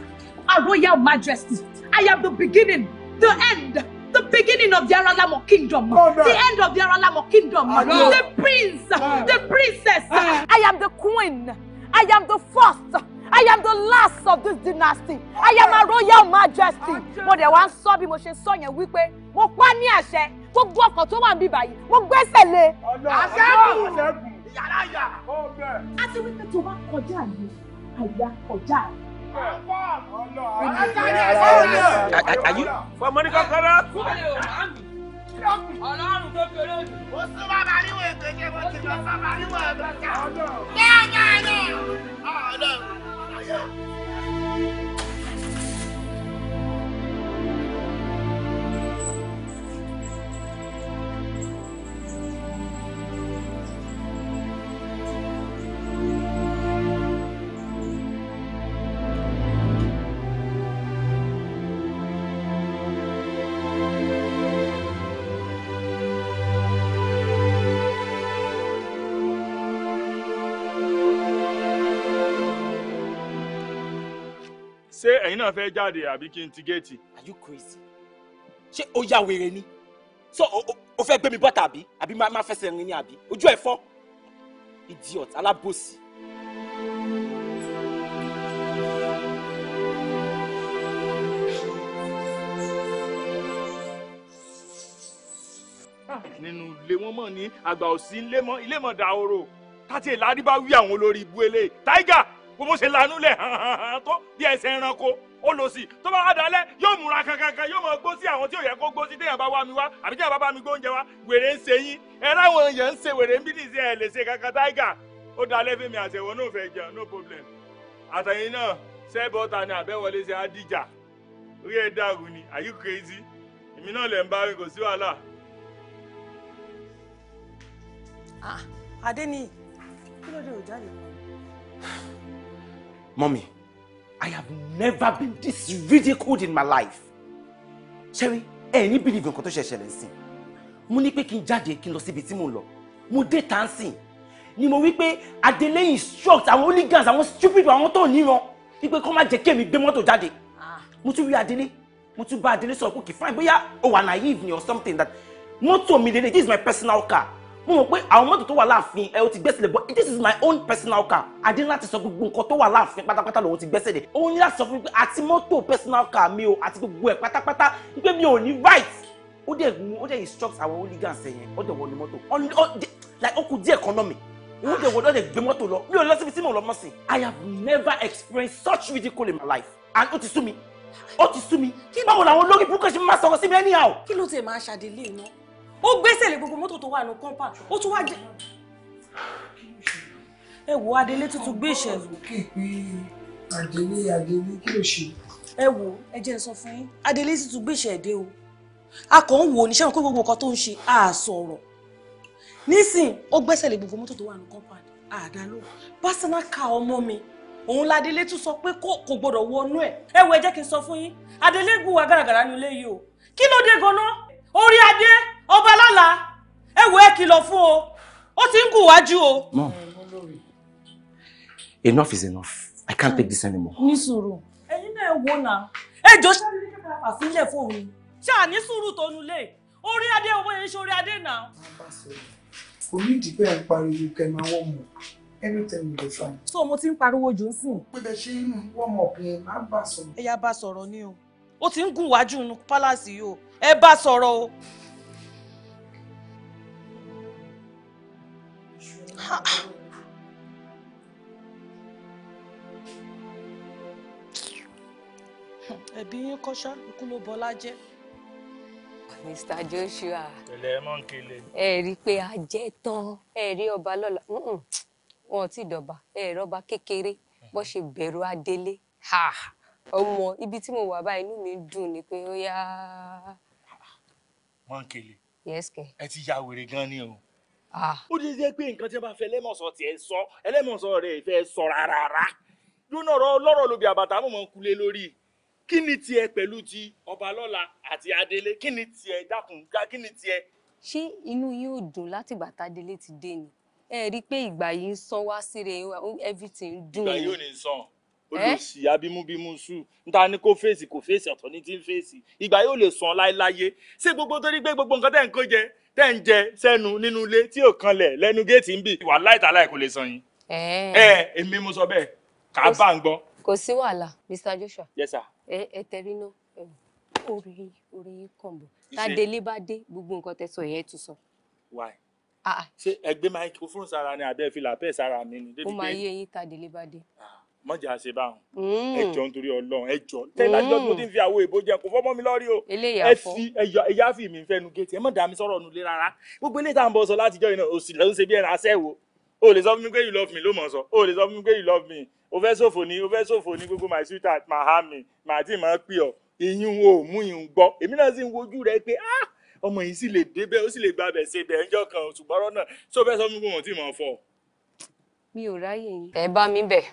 a royal majesty i am the beginning the end. The beginning of the Aralamo kingdom. The end of the Aralamo kingdom. The prince. The princess. I am the queen. I am the first. I am the last of this dynasty. I am a royal majesty. Mo dẹ̀ wá ń sọ bí mo ṣe sọ yẹn wípé mo pa ní àṣẹ gbogbo ọkàn tó wà níbí báyìí mo gbẹ́sẹ̀ lé. Àṣẹ́gun.
Yàrá yà. Àti wípé
tó bá kọjá yìí, àyà kọjá yìí.
Àyí. Fọmọ ní kọ́kọ́rọ́. Ọlọ́run tó
kéré jù. Ó sún bàbá níwọ̀n ètò ìjẹ́ bó ti lọ bàbá níwọ̀n ètò ìjà. Bẹ́ẹ̀ ni àná. Ọ̀dọ́.
ṣé ẹ̀yin náà fẹ́ jáde àbí kí n ti géètì. are you crazy ṣé o ya wèrè ni so o fẹ́ gbé mi bọ́ta àbí àbí máa fẹsẹ̀ rin ni àbí ojú ẹ̀ fọ́ idiot alábòsí. Ah, nínú ilé wọn mọ ní àgbà òsín ilé mọ ilé mọ dàhoro káti èlà àdìbá wí àwọn olórí ibú eléyìí tiger bó ṣe lanú lẹ̀ hàn tó bí ẹsẹ̀ ẹranko ó lọ sí tó bá dálẹ̀ yóò múra kankankan yóò máa gbó sí àwọn tí ò yẹ kó gbó sí téèyàn bá wá mi wá àbí téèyàn bá bá mi gbóúnjẹ wá wèrè ń ṣe yín ẹ̀rọ àwọn èèyàn ń ṣe wèrè ń bí nìṣe ẹ̀ lè ṣe kankan táìgà ó dálẹ̀ fún mi àtẹ̀wọ́ náà fẹ́ jẹun no problem àtẹ̀yìn náà sẹ́bọ̀tà ni àbẹ́wọlé ṣe á dìjà orí ẹ̀ dàrú ni are you crazy èmi náà lè ń bá rí kò sí wàhálà.
Ah, adé ni kí ló dé ò jáde.
Mommy, I have never been this ridiculed in
my life. Sherry, You believe in tó ṣẹ̀ṣẹ̀lẹ̀ sí. Mo ní pé kí n jáde kí n lọ síbi tí mo lọ. Mo dé tansin. Ni mo wí pé Adelé instruct àwọn hooligans àwọn stupid àwọn tó níran wípé kó má jẹ́ kémi gbé mọ́tò jáde. Ah. Mo tún rí Adelé. Mo tún bá Adelé sọ̀rọ̀ pé kì fine bóyá o wà naive ni or something that mọ́tò mi lélẹ̀ this is my personal car mo mọ̀ pé àwọn mọ́tò tó wà láàfin ẹ o ti gbẹ́sẹ̀ lé but this is my own personal car adé
láti sọ gbogbo nǹkan tó wà láàfin pátápátá lòun ti gbẹ́sẹ̀ lé òun ní láti sọ fún mi pé àti mọ́tò personal car mi o àti gbogbo ẹ̀ pátápátá pé mi ò ní right ó dẹ̀ ó dẹ̀ instruct àwọn hooligans ẹ̀yẹn
ó dẹ̀ wọ ní mọ́tò like ó kù díẹ̀ kan náà mi wọ́n dẹ̀ wọ́n dẹ̀ gbé mọ́tò lọ mi ò lọ síbi tí mo lọ mọ́ sí. I have never experienced such ridicule in my life and ó ti sú mi ó ti
sú mi báwo làwọn olórí burúkú ṣe máa sọ̀rọ̀ sí mi anyhow. kí ló tẹ̀ máa ṣàdélé náà o gbẹ́sẹ̀ lé gbogbo mọ́tò tó wà ní kọ́ńpà ó tún wá jẹ́ ẹ wo adelé tuntun gbé ìṣẹ̀lú. adelé adelé kí ló ṣe. ẹ wo ẹ jẹ́ n sọ fún yín adelé tuntun gbé ìṣẹ̀dé o a kàn ń wò ó níṣẹ́ wọn pé gbogbo nǹkan tó ń ṣe á sọ̀rọ̀ nísìn ó gbẹ́sẹ̀ lé gbogbo mọ́tò tó wà ní kọ́ńpà àdálò personal car ọmọ mi òun ládélé tún sọ pé kò gbọdọ̀ wọnú ẹ̀ ẹ wo ẹ jẹ́ kí n sọ fún yín adélé gùn wá gàràgàrà nílé yìí o kí ló dé ganan orí adé ọba lọ́la ẹ wò ẹ kìlọ̀ fún o ó ti ń kù wájú o.
enough is enough i can't take this anymore.
ní sùúrù ẹ̀yin náà wò náà ẹjọ́ ṣáà ní kíkà àfilẹ̀ fóun ṣáà ní sùúrù tó nulẹ̀ orí adé owó yẹn ṣe orí adé náà. kò ní ìdí bẹ́ẹ̀ ń pariwo kẹ́ máa wọ́n mọ̀ everything will fine. so mo ti ń pariwo jù ú sìn. pé bẹ́ẹ̀ ṣe wọ́n mọ̀ pé máa bá sọ̀rọ̀. ẹ̀yà bá sọ̀rọ̀ ni o ó ti ń gùn wájú pálásì yìí o ẹ bá sọ̀rọ̀ o. ẹbí yín kọ́ṣá ikú ló bọlá jẹ́.
Mr. Joshua ẹ̀lẹ́ ẹ̀ máa ń kele.
ẹ rí i pé a jẹ́ tán ẹ rí ọba lọ́la wọn ò tí ì dọ̀ba ẹ rọ́ba kékeré bó ṣe bẹ̀rù adélé. Ha ọmọ ibi tí mo wà báyìí inú mi
dùn ni pé ó yá. mọ́ńkèlè ẹ ti ya wèrè gan ni o ó ti jẹ́ pé nǹkan tí wọ́n bá fẹ́ ẹlẹ́mọ̀sọ tiẹ̀ sọ ẹlẹ́mọ̀sọ rẹ̀ fẹ́ sọ rárá lónà lọ́rọ̀ lóbi àbàtà mọ̀mọ́ ń kulé lórí kí ni tiẹ̀ pẹ̀lú ti ọbalọ́la àti adélé kí ni tiẹ̀ dákun kí ni tiẹ̀. ṣé inú
yín ò dùn látìgbà tádélé ti dé ni ẹ rí i pé ìgbà yìí ń san wá síre everything
dùn. ìgbà yìí ò ní san olùsì eh? abimubimu sùn níta ni kò fèsì kò fèsì ọ̀tọ̀ ní ti ń fèsì ìgbà yóò lè sàn láéláyé ṣé gbogbo torí pé gbogbo nǹkan tẹ̀ ń kó jẹ tẹ̀ ń jẹ sẹ́nu nínú ilé tí ò kanlẹ̀ lẹ́nu géètì ń bì wà láìta láì kò lè sàn yín.
ẹ eh. eh,
èmi mo sọ bẹ́ẹ̀ kà á bá ń gbọ́.
kò sí wàhálà Mr. Joshua. yes sir. ẹ ẹ tẹrí náà orí orí kọ̀ǹbù tádélé bá dé gbogbo nǹkan tẹ sọ yẹn tún sọ. why ah, ah.
ṣé ẹgbẹ́ microphone sára ni àbẹ́ fi làpẹ́ sára mi ni. ó máa yé
eyín tádélé
bá dé. Ah
mọ̀jà ṣe bá wọn mm. ẹjọ́ nítorí ọlọ́run ẹjọ́ tẹ́lá jọ tó mm. ti ń fi àwo èbó jẹun kò fọ́mọ́ mi lọ́rí o ẹ fi ẹyà fi mi fẹ́ nu géètì ẹ má dà mí sọ̀rọ̀ nulẹ̀ rárá gbogbo ilé ìtàn bọ̀ sọ látijọ́ yìí náà òsì ló ń ṣe bí ẹran o lè sọ fún mi pé you love me ló mọ̀ sọ o lè sọ fún mi pé you love me o fẹ́ ṣòfò ní o fẹ́ ṣòfò ní gbogbo my sweetheart my army my máa pè ah ọmọ yìí sì lè débẹ̀ ó sì lè gbàbẹ̀ ṣe bẹ̀ ẹjọ́ kan ṣùgbọ́n ọ̀rọ̀ mi pé wọ́n ti mọ̀ fọ́.
mi ò ẹ bá
mi bẹ̀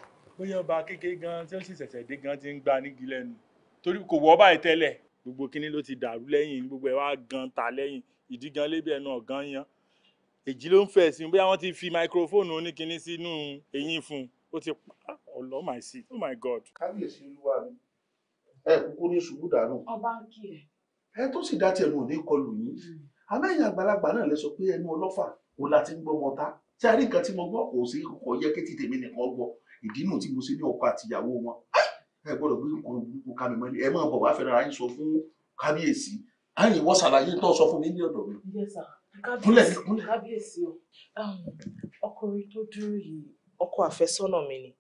bóyá ọba kékeré gan tí ó sì ṣẹ̀ṣẹ̀ dé gan ti ń gba nígi lẹ́nu torí kò wọ́ báyìí tẹ́lẹ̀ gbogbo kínní ló ti dàrú lẹ́yìn gbogbo ẹ̀ wá gan ta lẹ́yìn ìdí gan lébi ẹnu ọ̀gán yan èjì ló ń fẹ́ sí bóyá wọ́n ti fi máikrófóònù oníkínní sínú eyín fún ó ti pa ọ̀lọ́ my seat oh my god. kábíyèsí olúwa mi ẹ kúkú ní ṣubú dànù. ọba ń kí ẹ. ẹ tó sì dá tiẹ̀ nù ní kọlù yìí hmm. àmẹ́yìn àgbàlagbà náà lẹ sọ
pé ẹnu ọlọ́fà òun láti ń gbọ́ mọ́ta tí a rí nǹkan tí mo gbọ́ kò sí kò yẹ kí ti tèmi nìkan gbọ́ ìdí náà tí mo ṣe ní ọkọ àti ìyàwó wọn ẹ gbọ́dọ̀ gbé nǹkan burúkú ká mi mọ́lẹ̀ ẹ máa bọ̀ wá fẹ́ra yín sọ fún kábíyèsí àyìn ìwọ ṣàlàyé tó sọ fún mi ní ọ̀dọ̀ mi.
kúnlẹ̀ kúnlẹ̀. kábíyèsí o um, ọkùnrin tó dúró yìí ọkọ àfẹ́sọ́nà mi ni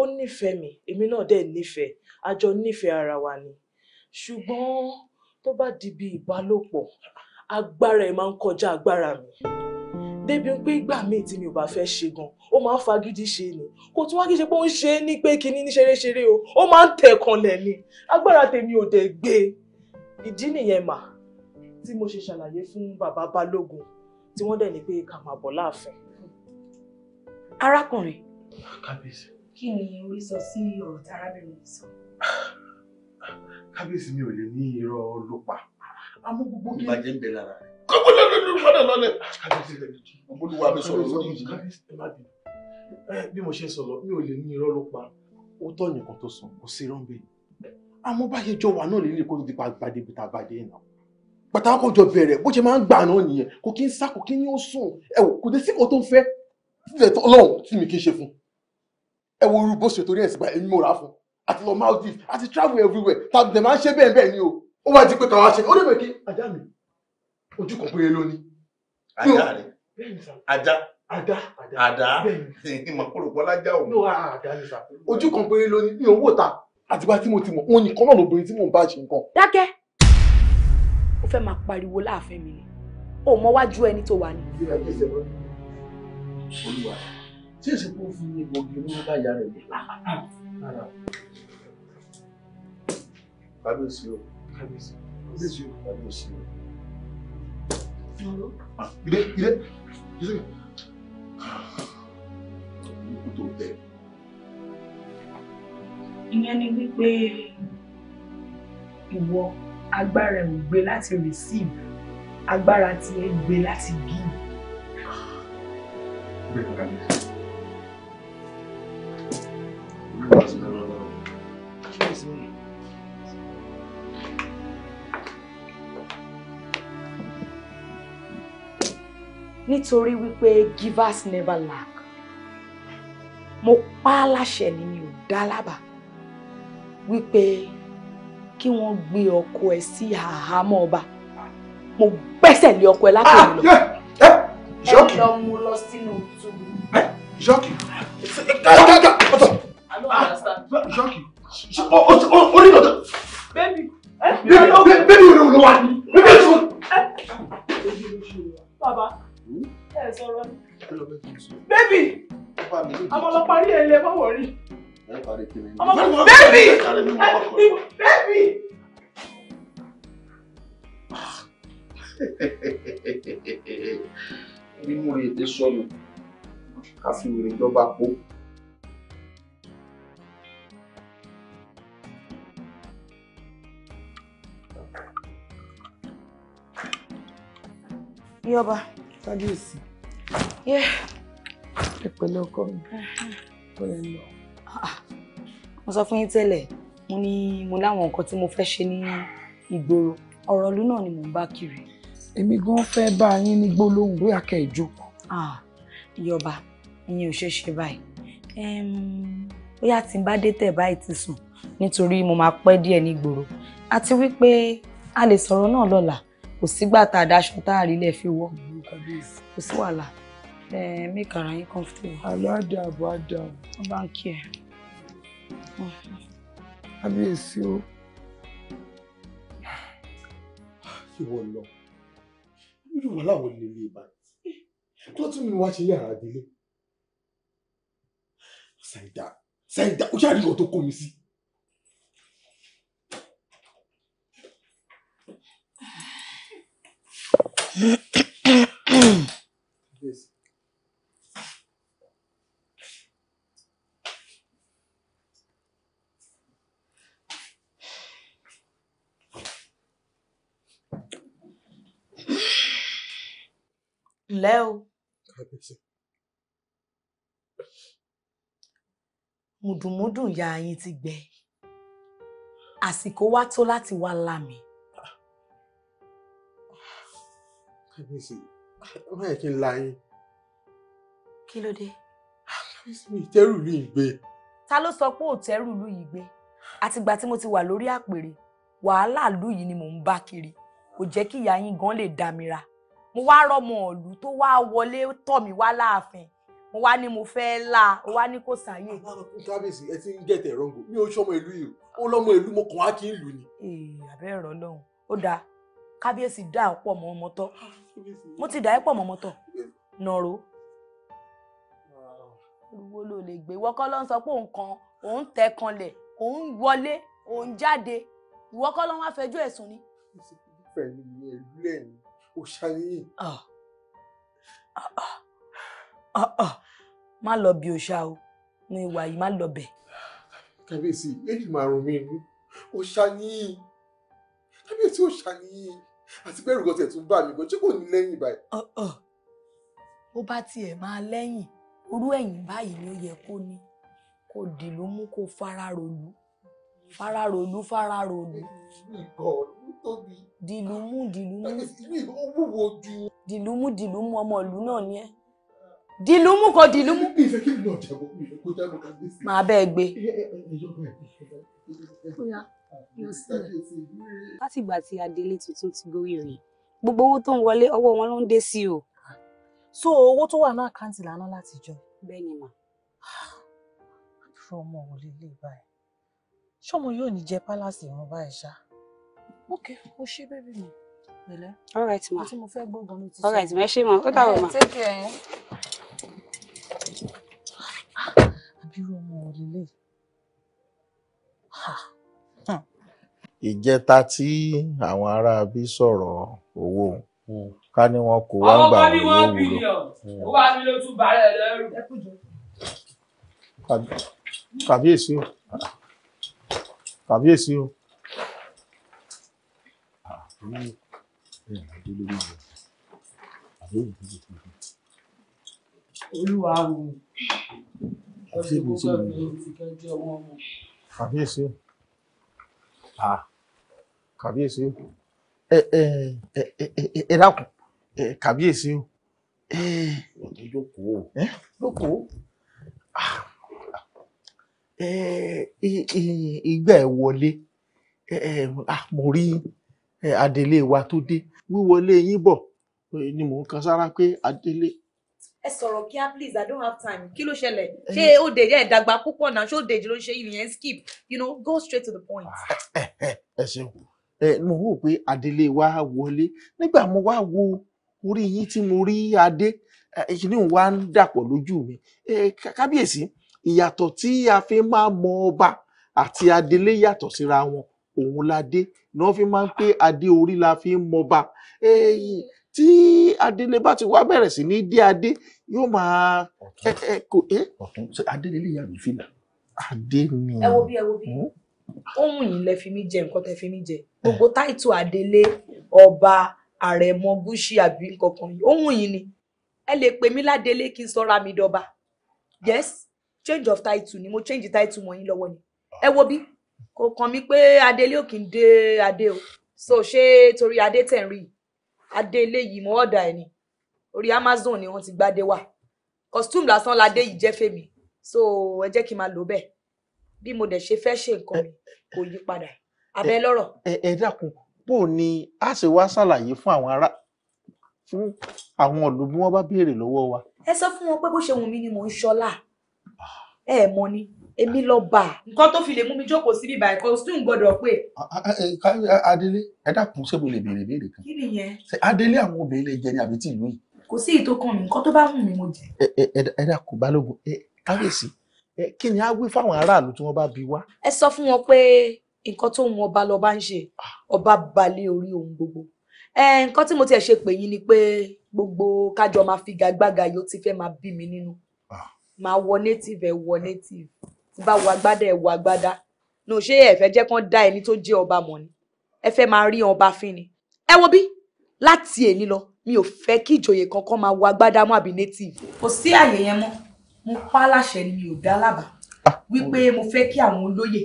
ó nífẹ̀ẹ́ mi èmi náà dẹ̀ nífẹ̀ẹ́ a jọ nífẹ̀ẹ́ ara wa ni ṣùgbọ́n tó bá di bí ìbálòpọ̀ agbára ẹ̀ máa ń kọjá agbára mi débi pé ìgbà míì tí mi ò bá fẹ́ ṣe gan ó máa ń fagídí ṣe ni kò tún wá kí ṣe pé ó ń ṣe é ní pé kinní ní ṣeréṣeré o ó máa ń tẹ̀ kanlẹ̀ ni agbára tèmi ò dẹ̀ gbé ìdí nìyẹn mà tí mo ṣe ṣàlàyé fún bàbá balógun tí wọ́n dẹ̀ ní pé ká máa bọ̀ láàfin. arákùnrin kábíyèsí kí ni orí sọ sí ọ̀rọ̀ tí sọ.
kábíyèsí mi ò lè ní irọ́ ló pa àmọ́ gbogbo kí. ìbàjẹ́ ń bẹ lára rẹ̀ gbogbo lọ́lẹ̀ ló padà lọ́lẹ̀. olúwa mi sọ̀rọ̀ lórí yìí. bí mo ṣe sọ̀rọ̀ mi ò lè ní irọ́ ló pa ó tọ́ nìkan tó sùn kò sí irọ́ ń bẹ̀. àmọ́ báyẹn jọ wà náà lélẹ̀ kó ti di pàdé bìtà bàdé náà pàtàkì kò jọ bẹ̀rẹ̀ bó ṣe máa ń gbà náà nìyẹn kò kí ń sá kò kí ń yóò sùn ẹ̀wò kò dé sí kò tó ń fẹ́ tilẹ̀ tó ọlọ́run tí mi kì í ṣe fún ẹ̀wò orú bó ṣe torí ẹ̀sìn bá èmi mo rà á fún àti lọ Maldives àti travel everywhere tàbí dẹ̀ máa ń ṣe bẹ́ẹ̀ bẹ́ẹ̀ ni o ó wá di pé kàwá ṣe ó lè mọ̀ kí ajá mi ojú kan péré lónìí. ajá
rẹ ajá àdá àdá ìmọ̀kúròpọ̀lájà òun.
ojú kan péré lónìí ní owó ta àtìgbà tí mo ti mọ̀ òun nìkan náà lóbìnrin tí mò ń bá ṣe nǹkan.
dákẹ́ ó fẹ́ máa pariwo láàfin mi ni ó mọ wájú ẹni tó wà
ní. olúwa tí èsì kò fi egbògi olóró bá ìyá rẹ̀ lè lára. kábíyèsí o kábíyèsí o kábíyèsí o. You there? You there? You see? Kò tó
bẹ̀. Ìyẹn ni wípé ìwọ agbára ẹ̀ ò gbé láti receive, agbára tiẹ̀ gbé láti give. nítorí wípé givers never lack mo pa á láṣẹ ni mi ò dá lábàá wípé kí wọ́n gbé ọkọ ẹ sí àhámọ́ ọba mo gbẹ́sẹ̀ lé ọkọ ẹ látòun lọ ẹ lọ mú lọ sínú túbú. Jọ́kì.
Gágágá. Ọ̀tọ̀. I don't understand. Jọ́kì. Ó nílò tó. àmọ́ lọ parí ẹ̀ lẹ́ báwọ̀
rí. bẹ́ẹ̀bì bẹ́ẹ̀bì.
mímú ètè sọnù ká fi wèrè ìjọba po.
Yọba. Kábíyèsí. Yeah ìpínlẹ̀ ọkọ mi tó lè lọ. Ah, ah. mo sọ fún yín tẹ́lẹ̀ mo ní mo láwọn nǹkan tí mo fẹ́ ṣe ní ìgboro ọ̀rọ̀ ìlú náà ni mò ń bá kiri. èmi gan fẹ́ bá yín ní gbólóhùn bóyá kẹ́ ẹ̀ jókòó. Ah, ìyọba ìyẹn ò ṣeé ṣe báyìí bóyá tí n bá dé tẹ̀ báyìí ti sùn nítorí mo máa pẹ́ díẹ̀ nígboro àti wípé a lè sọ̀rọ̀ náà lọ́la kò sígbà tá a dáṣọ tá a rí lẹ̀ fi wọ́ kò sí wàhálà ẹ make ara yín comfortable. àlọ́ àdàbò àdàbò. wọ́n bá you. kí ẹ.
kábíyèsí o. ìwọ lọ irú wàhálà wo ni to ibà
tó
tún ní wá ṣe yàrá
Say that. ṣàìdá ó ṣàrí ìwọ tó kó mi sí.
Mm-hmm. ǹlẹ́ o. mùdùmúdùn ya yín ti gbẹ àsìkò wá tó láti wá lámì.
kábíyèsí má kí n la yín. kí ló dé. kábíyèsí mi ìtẹ́rù ìlú yìí gbé.
ta ló sọ pé òtẹ́rù ìlú yìí gbé àtìgbà tí mo ti wà lórí àpèrè wàhálà ìlú yìí ni mò ń bá kiri kò jẹ́ kí ìyá yín gan lè dá mi ra mo wá rọmọ ọ̀lú tó wá wọlé tọ̀ mí wá láàfin mo wá ní mo fẹ́ la mo wá ní kò sáyè.
kábíyèsí ẹ ti ń gẹ̀tẹ̀ rọ́ǹgò mi ò sọmọ ìlú yìí ó lọ́mọ ìlú mo kàn á kí n lù ni. ee eh,
àbẹ́ ẹ̀rọ lọ́hùn ó dáa kábíyèsí dá pọ̀ mọ́ ọmọ tọ́ ah, mo ti dà ẹ́ pọ̀ mọ́ ọmọ tọ́ nọ̀rọ̀ olùwó ló lè gbé ìwọ́kọ́ ló ń sọ pé òun kan òun tẹ̀ kanlẹ̀ òun wọlé òun jáde ìwọ́kọ́ ló wá fẹjọ́ ẹ̀sùn ni.
ìfẹ́ mi ni ẹ̀rú lẹ́yìn òòṣà nìyí.
má lọ bí òòṣà o ní ìwà yìí má lọ bẹ̀.
kábíyèsí èyí máa rún mi inú òòṣà nìyí
kábíyèsí òòṣà nìyí
àti bẹ́ẹ̀ rúgọ́ tiẹ̀ tún bá mi gan ṣé kò ní lẹ́yìn báyìí.
ó bá tiẹ̀ máa lẹ́yìn orú ẹ̀yìn báyìí ló yẹ kó ní kó dì ló mú kó fararolú fararolú fararolú tóbi. dìlùmú dìlùmú. ó wúwo ju. dìlùmú dìlùmú ọmọ ìlú náà ni ẹ dìlùmú kò dìlùmú. mi ìfẹ́ kí mi náà jẹ́bọ̀ mi ìfẹ́ kó jẹ́bọ̀ ká dé sí. màá bẹ́ẹ̀ gbé. láti ìgbà tí adelé tuntun ti gorí oyè gbogbo owó tó ń wọlé ọwọ́ wọn ló ń dé sí o. so owó tó wà náà àkáǹtì lánàá láti jọ. bẹ́ẹ̀ ni mà. àbúrò ọmọ òun lè lè báyìí ṣọmọ yóò ní jẹ pálásì wọn báyìí ṣáá ok o ṣe bébí mi
pẹ̀lẹ́. all right ma
àti mo fẹ́ gbọ́ngàn ló ti sọ. all right ma ẹ ṣe mọ ó dàbọ̀ eh, ma. take care yẹn. Eh. àbírú ọmọ ò
lélẹ̀. ìjẹta tí àwọn aráabí sọ̀rọ̀ owó hm. ká ní wọn kò wá gbà owó
wúlò. Hm. ó
wá mi ló tún lẹ́rù.
kàbíyèsí o kàbíyèsí o olúwa mi ọdún gbogbo ẹgbẹ́
ti kẹjọ wọn mọ.
kàbíyèsí
kàbíyèsí ẹ ẹ ẹ ẹ ẹ dákun kàbíyèsí
o jókòó
jókòó ìgbà ẹ wọlé mo rí
adelé wa tó dé wíwọlé yín bọ̀ ni mò ń kan sára pé adelé.
ẹ sọ̀rọ̀ kíá please i don't have time kí ló ṣẹlẹ̀ ṣé ó dè jẹ́ ìdàgbà púpọ̀ náà ṣé ó dè jẹ́ ló ṣe ìyẹn skip you know go straight to the point.
ẹ ṣeun mo wò pé adelé wa wọlé nígbà mo wá wo orí yín tí mo rí adé ìṣìlẹ̀ wa ń dàpọ̀ lójú mi kábíyèsí ìyàtọ̀ tí a fi máa mọ ọba àti adelé yàtọ̀ síra wọn òun la dé náà fi máa ń pé adé orí la fi ń mọba tí adélé bá ti wá bẹ̀rẹ̀
sí ní dé adé yóò máa kò é. ọ̀tún ṣe adélé lè yà mí fìlà. adé ni.
ẹ wo bí ẹ wo bí hmm? ohun yìí lẹ fi mí jẹ nǹkan tẹ fi mí jẹ gbogbo táìtù adélé ọba àrẹ̀mọ gúúsì àbí nǹkan ohun yìí ni ẹ lè pè mí ládélé kí n sọra mi dọba yes change of title ni mo change title mọ́ yín lọ́wọ́ ni ẹ wo bí kò kàn mí pé adélé ò kì í dé adé o so ṣé torí adé tẹ̀ ń rí adé eléyìí mo ọ̀dà ẹ̀ ni orí Amazon ni wọ́n ti gbádé wà costume lásán ládé yìí jẹ́ fèmí so ẹ jẹ́ kí n máa lò bẹ́ẹ̀ bí mo dẹ̀ ṣe fẹ́ ṣe nǹkan mi kò yí padà abẹ́ lọ́rọ̀.
ẹ ẹ dákun bó ni a ṣe wá ṣàlàyé fún àwọn ará fún àwọn ọ̀dọ́ bí wọ́n
bá béèrè lọ́wọ́ wa. ẹ sọ fún wọn pé bó ṣe wù mí ni mò ń ṣọlá ah. ẹ mọ ni èmi lọ bà nǹkan tó fi lè mú mi jókòó síbi báyìí kò sí gbọ́dọ̀ pé. Eh,
eh, adele ẹ dákun ṣé mo lè béèrè béèrè kan. kí nìyẹn. adele àwọn obìnrin lè jẹ ní àbí tí ìlú yìí.
kò sí ìtókan mi nǹkan tó bá wù mí mo jẹ.
ẹ dákun balógun ẹ kábíyèsí
kí ni á wí fáwọn aráàlú tí wọ́n bá bi wá. ẹ sọ fún wọn pé nǹkan tó ń wọn ọba lọba ń ṣe ah. ọba balẹ̀ ohun gbogbo nǹkan tí mo tiẹ̀ ṣe pè yín ni pé gbogbo kájọ máa figagbága yóò ti fẹ́ máa bí mi nínú ah. máa wọ native ẹ wọ native bá wọ agbádá ẹ wọ agbádá ní òṣè ẹ fẹ́ jẹ́ kán dá ẹni tó jẹ́ ọba ni ẹ fẹ́ máa rí ọba fín ni ẹ wo bí láti èní lọ mi ò fẹ́ kí ìjòyè kankan máa wọ agbádá mọ́ àbí native. kò sí àyè yẹn mọ́ mo pa láṣẹ ni mi ò dá lábàá ah. wípé mo fẹ́ kí àwọn olóyè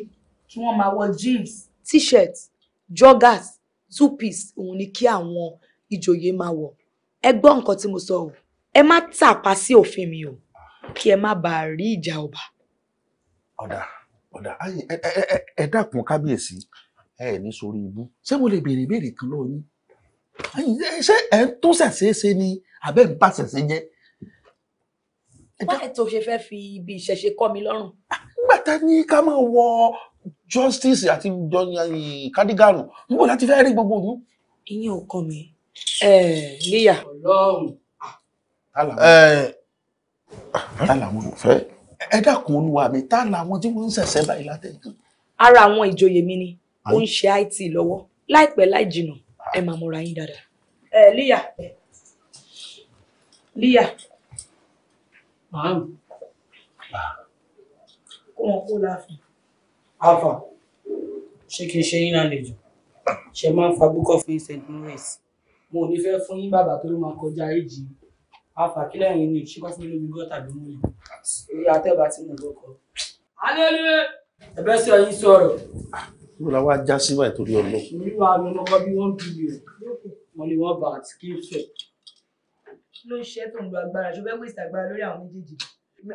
kí wọ́n máa wọ jeans t-shirt joggers two piece òun ni kí àwọn ìjòyè máa wọ ẹ gbọ́ nǹkan tí mo sọ o ẹ má tàpá sí òfin mi o kí ẹ má bàa rí ìjà ọba
ọ̀dà ọ̀dà ẹ dákun kábíyèsí ẹ ní sórí ibú ṣé mo lè béèrè béèrè kan lọ́wọ́ yín ṣé ẹ ń tó ṣàṣeéṣe ni àbẹ́ ń bá ṣẹ̀ṣe jẹ́.
báyìí tó ṣe fẹ́ fi ibi ìṣẹ̀ṣe kọ́ mi lọ́rùn.
nígbà tá ní ká máa wọ justice àti kádígàrún níbo
láti fẹ́ rí gbogbo òun. ìyẹn ò kọ mi níyà. ọlọ́run.
Ah, tá ah, làwọn ò fẹ́ ẹ dákun olúwa mi tá làwọn tí wọ́n ń ṣẹ̀ṣẹ̀ báyìí látẹ̀kùn.
ara àwọn ìjòyè mi ni ó ń ṣe it lọ́wọ́ láìpẹ́ láì jìnà ẹ máa múra yín dáadáa. ẹ líyà líyà màámi ah. kó wọn kó láàfin. alfa ṣé kí n ṣe yín lálejò ṣe máa ń fa book of St. Maurice mo ò ní fẹ́ fún yín bàbá tó ló máa kọjá èjì yìí afa kílẹ̀ yìí ni ṣíkọ́ fún mi lómi gbọ́ tàbí mú mi orí atẹ́bà tí mo gbọ́kọ. alẹ́lẹ́ ẹ̀bẹ́ sí ọyìn sọ̀rọ̀.
ló la wá já sí báyìí torí ọlọ.
olúwa mi lọkọ bí wọn bìbì wọn ni wọn bá àti kí n fẹ. ló ń ṣe tó ń lo agbára ṣùgbọ́n wíìsì agbára lórí àwọn méjèèjì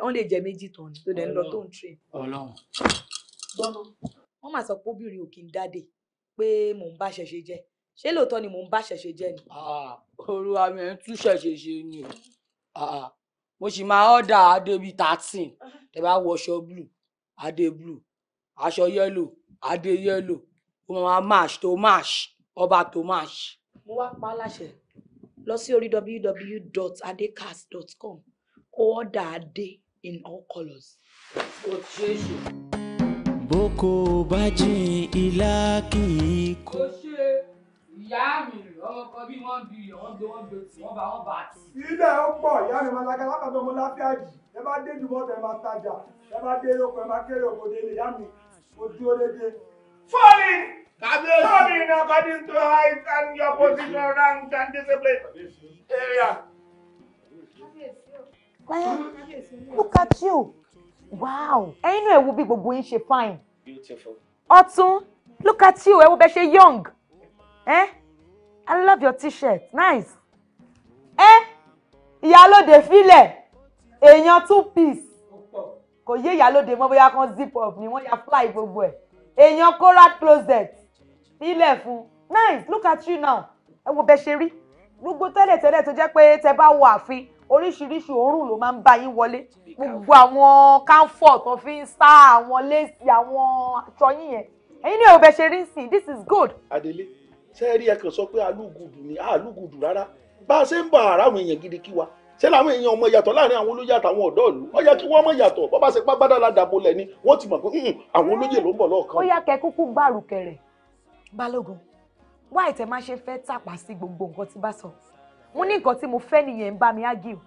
wọn lè jẹ méjì tán ni tó dẹ̀ ń lọ tó ń tre. Ọlọ́run. gbọ́nà wọ́n máa sọ pé obìnrin ò kì í dáde pé mò ń bá ṣẹ̀ṣẹ̀ jẹ́ ṣé lóòótọ́ ni mò ń bá ṣẹ̀ṣẹ̀ jẹ́ ni. olúwa mi ẹ̀ ń tún ṣẹ̀ṣẹ̀ ṣe ni mo sì máa ọ́dà adébí thirteen tẹ bá wọṣọ blue adé blue aṣọ yellow adé yellow ó máa mash tó mash ọba tó mash. mo wá pa á láṣẹ lọ sí orí www.adecast.com kó ọ́dà adé in all colours. kò ṣeé ṣe.
boko bá jìn ilá kì í
kó ìyá mi ọmọ kan bí wọ́n bí wọ́n gbé wọ́n gbé tí wọ́n bá wọ́n bá tì.
ilé ó ìyá mi máa lága lápapọ̀ ọmọ láfíà jì ẹ bá dé jù bọ́ọ̀tẹ̀ ẹ máa tajà ẹ bá dé lóko ẹ máa kéré òkò délé ìyá mi mo dúró dédé. fọ́ọ̀lì fọ́ọ̀lì in according to height and your position rank and discipline area.
look at you wow ẹyin náà ẹ wo bí gbogbo yín ṣe fine. beautiful. ọtún look at you ẹ wo bẹ ṣe young. Eh? I love your t-shirt nice. ẹ eh? ìyálòde filẹ̀ èèyàn two piece kò yé ìyálòde mọ́ bóyá kan zip up ni wọ́n ya fly gbogbo ẹ̀ èèyàn coral closet filẹ̀ fún nice look at you now ẹ wo bẹ́ẹ̀ ṣe rí gbogbo tẹ́lẹ̀tẹ́lẹ̀ tó jẹ́ pé tẹ bá wọ ààfin oríṣiríṣi òórùn ló máa ń bá yín wọlé gbogbo àwọn camphor tó fi ń sá àwọn léèsì àwọn aṣọ yín yẹn
ẹ̀yin ní ò bẹ́ẹ̀ ṣe rí sí this is good. Adele sẹ́ẹ̀rí ẹ kàn sọ pé alúgùdù ni alúgùdù rárá bá a ṣe ń bọ̀ àrà àwọn èèyàn gidi kí wa ṣé làwọn èèyàn ọmọ yàtọ̀ láàrin àwọn olóyè àtàwọn ọ̀dọ́ ìlú ó yẹ kí wọ́n mọ̀ yàtọ̀ bọ́ ṣe pàgbádà la dàbò ni wọ́n ti mọ̀ pé hmm, àwọn olóyè ló ń bọ̀ lọ́ọ̀kan. ó yá
kẹ kúkú gbàrú kẹrẹ balógun wá ìtẹ má ṣe fẹ́ tàpá sí gbogbo nǹkan tí bá sọ mo ní nǹkan tí mo fẹ́ nìyẹn ń bá mi ágì o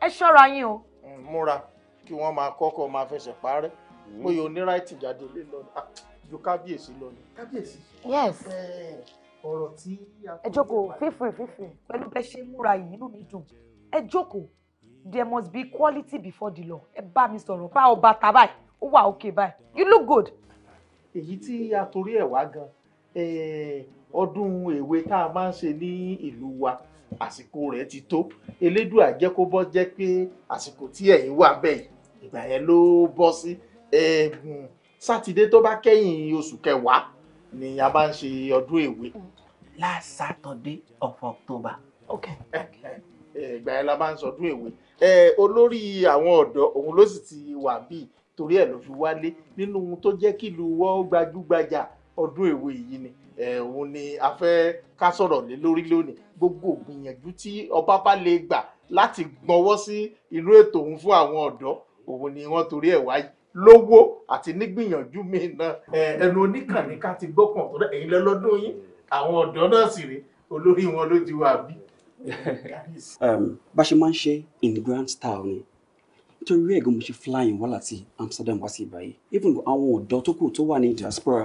ẹ ṣọ́ra yín o.
múra kí wọ́n máa kọ́kọ́ máa fẹsẹ̀ parẹ́ hmm. bóyá
oníráìtì jáde lé lọ ah,
yes
ọ̀rọ̀ tí a.
ẹ jókòó fífìrì fífìrì pẹ̀lú bẹ́ẹ̀ ṣe múra yìí inú mi dùn ẹ jókòó there must be quality before the law ẹ bá mi sọ̀rọ̀ bá ọba ta báyìí ó wà òkè
báyìí you look good. èyí tí a torí ẹ̀ wá gan ọdún èwe tá a máa ń ṣe ní ìlú wa àsìkò rẹ̀ ti tó elédùà jẹ́
kó bọ́ jẹ́ pé àsìkò tí ẹ̀yin wà bẹ́ẹ̀ ìgbà yẹn ló bọ́ sí
sátidé tó bá kẹ́yìn oṣù kẹwàá ni a bá ń ṣe ọdún èwe. Mm.
last Saturday
of October. ìgbà yẹn la bá ń sọdún
èwe olórí àwọn ọ̀dọ́ òun ló sì ti wà bíi torí ẹ̀ ló fi wálé nínú ohun tó jẹ́ kí ìlú wọ́n gbajúgbajà ọdún èwe yìí ni òun ni a fẹ́ ká sọ̀rọ̀ lé lórí lónìí gbogbo gbìyànjú tí ọba bá lè gbà láti gbọ́wọ́ sí inú ètò òun fún àwọn ọ̀dọ́ òun ni wọ́n torí ẹ̀ wáyé lówó àti nígbìyànjú mi náà ẹnu oníkànnì ká ti gbọ́kàn tó dẹ̀ ẹ̀yin lọ́lọ́dún yín àwọn
ọ̀dọ́ náà sì rèé olórí wọn ló ti wà bí.
bá ṣe máa ń ṣe in the grand style ni nítorí ẹ̀gbọ́n mo ṣe flying wá láti Amsterdam wá sí ìbáyé even àwọn ọ̀dọ́ tó kù tó wà ní diaspora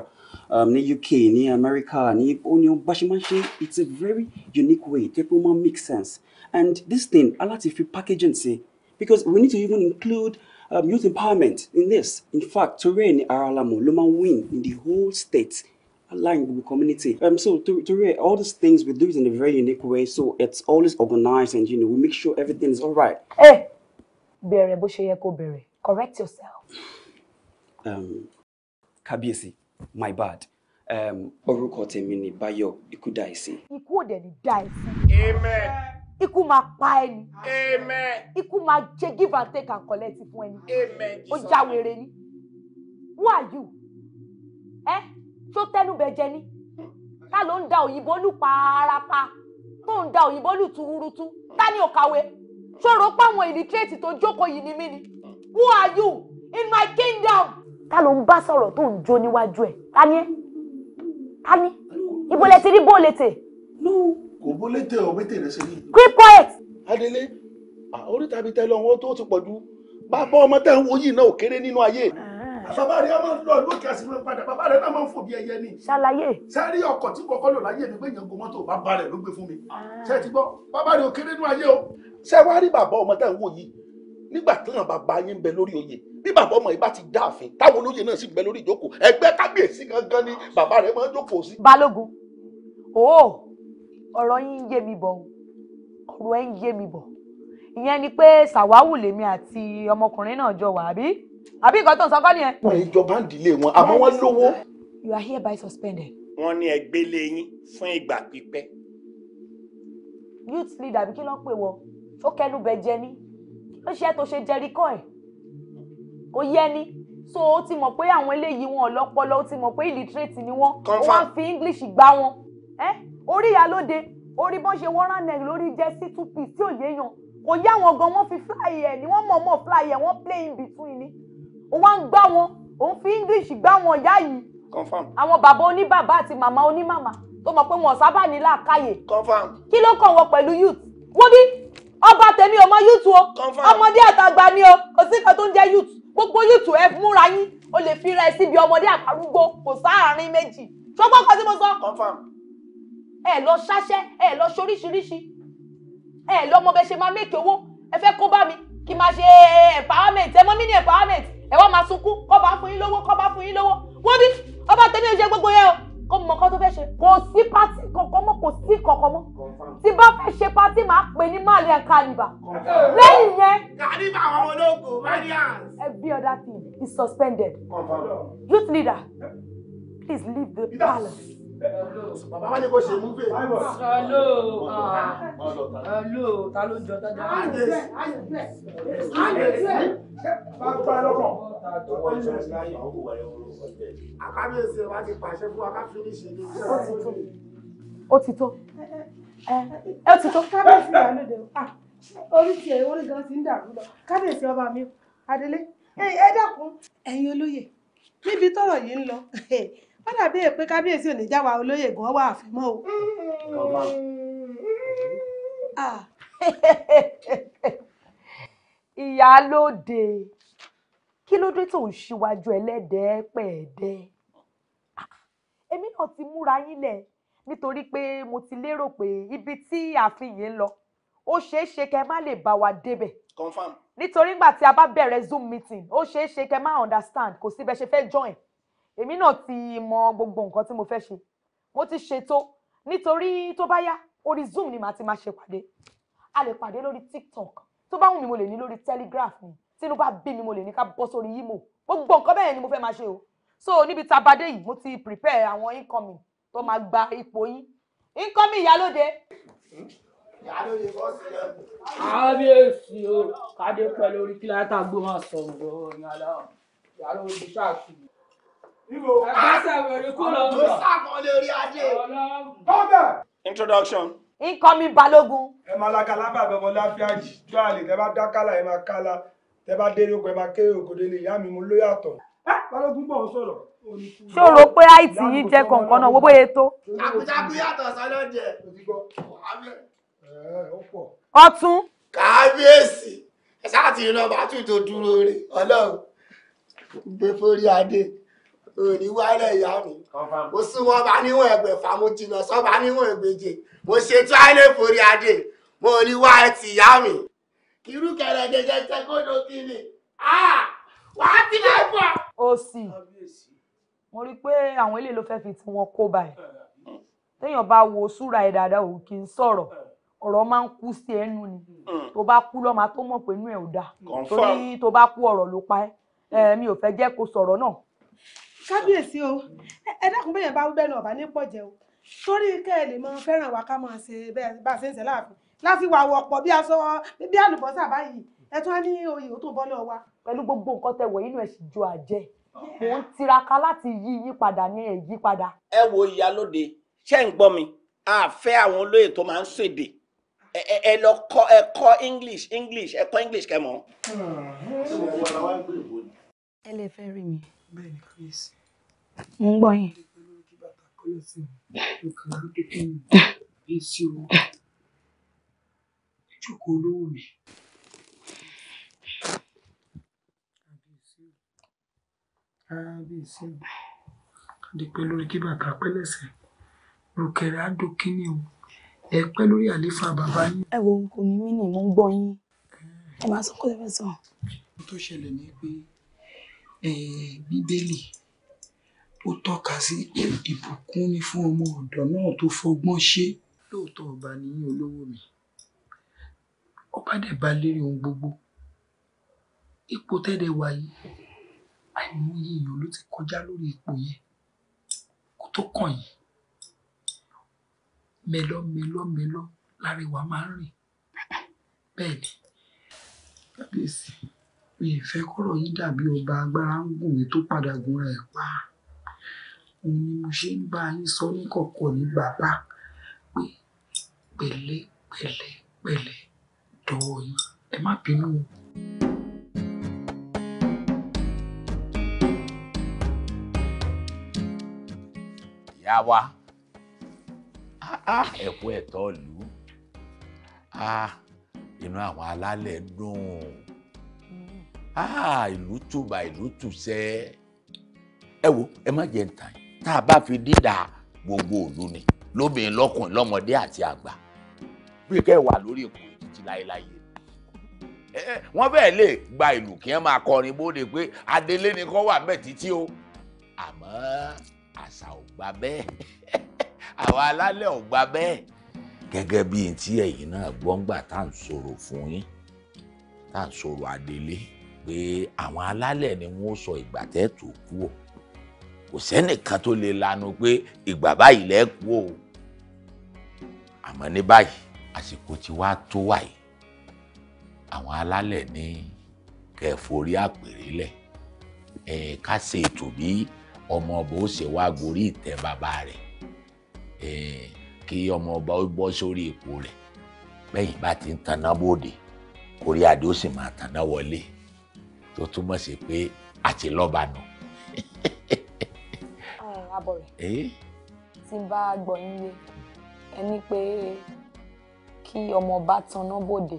um, ní UK ní America ní ó ní bá ṣe máa ń ṣe it's a very unique way tó pé ó make sense and this thing aláti fi packaging say because we need to even include um, youth empowerment in this. In fact, Toure ni Aralamo Loma win in the whole state aligned with the community. Um, so to, all these things we do is in a very unique way. So it's always organized and you know we make sure everything is all right. Hey, eh,
bẹ̀rẹ̀ bó ṣe yẹ Correct yourself.
Um, Kábíyèsí, my bad. Um, orúkọ tèmi ni Báyọ̀ Ikú Dàìsí.
Ikú ni Dàìsí. Amen ikú máa pa ẹni ikú máa jẹ give and take and collect fún ẹni ó já wèrè ni who are you ẹ tó tẹnu bẹ jẹ ni ká ló ń da òyìnbó lù pàárápá tó ń da òyìnbó lù tuurutu ká ní òkàwé ṣòro páwọn ìlítírèètì tó jókòó yìí ni mí ni who are you in my kingdom. ká ló ń bá sọ̀rọ̀ tó ń jó níwájú ẹ̀ ká ní ká ní ibo lẹ ti rí bó
lè tè. no kò
bó létè ọ bẹ́tẹ̀ rẹ ṣe
ní. keep quiet. adele oríta bíi tẹ́lẹ̀ wọn tó ti pọ̀ ju bàbá ọmọ tẹ́ ń wo yìí náà ò kéré nínú ayé.
Ah.
bàbá
rẹ máa ń lọ lókè àti máa ń padà bàbá rẹ náà máa ń fò bí ẹyẹ ni. ṣàlàyé. sẹ́rí ọkọ̀ tí kọ́kọ́ lò láyé mi pé èèyàn gun mọ́tò bàbá rẹ̀ ló gbé fún mi. Ah. ṣé ti gbọ́ bàbá rẹ ò kéré nínú ayé o. ṣé wàá rí bàbá
ọmọ tẹ́ ń wo yìí nígbà táwọn bàbá yín ń bẹ lórí oyè bí bàbá ọmọ yìí bá ti dáàfin táwọn olóyè náà sì ń bẹ lórí ìjókòó ẹgbẹ́ kábíyèsí gangan ni bàbá rẹ máa ń jókòó sí. balógun
ooo oh ọ̀rọ̀ yín ń yé mi bọ̀ ọ̀rọ̀ ẹ̀ ń yé mi bọ̀ ìyẹn ni pé ṣàwáwù lèmi àti ọmọkùnrin náà jọ wà àbí àbí nǹkan tó ń sọkọ́ nìyẹn.
wọn ìjọba ń dìlé wọn àmọ́ wọn lówó.
you are hereby suspended.
wọn ní ẹgbẹ́ lẹ́yìn fún ìgbà pípẹ́.
youth leader àbí kí ló ń pè wọ́n ó kẹnu bẹ jẹ ní ó ṣe é tó ṣe jẹríkọ ẹ kò yẹ ni so ó ti mọ̀ pé àwọn eléyìí wọn ọlọ́pọlọ ó ti mọ̀ pé illiterate ni wọ́n ó fi english gbá wọn. Eh? orí ìyálóde orí bọ́n ṣe wọ́n rán lórí jẹ́sí two piece tí ò yéèyàn kò yá wọn gan wọ́n fi fly ẹ̀ ni wọ́n mọ̀ọ́mọ̀ fly ẹ̀ wọ́n play in between ni wọ́n á ń gbá wọn òun fi English gbá wọn yá yìí confam àwọn bàbá oníbàbá àti màmá onímàmá tó mọ̀ pé wọn sábà ní làákàyè confam kí ló kàn wọ́n pẹ̀lú youth wọ́n bí ọba tèmi ọmọ youth o ọmọdé àtàgbà ni o kò sí kan tó ń jẹ́ youth gbogbo youth ẹ múra yín o lè fi ra ẹ síbi ọmọdé àtàrúgbó kò sáàárín méjì ṣọgbọ́n kan tí mo sọ confam ẹ lọ ṣáṣẹ́ ẹ lọ ṣoríṣiríṣi ẹ lọ mọ bẹ máa mẹ́kẹ̀ owó ẹ fẹ́ kó bá mi kí n máa ṣe eh, empowerment ẹ mọ́ mí ní empowerment ẹ wá máa sunkún kọ́ bá fún yín lówó kọ́ bá fún yín lówó wọ́n bí ọba tẹ̀lé ṣe gbogbo yẹn o kó mọ kó tó fẹ́ ṣe kò sí pátì kankan mọ́ kò sí kankan mọ́ tí bá fẹ́ ṣe pátì máa pè ní máàlì ẹ̀ kàlìbà lẹ́yìn yẹn. kàlìbà àwọn ológo variance. every other thing is suspended youth leader please leave the palace bàbá wa ní kò ṣe múfè. ọlọ ọlọ ta ló jọ tájà.
bàbá lọkọ.
àkábíyèsí wa ti pàṣẹ fún wa ká fínísì ní iṣẹ́. ó ti tó ó ti tó. kábíyèsí wà lóde ah, orí tiẹ̀ orí gan ti ń dàrú lọ kábíyèsí ọba mi Adélé ẹ dákun ẹ̀yin olóyè níbi tọ́rọ̀ yìí ń lọ ó dàbí ẹ pé kábíyèsí ò ní jáwa olóyè gan wà àfimọ́ o. Ah. ìyálóde kí ló dé tó ń ṣíwájú ẹlẹ́dẹ̀ẹ́ pẹ̀ẹ́dẹ́ ah, èmi náà ti múra yín lẹ̀ nítorí pé mo ti lérò pé ibi tí ààfin yìí ń lọ ó ṣeé ṣe kẹ́ má lè bá wa débẹ̀. nítorí ngbà tí a bá bẹ̀rẹ̀ zoom meeting ó ṣeé ṣe kẹ́ má understand kò sí bẹ́ẹ̀ ṣe fẹ́ join èmi náà ti mọ gbogbo nǹkan tí mo fẹ́ ṣe mo ti ṣètò nítorí tó bá yá orí zoom ni màá ti máa ṣe pàdé a lè pàdé lórí tiktok tó bá wù mí mo lè ní lórí telegraph mi tínú bá bí mi mo lè ní ká bọ́ sórí yímo gbogbo nǹkan bẹ́ẹ̀ ni mo fẹ́ máa ṣe o so níbi tá a bá dé yìí mo ti prepare àwọn incoming tó máa gba ipò yín incoming ìyálóde. ìyálóde bọ́ sílẹ̀. kábíyèsí o kádé pẹ́ lórí kíláàtà gbó máa sọ̀rọ̀ ìyàlá ìyálóde ṣáà sí mi
introduction. incoming balógun. ẹ máa lagala bá àbẹ̀wò láfíàjì tó àlè tẹ bá dákàlà ẹ máa kálá tẹ bá dé lóko ẹ máa kéré òkòdé lè yá mi mú ló yàtọ̀. balógun bọ̀ ń sọ̀rọ̀. ṣó rò
pé it yìí jẹ́ kọ̀ọ̀kan náà wo bóyá tó.
takuntakun yàtọ̀ sọ́lọ́dẹ̀.
ọtún. kábíyèsí
ẹ sáà ti rán bàtú tó dúró rè ọlọ́run gbé fórí adé òní wálẹ̀ ìyá mi mo súnmọ́ bá níwọ̀n ẹgbẹ̀fà mo jìnnà sọ́ba níwọ̀n ẹgbẹ̀je mo ṣe tíwáìlẹ̀ forí adé mo ní ẹ ti ìyá mi. irú kẹrẹ jẹjẹ tẹ kódó kí ni wàá ti máa bọ̀.
ó sì mo rí i pé àwọn eléyìí ló fẹ́ fi tí wọ́n kó báyìí téèyàn bá wo súra ẹ̀ dáadáa òun kì í sọ̀rọ̀ ọ̀rọ̀ máa ń kú sí ẹnu ni tó bá kú lọ́mọ tó mọ̀ pé inú ẹ̀ ò dáa torí tó bá kú ọ̀rọ̀ ló pa ẹ́ mi ò fẹ́ jẹ́ kó sọ̀rọ̀ náà kábíyèsí o ẹ dákun bẹ́ẹ̀ bá bẹ́ẹ̀ náà ọ̀bá ní pọ̀jẹ́ o torí kẹ́ ẹ lè mọ fẹ́ràn wa ká máa ṣe bẹ́ẹ̀ bá a ṣe ń ṣe láàfin láti wà wọ̀ pọ̀ bí aṣọ bí àlùbọ́sà báyìí ẹ tún á ní oyè tó bọ́ lọ́wọ́ wa. pẹ̀lú gbogbo nǹkan tẹ̀wọ̀ inú ẹ̀ sì ju àjẹ mò ń tiraka láti yí yípadà ní ẹ̀ yípadà.
ẹ wo ìyálóde ṣé ń gbọ́ mi àfẹ́ àwọn olóyè tó máa ń ṣèdè ẹ lọ kọ́ ẹ kọ́ english english ẹ kọ́ english kẹ́ mọ̀. Hmm.
ẹ lè fẹ́ rí mi bẹ́ẹ̀ ni kábíyèsí. mo ń lórí kí bàtà pẹ́ rùkẹ̀rẹ̀ á dókí ni o ẹ pẹ́ lórí àléfà bàbá yín. ẹ wo kò mí nì mo ń gbọ́ yín ẹ máa sọ kó lè fẹ́ sọ. ohun tó ṣẹlẹ̀ ni pé. Eh, bíbélì ó tọ́ka sí pé ìbùkún ni fún ọmọ ọ̀dọ̀ náà tó fọgbọ́n ṣe lóòótọ́ ọba nìyí olówó mi ọba dẹ̀ bá lérí ohun gbogbo ipò tẹ́lẹ̀ wà yìí àìmọye èèyàn ló ti kọjá lórí ipò yẹn kó tó kàn yìí mẹlọ mẹlọ mẹlọ lára máa ń rìn bẹ́ẹ̀ ni kábíyèsí mi ì fẹ́ kọ́rọ̀ yín dàbí ọba agbára ń gùn mí tó padà gunra ẹ̀ pa òun ni mo ṣe ń bá yín sọ ní kọ̀kọ̀ ní bàbá pé pẹ̀lẹ́ pẹ̀lẹ́ pẹ̀lẹ́ dọ̀wọ́ yín ẹ má
bínú o. ìyá wa ah, ah. ẹ̀kú ẹ̀tọ́ lù ah, inú àwọn alálẹ̀ dùn. Ah, ìlú tó bá ìlú tù sẹ́ ẹ wo ẹ má jẹ́ ntàn tá a bá fi dídà gbogbo ìlú ni lóbìnrin lọ́kùnrin lọ́mọdé àti àgbà bí kẹ́ wà lórí ìkùnrin títí láéláé wọ́n fẹ́ẹ́ lè gba ìlú kí wọ́n máa kọrin bóde pé adelé ni kọ́ wà bẹ́ẹ̀ títí o àmọ́ àṣà ò gbà bẹ́ẹ̀ àwọn alálẹ̀ ò gbà bẹ́ẹ̀ gẹ́gẹ́ bí n tí náà gbọ́ngbà tá à ń sọ̀rọ̀ fún yín tá à ń sọ̀rọ̀ adelé pé àwọn alálẹ̀ ni wọ́n sọ ìgbà tẹ́ tó kú ọ̀ kò sẹ́nìkan tó lè lanu pé ìgbà báyìí lẹ́ kú o àmọ́ ní báyìí àsìkò tí wàá tó wà yìí àwọn alálẹ̀ ní kẹfòrí àpèrè lẹ̀ ẹ̀ ká ṣe ètò bí ọmọ ọba ó ṣe wá gorí ìtẹ́ bàbá rẹ̀ ẹ̀ kí ọmọ ọba ó bọ́ sórí ipò rẹ̀ bẹ́yìn bá ti ń taná bòde orí adé ó sì máa taná wọlé tó túmọ̀ sí pé àti lọ́ba nù. abọ̀rẹ̀
tí bá gbọ́ yín yé ẹni pé kí ọmọ bá tanná bòde.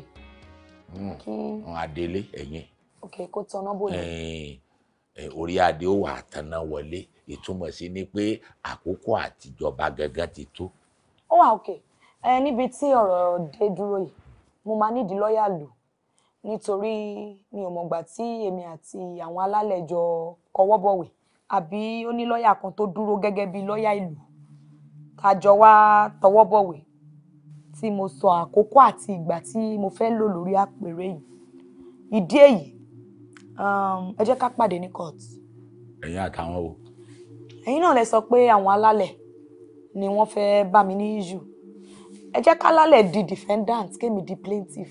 Hmm. kí hmm, adélé ẹ̀yìn.
ok kó tanná bòde.
orí adé ó wà tanná wọlé ìtumọ̀ sí ni pé àkókò àtijọba gangan ti tó.
ó wà òkè níbi tí ọ̀rọ̀ dé dúró yìí mo máa nídìí lọ́ọ̀yà lù nítorí mi ò mọ̀gbà tí èmi àti àwọn alálẹ̀jọ kọwọ́ bọ̀wé àbí ó ní lọ́ọ̀yà kan tó dúró gẹ́gẹ́ bí lọ́ọ̀yà ìlú tá jọ wá tọwọ́ bọ̀wé tí mo sọ àkókò àti ìgbà tí mo fẹ́ lò lórí àpèrè yìí ìdí èyí um, ẹ jẹ́ ká pàdé ní court.
ẹ̀yin àtàwọn o.
ẹ̀yin náà lẹ sọ pé àwọn alálẹ̀ ni wọ́n fẹ́ bá mi ní issue ẹ jẹ́ ká lálẹ̀ di defendant kémi di plaintiff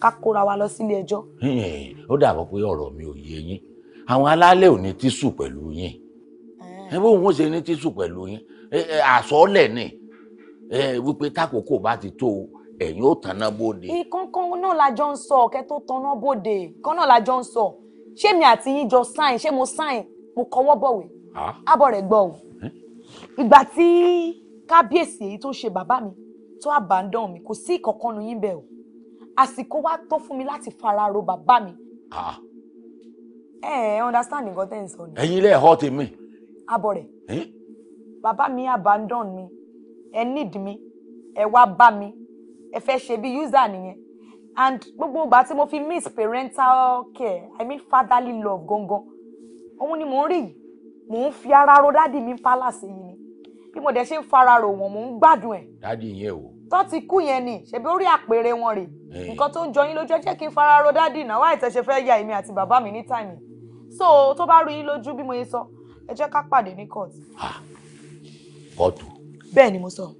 ká kóra wa lọ sílé
ẹjọ́. ó dàbọ̀ pé ọ̀rọ̀ mi ò yé yín àwọn alálẹ̀ ò ní tíṣù pẹ̀lú yín ẹ bó wọn ṣe ní tíṣù pẹ̀lú yín àsọ̀ọ́lẹ̀ ni wípé tákòókò bá ti tó o ẹ̀yin tanná bóde.
ìkankan náà la jọ ń sọ ọ̀kẹ́ tó tanná bóde kan náà la jọ ń sọ ṣé mi àti yín jọ sáìn ṣé mo sáìn mo kọwọ́ bọ̀wé àbọ̀ rẹ̀ gbọ́ o ìgbà tí kábíyèsí èyí tó ṣe bàbá mi tó àbàdàn mi kò sí ìkọ̀kan yín bẹ́ẹ̀ o àsìkò wá tó fún mi láti fara ro bàbá mi. ẹ ẹ understand nǹkan tẹ́ ń sọ ni.
ẹ̀yin ilé ẹ̀họ́ tèmi.
abọ rẹ bàbá mi abandon mi ẹ need mi ẹ wá bá mi ẹ fẹ́ ṣe bí user nìyẹn and gbogbo ìgbà tí mo fi miss parental care i mean fatherly love gangan òun ni mò ń rí yìí mò ń fi ara ro dáàdì mi palace yìí ni bí mo dẹ̀ ṣe ń fara rò wọ́n mò ń gbádùn ẹ̀.
dáàdì yẹn o
tó ti kú yẹn ni ṣebí orí àpèrè wọn rè nǹkan tó ń jọ yín lójú ẹ kí n fara ro dádì náà wáyé tẹ̀sẹ̀ fẹ́ ya èmi àti bàbá mi ní tàìmì so tó bá rú yín lójú bí mo yẹ sọ ẹ jẹ́ ká pàdé ní court. kóòtù. bẹ́ẹ̀ ni mo sọ.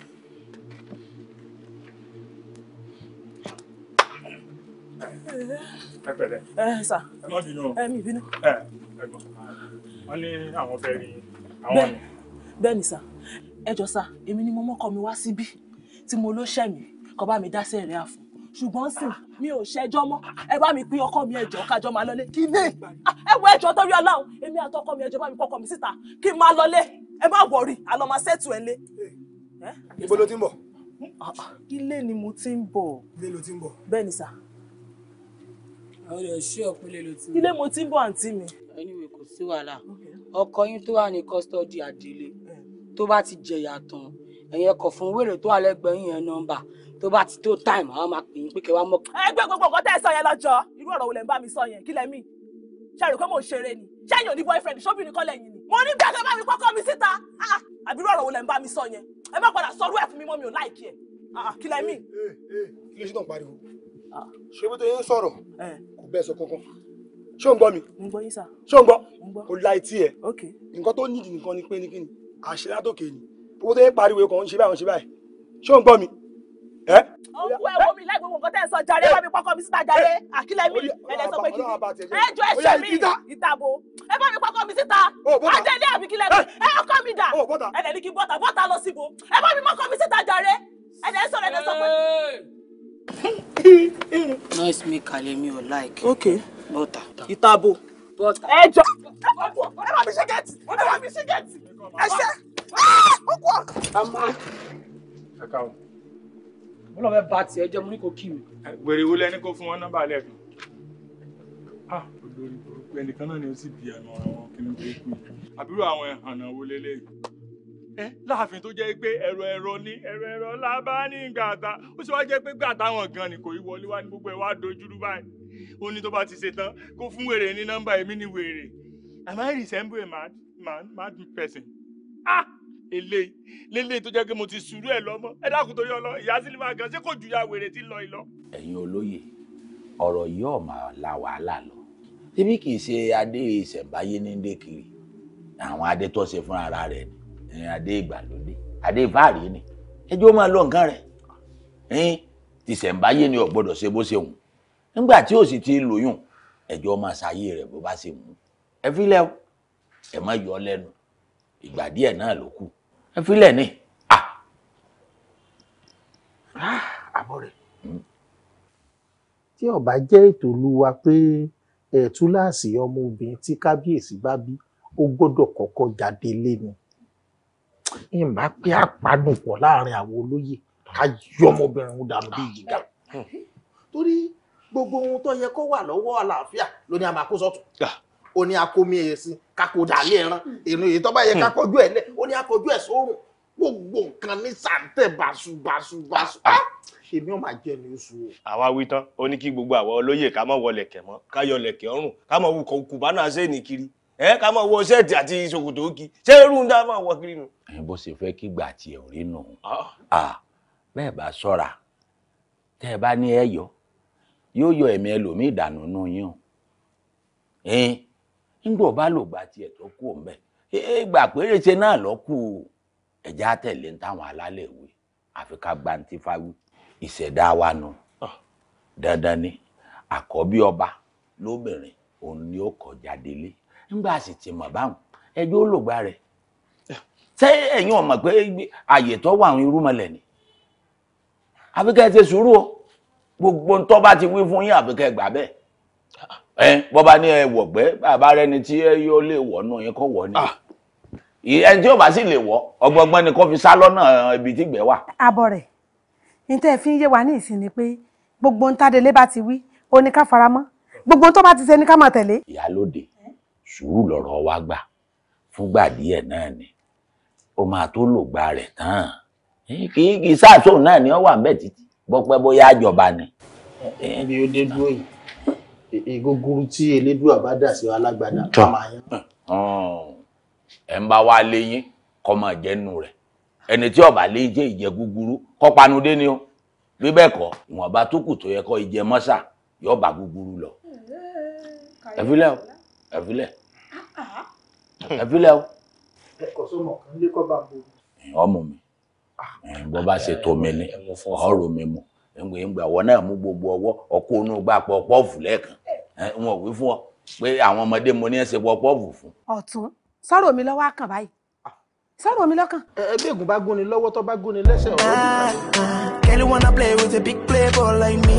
ẹ pẹ̀lẹ́. ẹ jọ sà èmi ni mo mọ́kọ mi wá síbí tí mo ló ṣẹ̀ mí kó bá mi dá sẹ́ẹ̀rẹ́ àfún ṣùgbọ́n sì mi ò ṣẹjọ́ mọ́ ẹ bá mi pín ọkọ mi ẹjọ́ kájọ máa lọlé kí lè ah, ẹ wọ ẹjọ́ torí ọláhùn èmi àtọkọ mi ẹjọ́ bá mi kọkọ mi síta kí n máa lọlé ẹ má wọrí àlọ́ máa ṣètò ẹ lé. Eh? ibo ló ti ń bọ̀. Ah, ah, ilé ni mo ti ń bọ̀. ilé ló ti ń bọ̀. bẹ́ẹ̀ ni sà. àwọn èèyàn ṣí ọ̀pọ̀ ilé ló ti ń bọ̀. ilé mo ti ń bọ̀ àǹtí mi. anyway kò sí wàhálà ọkọ yín tó wà ní kọ́sítọ́dì àdìlé eh. tó bá ti jẹ̀yà tán ẹ̀yin ẹkọ̀ fún wèrè tó alẹ́ gbẹ̀yìn yẹn nọ́mbà tó bá ti tó táìmù àwọn máa pè é pé kẹwàá mọ́. ẹ gbé gbogbo nǹkan tẹ́ ẹ sọ yẹn lọ́jọ́ irú ọ̀rọ̀ wo lẹ ń bá mi sọ yẹn kí lẹ mí ṣe rò pé mò ń ṣeré ni ṣé èèyàn ní boyfriend ṣóbìnrin kọ́ lẹ́yìn ni mo ní bí ẹ̀ka bá mi kọ́kọ́ mi síta ah, àbí irú ọ̀rọ̀ wo lẹ ń bá mi sọ yẹn ẹ má padà sọ rúwẹ̀ fún mi mọ́ mi ò láìkí ẹ̀ ah, ah, kí lẹ mí. Eh, eh, kí ló ṣe tán pariwo
ṣé bí tó yẹn ń sọ̀rọ̀ eh. kò bẹ́ẹ̀ sọ kankan ṣé ò ń gbọ́ mi kó tó pariwo kàn ń ṣe báyìí ń ṣe báyìí ṣé ò ń gbọ́ mi.
ọ̀hún ẹ wo mi láì gbogbo nǹkan tẹ́ ẹ sọ jàre wá mi pọ́kọ́ mi síta jàre àkílẹ̀ mi ẹ̀lẹ́ sọ pé kí ni ẹ jọ ẹsẹ̀ mi ìtàbò ẹ bá mi pọ́kọ́ mi síta àjẹlé àbí kílẹ̀ mi ẹ ọkọ mi dà ẹ̀lẹ́ ní kí bọ́tà bọ́tà lọ síbo ẹ bá mi pọ́kọ́ mi síta jàre ẹ̀lẹ́ sọ ẹ̀lẹ́ sọ pé. noise mi kàlẹ́ mi ò like. ok bọ́tà. ìtàbò. bọ́tà. ẹ
àmà mo bá tiẹ̀ jẹ́ mo ní kò kí mi. wèrè wo lẹni kó fún wọn nọ́mbà lẹ́ẹ̀kan. Ah, olórí burúkú ẹnìkan náà ni ó sì bí àná àwọn kìnnìún burúkú àbúrò àwọn ẹ̀hànà wo lélẹ́yìn láàfin tó jẹ́ pé ẹ̀rọ ẹ̀rọ ní ẹ̀rọ ẹ̀rọ lábá ní gàtà ó sì wá jẹ́ pé gàtà wọn gan ni kò í wọlé wá ní gbogbo ẹ̀ wá dojúrú báyìí ó ní tó bá ti ṣe tán kó fún wèrè ní nọ́mbà èmi ní wèrè am I resemble a mad man mad person ah ele lélẹ́yìí tó jẹ́ pé mo ti sùúrù ẹ̀ lọ́mọ ẹ dákun torí ọlọ ìyá sílífà gan ṣé kò ju ya wèrè tí ń lọ ìlọ.
ẹ̀yin olóye ọ̀rọ̀ yìí ò máa la wàhálà lọ síbí kì se ṣe adé ìṣẹ̀ǹbáyé ní dékiri àwọn adé tó ṣe fún ara rẹ̀ ni adé ìgbàlódé adé ìfáàrí ni ẹjọ́ ó máa lọ nǹkan rẹ̀ tìṣẹ̀ǹbáyé ni ò gbọ́dọ̀ ṣe bó ṣe wù nígbà tí ò sì ti lóyún ẹjọ́ máa ṣayé rẹ̀ bó bá ṣe wù ẹ fílẹ̀ ẹ má yọ lẹ́nu ìgbà díẹ̀ náà ló kù ẹ filẹ̀ ni ah, àbọ̀rẹ̀. tí ọba jẹ́ ètò
olúwa pé ẹ̀ẹ́tú láàsì ọmọ obìnrin tí kábíyèsí bá bí ó gbọ́dọ̀ kọ́kọ́ jáde lẹ́nu ìmọ̀ pé àpánù pọ̀ láàrin àwọn olóyè ká yọ ọmọbìnrin òun dànù bí ìjìgà hmm. torí gbogbo ohun tó yẹ kó wà lọ́wọ́ àlàáfíà ló ní a máa kó sọ́tún. Ah ó ní akómi ẹ̀yẹ sí kakò dàrí ẹran ìrìn èyí tó bá yẹ kakọjú hmm. ẹ̀ lẹ̀ ó ní akọjú ẹ̀ sórùn gbogbo nǹkan ní sàǹtẹ̀ bàṣù
bàṣù bàṣù ṣèmi ah! ah! ò máa jẹ ní oṣù o. àwa wí tán ó ní kí gbogbo àwọn olóyè ká má wọlé kẹ mọ ká yọ lẹ̀kẹ̀ ọrùn ká má wù kọkù bá náà ṣe nìkiri ẹ ká má wọ ṣẹ́ẹ̀tì àti ṣòkòtò
òkì ṣé irú ń dá má wọ kiri nù.
bó ṣe fẹ́ kí gbà tiẹ̀ ò rí nù ah! bẹ́ẹ̀ bá ṣọ́ra tẹ́ ẹ bá ní ẹ yọ yóò yọ ẹ̀mí ẹlòmíì dànù nù yín o nígbà ọba lò gba tiẹ̀ tó kú òǹbẹ̀ ìgbà péréṣe náà lọ́kù ẹ̀já tẹ̀lé ń táwọn alálẹ̀ wí àfi ká gba ní ìṣẹ̀dá wa nu ah. dandan ni àkọ́bí ọba lóbìnrin òun ni ó kọjá délé nígbà sì ti mọ̀ báwọn ẹjọ́ ó lògbà rẹ̀ ṣé ẹ̀yin ò mọ̀ pé àyè tó wà àwọn irúmọlẹ̀ ni àfikẹ́ ti sùúrù o gbogbo ń bá ti wí fún yín àfikẹ́ gbà bẹ́ẹ̀. Ah ẹ bọba ní ẹ wọgbẹ bàbá rẹ ni tí ẹ yóò lè wọ nù yín kó wọ ni ah. ẹni tí ó bá sì lè wọ ọgbọgbọn ni kò fi sá lọ́nà ibi tí gbẹ wà.
abọ rẹ n tẹ fi ń yé wa ní ìsìn ni pé gbogbo ń tádélé bá ti wí ó ní ká faramọ́ gbogbo tó bá ti ṣe ní ká máa tẹ̀lé.
ìyálóde sùúrù lọ̀rọ̀ wa gbà fúngbà díẹ̀ náà ni ó máa tó lògbà rẹ̀ tán kì í sáà tóun náà ni ó wà ń bẹ títí bọ́pẹ́ bóyá àjọba ni. ẹni o dé dúró yìí ìgógúrú tí elédùn àbádà sí alágbádà tó máa yán. ẹ ń bá wá léyìn kọ́ máa jẹ́nu rẹ̀ ẹni tí ọba lè jẹ́ ìjẹ́ gúgúrú kọ́ panudé ni o bí bẹ́ẹ̀ kọ́ ìwọ̀nba tó kù tó yẹ kọ́ ìjẹ mọ́sà yóò bá gúgúrú lọ. ẹ̀fílẹ̀ o ẹ̀fílẹ̀ ẹ̀fílẹ̀ o.
ẹ̀kọ́ sọ́mọ̀ kan lé kọ́ bá ń
bo. ọmọ mi bọ́ bá ṣe tó mi ní ọ̀rọ̀ mi mu ìgbà wọn náà mú gbogbo ọwọ́ ọkọ onú gbàpọ̀ pọ́ọ̀fù lẹ́ẹ̀kan wọn wí fún ọ pé àwọn ọmọdé mo ní ẹ ṣe pọ fún.
ọ̀tún sọ̀rọ̀ mi lọ́wọ́ àkàn báyìí sọ̀rọ̀ mi lọ́kàn. ẹgbẹ́ ègùn bá gún ni lọ́wọ́ tó bá gún ni lẹ́sẹ̀ ọ̀rọ̀
mi.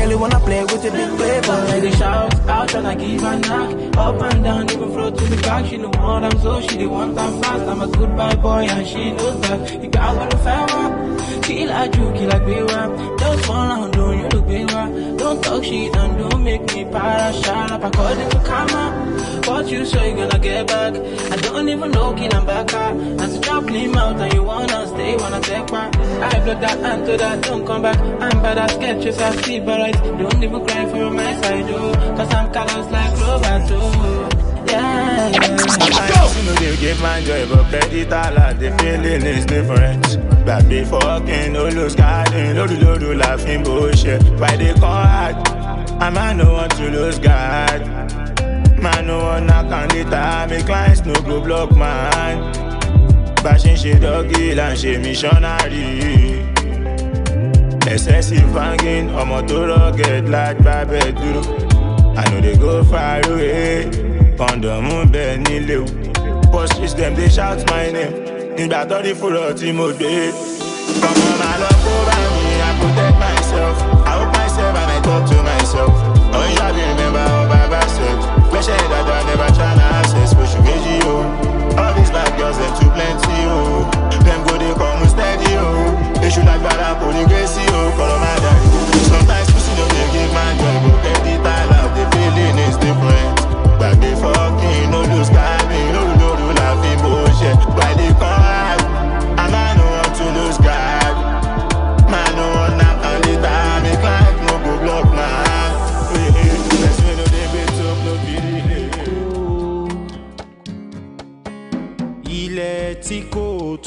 Girl, you wanna play with the big paper. She dey shout out and I give a knock. Up and down, even flow to the back. She know what I'm so she the one time fast. I'm a good bad boy and she knows that. You got want the fire She like you, she like me, rap. Just one, I'm doing you look big, rap don't talk shit and don't make me parashot up according to karma. What you say you gonna get back? I don't even know kid I'm back up. I so drop him out and you wanna stay, wanna take my. I block that and to that, don't come back. I'm bad at sketches, I see but right. Don't even cry for my side, oh. Cause I'm callous like Roberto. Yeah, yeah.
I used to give my joy, but predator like the feeling is different. Gbàgbé fọ́ọ̀kìn olùsgádìn lódùlódù la fi ń bó ṣe. Why they come hard? I might no want to lose guard. Man no wan knock on the door, make clients no go block man. Bá ṣe ń ṣe dọ́gí là missionary. Excessive banging, ọmọ tó rọ̀ get large bá bẹ̀ dúró. I no dey go far away. condom ń bẹ nílé o post system dey shout my name nígbà tó rí fúrọ̀ tí mo gbé. kọ̀mọ̀ máa my kó bá mi i protect myself i hope myself and i talk to myself ọ̀yà oh, bí remember all my bad self gbẹ́sẹ̀ ìdájọ́ i never try na access oṣù méjì o all these bad girls dem too plenty o dem go dey come steady o èṣù lágbára kò ní gbé sí o.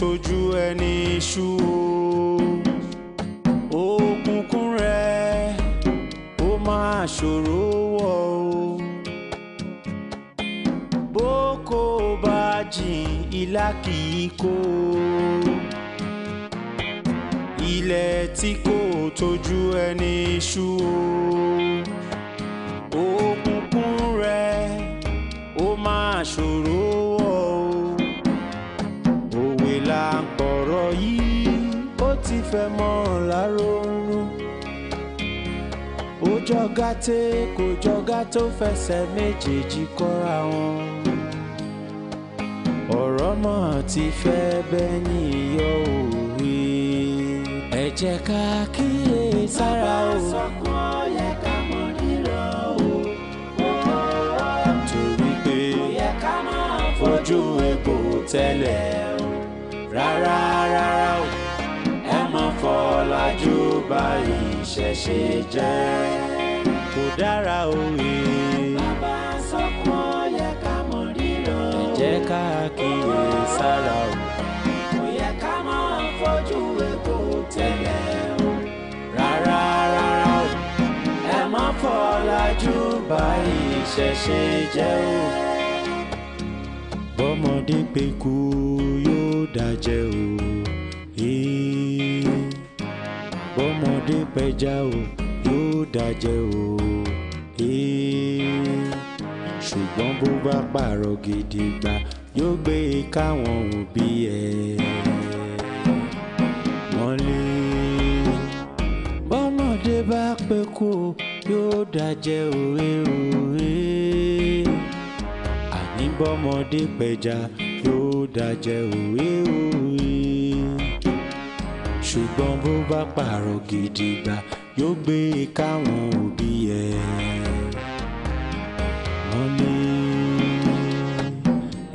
tójú ẹni ṣú o òkùnkùn rẹ ó máa ṣòro wọ̀ o bó kò bá jìn ilá kì í kó ilẹ̀ tí kò tójú ẹni ṣú o òkùnkùn rẹ ó máa ṣòro. fẹ́ mọ́ lárònú ó jọgá tẹ kò jọgá tó fẹsẹ̀ méjèèjì kọ́ra wọn ọ̀rọ̀ náà ti fẹ́ bẹ́yìn yọ òwe ẹ jẹ́ ká kíyè sára o. bàbá sọkún ọyẹ ká mọ o. torí pé ọyẹ ká máa fojú egbò tẹ́lẹ̀ rárá rárá o àfọlájú bá ìṣẹ̀ṣe jẹ́. kò dára òwe. bàbá sọ́kọ́ yẹ ká mọ̀ rírọ̀. ẹ jẹ́ ká kíyè sára o. kò yẹ ká máa fojú epo tẹ́lẹ̀ o. rárá rárá o. ẹ má fọlájú bá ìṣẹ̀ṣe jẹ́ o. bọ́mọdé pé kú yóò dájẹ́ o bọ́mọdé pẹja o yóò dájẹ́ o ṣùgbọ́n bó bá pààrọ̀ gidi gbà yóò gbé e káwọn òbí ẹ̀ mọ́lé bọ́mọdé bá pẹ́kú o yóò dájẹ́ òwe òwe àní bọ́mọdé pẹja yóò dájẹ́ òwe òwe ṣùgbọ́n bó bá pààrọ̀ gidi gbà yóò gbé e káwọn òbí ẹ̀ wọ́n ní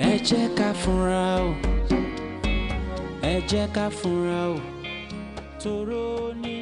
ẹ jẹ́ ká fúnra o ẹ jẹ́ ká fúnra o tòró ní.